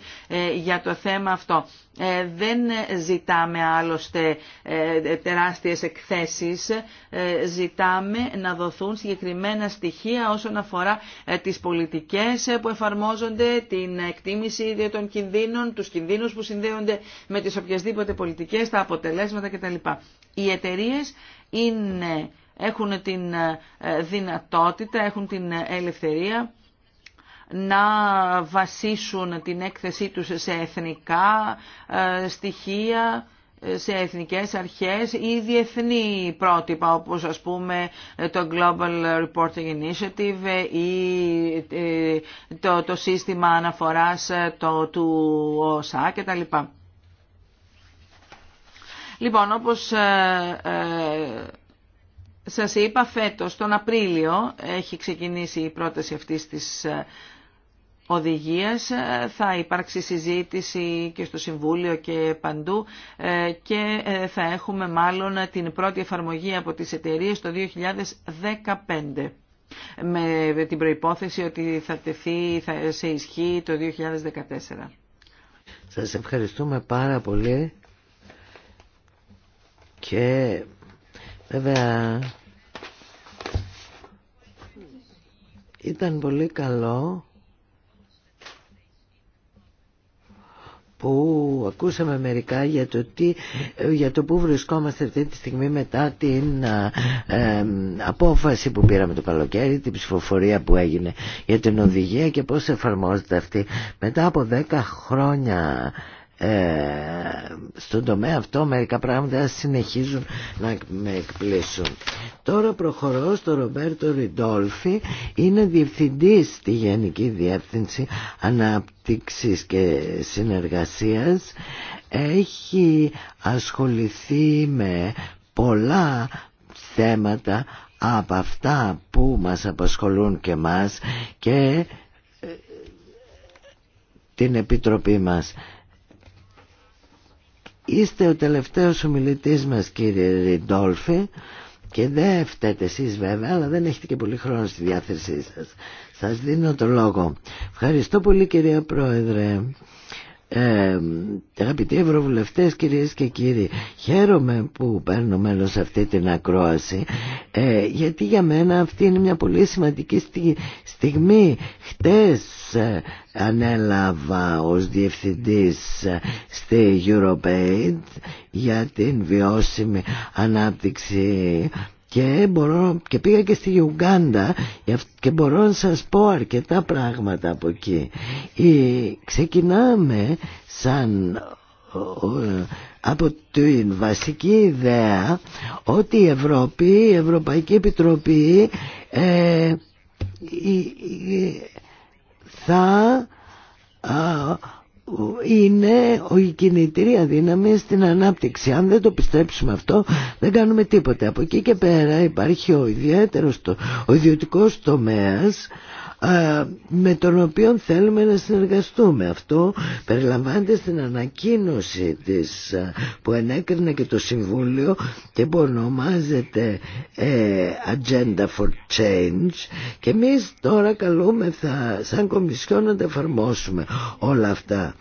S5: για το θέμα αυτό. Δεν ζητάμε άλλωστε τεράστιες εκθέσεις, ζητάμε να δοθούν συγκεκριμένα στοιχεία όσον αφορά τις πολιτικές πρακτικές που εφαρμόζονται, την εκτίμηση των κινδύνων, τους κινδύνους που συνδέονται με τις οποιασδήποτε πολιτικές, τα αποτελέσματα κτλ. Οι εταιρείε έχουν την ε, δυνατότητα, έχουν την ελευθερία να βασίσουν την έκθεσή τους σε εθνικά ε, στοιχεία, σε εθνικές αρχές ή διεθνή πρότυπα όπως ας πούμε το Global Reporting Initiative ή ε, το, το σύστημα αναφοράς ε, το, του ΟΣΑ κτλ. Λοιπόν, όπως ε, ε, σας είπα φέτος, τον Απρίλιο έχει ξεκινήσει η πρόταση αυτής της ε, οδηγίας. Ε, θα υπάρξει συζήτηση και στο Συμβούλιο και παντού ε, και ε, θα έχουμε μάλλον την πρώτη εφαρμογή από τις εταιρείες το 2015 με την προϋπόθεση ότι θα τεθεί θα, σε ισχύ το 2014.
S2: Σας ευχαριστούμε πάρα πολύ και βέβαια ήταν πολύ καλό που ακούσαμε μερικά για το, τι, για το που βρισκόμαστε αυτή τη στιγμή μετά την ε, απόφαση που πήραμε το καλοκαίρι, την ψηφοφορία που έγινε για την οδηγία και πώς εφαρμόζεται αυτή. Μετά από 10 χρόνια ε, στον τομέα αυτό μερικά πράγματα συνεχίζουν να με εκπλήσουν. Τώρα προχωρώ στο Ρομπέρτο Ριντόλφι, είναι διευθυντής στη Γενική Διεύθυνση Ανάπτυξης και Συνεργασίας. Έχει ασχοληθεί με πολλά θέματα από αυτά που μας απασχολούν και μας και ε, την Επιτροπή μας. Είστε ο τελευταίος ομιλητής μας κύριε Ριντόλφη και δεν φταίτε εσείς βέβαια αλλά δεν έχετε και πολύ χρόνο στη διάθεσή σας. Σας δίνω το λόγο. Ευχαριστώ πολύ κυρία Πρόεδρε. Ε, αγαπητοί ευρωβουλευτές κυρίες και κύριοι χαίρομαι που παίρνω μέλος σε αυτή την ακρόαση ε, γιατί για μένα αυτή είναι μια πολύ σημαντική στιγμή χτες ε, ανέλαβα ως διευθυντής ε, στη EuroPaid για την βιώσιμη ανάπτυξη και, μπορώ, και πήγα και στη Ιουγκάντα και μπορώ να σας πω αρκετά πράγματα από εκεί. Ξεκινάμε σαν από την βασική ιδέα ότι η Ευρώπη, η Ευρωπαϊκή Επιτροπή ε, θα είναι η κινητήρια δύναμη στην ανάπτυξη. Αν δεν το πιστέψουμε αυτό δεν κάνουμε τίποτα. Από εκεί και πέρα υπάρχει ο ιδιαίτερος, ο ιδιωτικός τομέας με τον οποίο θέλουμε να συνεργαστούμε. Αυτό περιλαμβάνεται στην ανακοίνωση της, που ενέκρινε και το Συμβούλιο και που ονομάζεται ε, Agenda for Change και εμείς τώρα καλούμε θα, σαν Κομισιό να τα εφαρμόσουμε όλα αυτά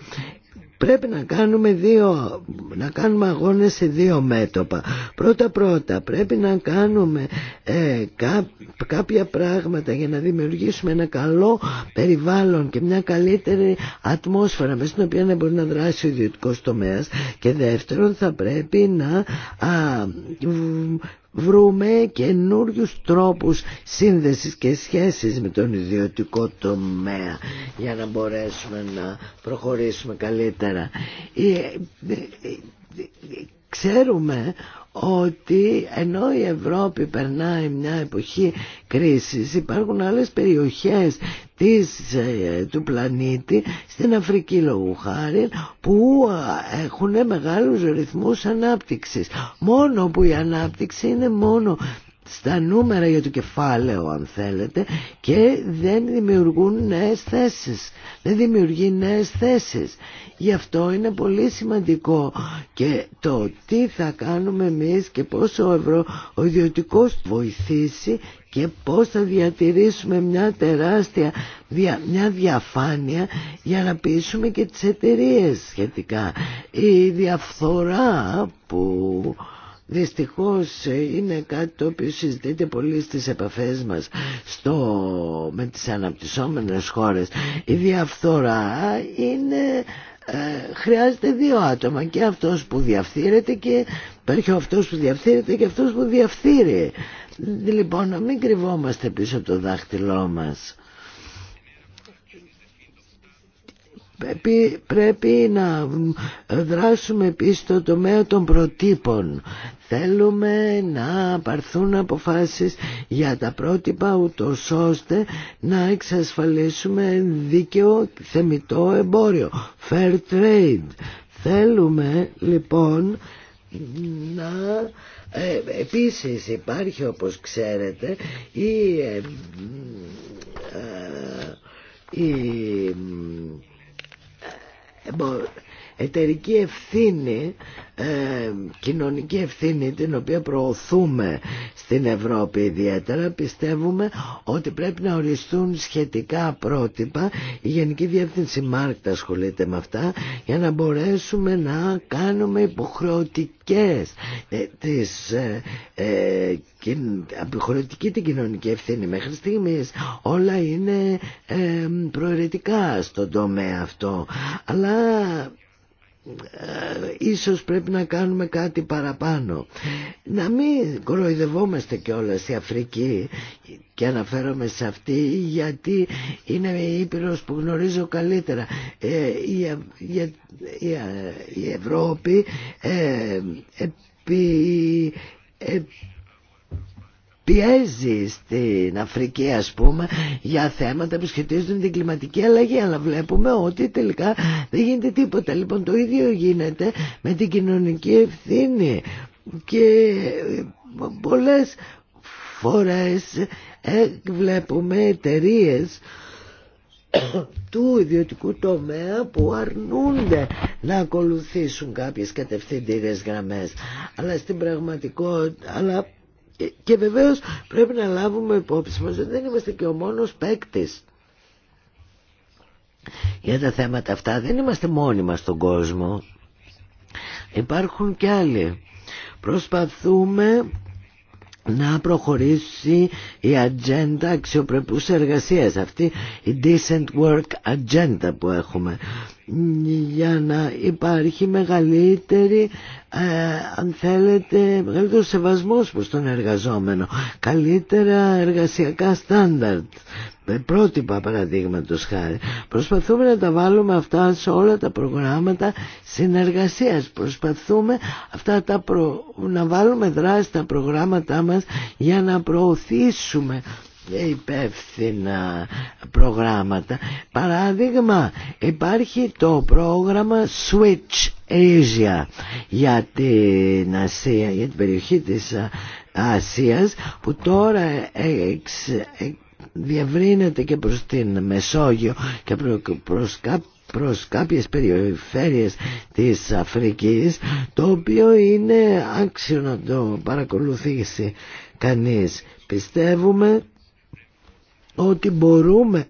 S2: πρέπει να κάνουμε, δύο, να κάνουμε αγώνες σε δύο μέτωπα. Πρώτα πρώτα πρέπει να κάνουμε ε, κάποια πράγματα για να δημιουργήσουμε ένα καλό περιβάλλον και μια καλύτερη ατμόσφαιρα μέσα στην οποία να μπορεί να δράσει ο ιδιωτικό τομέα. Και δεύτερον θα πρέπει να βρούμε καινούριους τρόπους σύνδεσης και σχέσεις με τον ιδιωτικό τομέα για να μπορέσουμε να προχωρήσουμε καλύτερα. Ε, ε, ε, ξέρουμε ότι ενώ η Ευρώπη περνάει μια εποχή κρίσης υπάρχουν άλλες περιοχές ε, του πλανήτη στην Αφρική λόγου που ε, έχουν μεγάλους ρυθμούς ανάπτυξης μόνο που η ανάπτυξη είναι μόνο στα νούμερα για το κεφάλαιο αν θέλετε και δεν δημιουργούν νέες θέσεις δεν δημιουργεί νέες θέσεις γι' αυτό είναι πολύ σημαντικό και το τι θα κάνουμε εμείς και πόσο ευρώ ο ιδιωτικός βοηθήσει και πώς θα διατηρήσουμε μια τεράστια μια διαφάνεια για να πείσουμε και τις εταιρείε σχετικά η διαφθορά που Δυστυχώς ε, είναι κάτι το οποίο συζητείται πολύ στις επαφές μας στο, με τις αναπτυσσόμενες χώρες. Η διαφθορά είναι... Ε, χρειάζεται δύο άτομα και αυτός που διαφθείρεται και υπάρχει αυτός που διαφθείρεται και αυτός που διαφθείρει λοιπόν να μην κρυβόμαστε πίσω από το δάχτυλό μας Πρέπει, να δράσουμε επίση στο τομέα των προτύπων. Θέλουμε να παρθούν αποφάσεις για τα πρότυπα ούτω ώστε να εξασφαλίσουμε δίκαιο θεμητό εμπόριο. Fair trade. Θέλουμε λοιπόν να... Ε, επίσης υπάρχει όπως ξέρετε η ε, ε, Εμπόριο εταιρική ευθύνη, ε, κοινωνική ευθύνη την οποία προωθούμε στην Ευρώπη ιδιαίτερα πιστεύουμε ότι πρέπει να οριστούν σχετικά πρότυπα η Γενική Διεύθυνση Μάρκτα ασχολείται με αυτά για να μπορέσουμε να κάνουμε υποχρεωτικές ε, τις, ε, ε την κοινωνική ευθύνη μέχρι στιγμής όλα είναι προαιρετικά στον τομέα αυτό αλλά ε, ίσως πρέπει να κάνουμε κάτι παραπάνω να μην κοροϊδευόμαστε όλα στη Αφρική και αναφέρομαι σε αυτή γιατί είναι η Ήπειρος που γνωρίζω καλύτερα ε, η, η, Ευρώπη ε, πιέζει στην Αφρική ας πούμε για θέματα που σχετίζονται με την κλιματική αλλαγή αλλά βλέπουμε ότι τελικά δεν γίνεται τίποτα. Λοιπόν το ίδιο γίνεται με την κοινωνική ευθύνη και ε, πολλές φορές ε, βλέπουμε εταιρείε του ιδιωτικού τομέα που αρνούνται να ακολουθήσουν κάποιες κατευθυντήριες γραμμές αλλά στην πραγματικότητα αλλά και βεβαίως πρέπει να λάβουμε υπόψη μας ότι δεν είμαστε και ο μόνος παίκτη. Για τα θέματα αυτά δεν είμαστε μόνοι μας στον κόσμο. Υπάρχουν και άλλοι. Προσπαθούμε να προχωρήσει η ατζέντα αξιοπρεπούς εργασίας αυτή η decent work agenda που έχουμε για να υπάρχει μεγαλύτερη ε, αν θέλετε μεγαλύτερο σεβασμός προς τον εργαζόμενο καλύτερα εργασιακά στάνταρτ πρότυπα παραδείγματος χάρη. Προσπαθούμε να τα βάλουμε αυτά σε όλα τα προγράμματα συνεργασίας. Προσπαθούμε αυτά τα να βάλουμε δράση στα προγράμματά μας για να προωθήσουμε υπεύθυνα προγράμματα. Παράδειγμα, υπάρχει το πρόγραμμα Switch Asia για την Ασία, για την περιοχή της Ασίας που τώρα εξ, διευρύνεται και προς την Μεσόγειο και προς προς κάποιες περιφέρειες της Αφρικής το οποίο είναι άξιο να το παρακολουθήσει κανείς. Πιστεύουμε ότι μπορούμε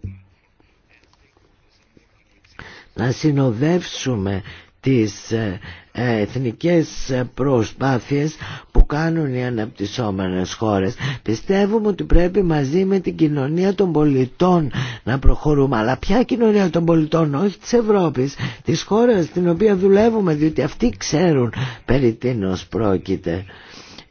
S2: να συνοδεύσουμε τις ε, ε, εθνικές προσπάθειες που κάνουν οι αναπτυσσόμενες χώρες. Πιστεύουμε ότι πρέπει μαζί με την κοινωνία των πολιτών να προχωρούμε. Αλλά ποια κοινωνία των πολιτών, όχι της Ευρώπης, της χώρας στην οποία δουλεύουμε, διότι αυτοί ξέρουν περί τίνος πρόκειται.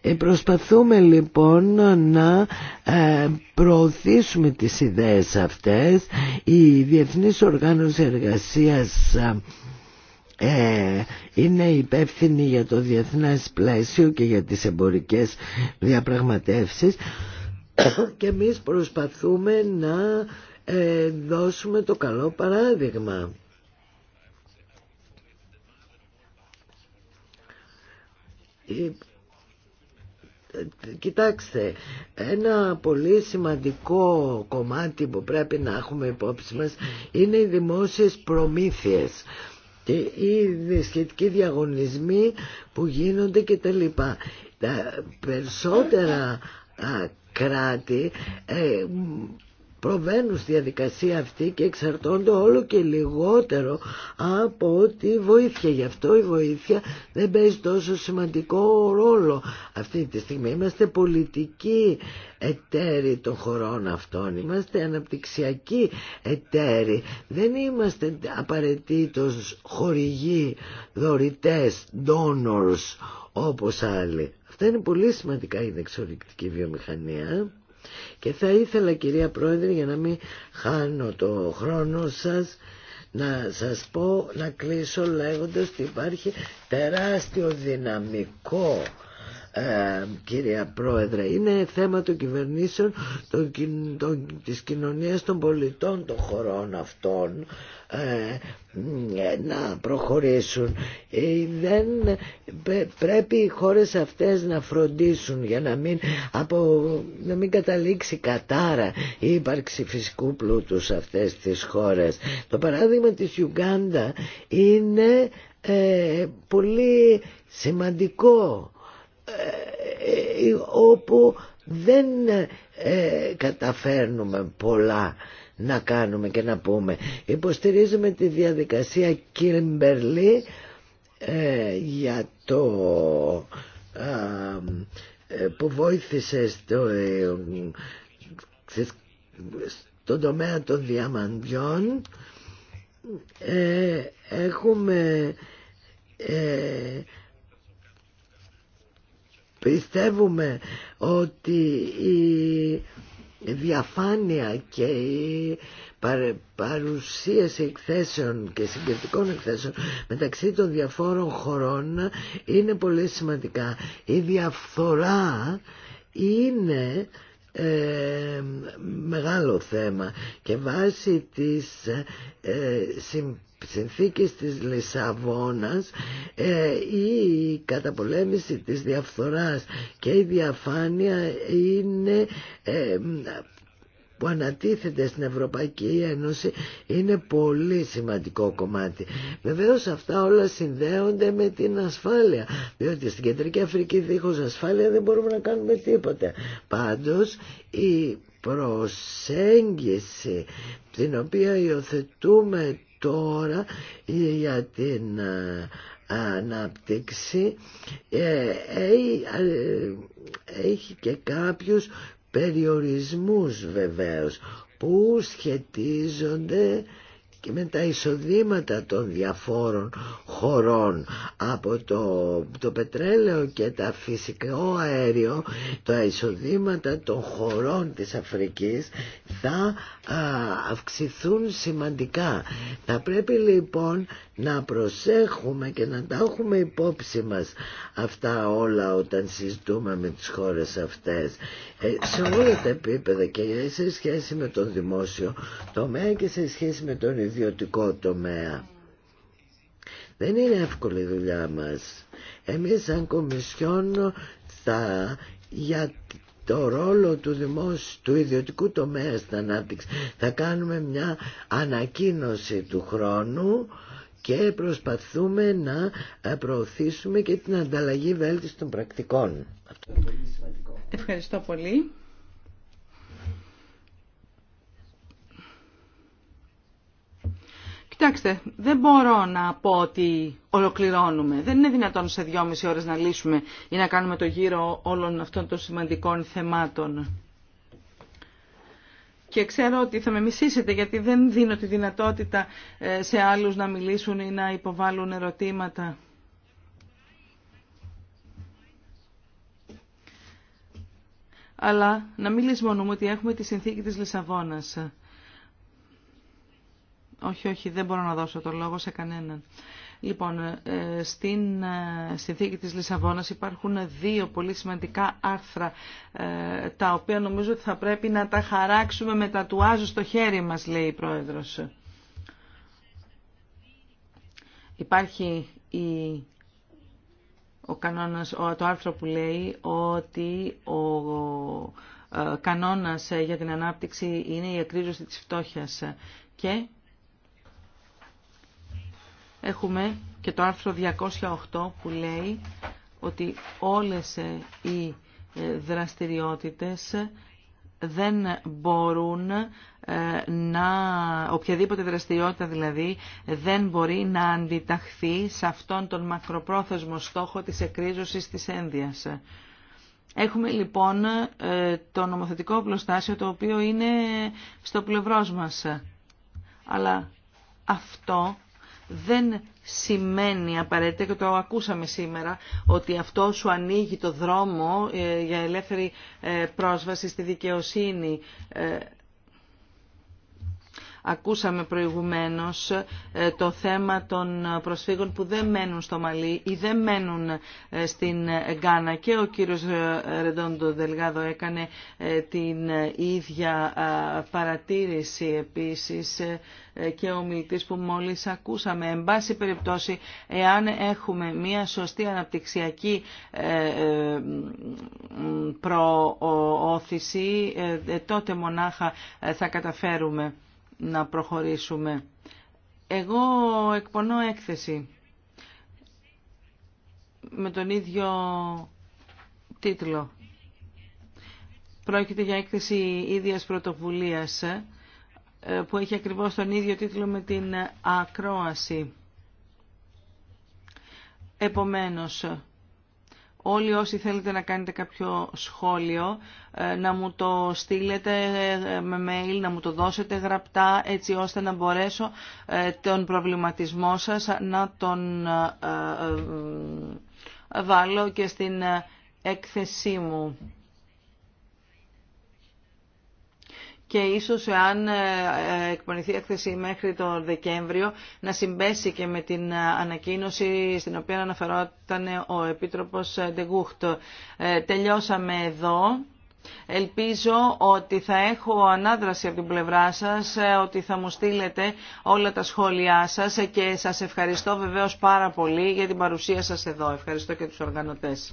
S2: Ε, προσπαθούμε λοιπόν να ε, προωθήσουμε τις ιδέες αυτές. Η Διεθνής Οργάνωση Εργασίας ε, είναι υπεύθυνη για το διεθνές πλαίσιο και για τις εμπορικές διαπραγματεύσεις και εμείς προσπαθούμε να ε, δώσουμε το καλό παράδειγμα. Ε, κοιτάξτε, ένα πολύ σημαντικό κομμάτι που πρέπει να έχουμε υπόψη μας είναι οι δημόσιες προμήθειες και οι σχετικοί διαγωνισμοί που γίνονται και τα λοιπά. Τα περισσότερα κράτη ε, προβαίνουν στη διαδικασία αυτή και εξαρτώνται όλο και λιγότερο από τη βοήθεια. Γι' αυτό η βοήθεια δεν παίζει τόσο σημαντικό ρόλο αυτή τη στιγμή. Είμαστε πολιτικοί εταίροι των χωρών αυτών, είμαστε αναπτυξιακοί εταίροι. Δεν είμαστε απαραίτητο χορηγοί, δωρητές, donors όπως άλλοι. Αυτά είναι πολύ σημαντικά η εξορρυκτική βιομηχανία. Και θα ήθελα κυρία Πρόεδρε για να μην χάνω το χρόνο σας να σας πω να κλείσω λέγοντας ότι υπάρχει τεράστιο δυναμικό ε, κυρία Πρόεδρε. Είναι θέμα των κυβερνήσεων, των, των, της κοινωνίας των πολιτών των χωρών αυτών ε, ε, να προχωρήσουν. Ε, δεν πρέπει οι χώρες αυτές να φροντίσουν για να μην, από, να μην καταλήξει κατάρα η ύπαρξη φυσικού πλούτου σε αυτές τις χώρες. Το παράδειγμα της Ιουγκάντα είναι πολύ σημαντικό ε, ε, όπου δεν ε, καταφέρνουμε πολλά να κάνουμε και να πούμε. Υποστηρίζουμε τη διαδικασία ε, για το που βοήθησε στο, στον τομέα των διαμαντιών έχουμε Πιστεύουμε ότι η διαφάνεια και η παρουσίαση εκθέσεων και συγκεκριτικών εκθέσεων μεταξύ των διαφόρων χωρών είναι πολύ σημαντικά. Η διαφθορά είναι ε, μεγάλο θέμα και βάσει της ε, συνθήκης της Λισαβόνας ε, η καταπολέμηση της διαφθοράς και η διαφάνεια είναι ε, που ανατίθεται στην Ευρωπαϊκή Ένωση είναι πολύ σημαντικό κομμάτι. Βεβαίω αυτά όλα συνδέονται με την ασφάλεια, διότι στην Κεντρική Αφρική δίχως ασφάλεια δεν μπορούμε να κάνουμε τίποτα. Πάντως η προσέγγιση την οποία υιοθετούμε τώρα για την ε, ανάπτυξη ε, ε, έχει και κάποιους περιορισμούς βεβαίως που σχετίζονται και με τα εισοδήματα των διαφόρων χωρών από το, το πετρέλαιο και τα φυσικό αέριο τα εισοδήματα των χωρών της Αφρικής θα αυξηθούν σημαντικά θα πρέπει λοιπόν να προσέχουμε και να τα έχουμε υπόψη μας αυτά όλα όταν συζητούμε με τις χώρες αυτές ε, σε όλα τα επίπεδα και σε σχέση με τον δημόσιο τομέα και σε σχέση με τον ιδιωτικό ιδιωτικό τομέα. Δεν είναι εύκολη η δουλειά μας. Εμείς σαν Κομισιόν θα για το ρόλο του δημόσιου, του ιδιωτικού τομέα στην ανάπτυξη. Θα κάνουμε μια ανακοίνωση του χρόνου και προσπαθούμε να ε, προωθήσουμε και την ανταλλαγή βέλτιστων των πρακτικών. Ευχαριστώ
S4: πολύ.
S5: Κοιτάξτε, δεν μπορώ να πω ότι ολοκληρώνουμε. Δεν είναι δυνατόν σε δυόμιση ώρες να λύσουμε ή να κάνουμε το γύρο όλων αυτών των σημαντικών θεμάτων. Και ξέρω ότι θα με μισήσετε γιατί δεν δίνω τη δυνατότητα ε, σε άλλους να μιλήσουν ή να υποβάλουν ερωτήματα. Αλλά να μην λησμονούμε ότι έχουμε τη συνθήκη της Λισαβόνας όχι, όχι, δεν μπορώ να δώσω το λόγο σε κανέναν. Λοιπόν, ε, στην ε, συνθήκη της Λισαβόνας υπάρχουν δύο πολύ σημαντικά άρθρα, ε, τα οποία νομίζω ότι θα πρέπει να τα χαράξουμε με τουάζου στο χέρι μας, λέει η Πρόεδρος. Υπάρχει η ο κανόνας, το άρθρο που λέει ότι ο κανόνας για την ανάπτυξη είναι η εκρίζωση της φτώχειας και έχουμε και το άρθρο 208 που λέει ότι όλες ε, οι ε, δραστηριότητες δεν μπορούν ε, να, οποιαδήποτε δραστηριότητα δηλαδή, δεν μπορεί να αντιταχθεί σε αυτόν τον μακροπρόθεσμο στόχο της εκρίζωσης της ένδυας. Έχουμε λοιπόν το νομοθετικό πλωστάσιο το οποίο είναι στο πλευρό μας. Αλλά αυτό δεν σημαίνει απαραίτητα και το ακούσαμε σήμερα ότι αυτό σου ανοίγει το δρόμο ε, για ελεύθερη ε, πρόσβαση στη δικαιοσύνη. Ε, Ακούσαμε προηγουμένως ε, το θέμα των προσφύγων που δεν μένουν στο Μαλί ή δεν μένουν ε, στην Γκάνα και ο κύριος ε, Ρεντόντο Δελγάδο έκανε την ίδια παρατήρηση επίσης και ο μιλητής που μόλις ακούσαμε. Εν πάση περιπτώσει, εάν έχουμε μια σωστή αναπτυξιακή προώθηση, τότε μονάχα θα καταφέρουμε να προχωρήσουμε. Εγώ εκπονώ έκθεση με τον ίδιο τίτλο. Πρόκειται για έκθεση ίδιας πρωτοβουλίας ε, που έχει ακριβώς τον ίδιο τίτλο με την ακρόαση. Επομένως, Όλοι όσοι θέλετε να κάνετε κάποιο σχόλιο, ε, να μου το στείλετε ε, με mail, να μου το δώσετε γραπτά, έτσι ώστε να μπορέσω ε, τον προβληματισμό σας να τον βάλω και στην έκθεσή μου. και ίσως αν ε, ε, εκπονηθεί η έκθεση μέχρι τον Δεκέμβριο να συμπέσει και με την ε, ανακοίνωση στην οποία αναφερόταν ο Επίτροπος Ντεγούχτ. Τελειώσαμε εδώ. Ελπίζω ότι θα έχω ανάδραση από την πλευρά σας, ότι θα μου στείλετε όλα τα σχόλιά σας και σας ευχαριστώ βεβαίως πάρα πολύ για την παρουσία σας εδώ. Ευχαριστώ και τους οργανωτές.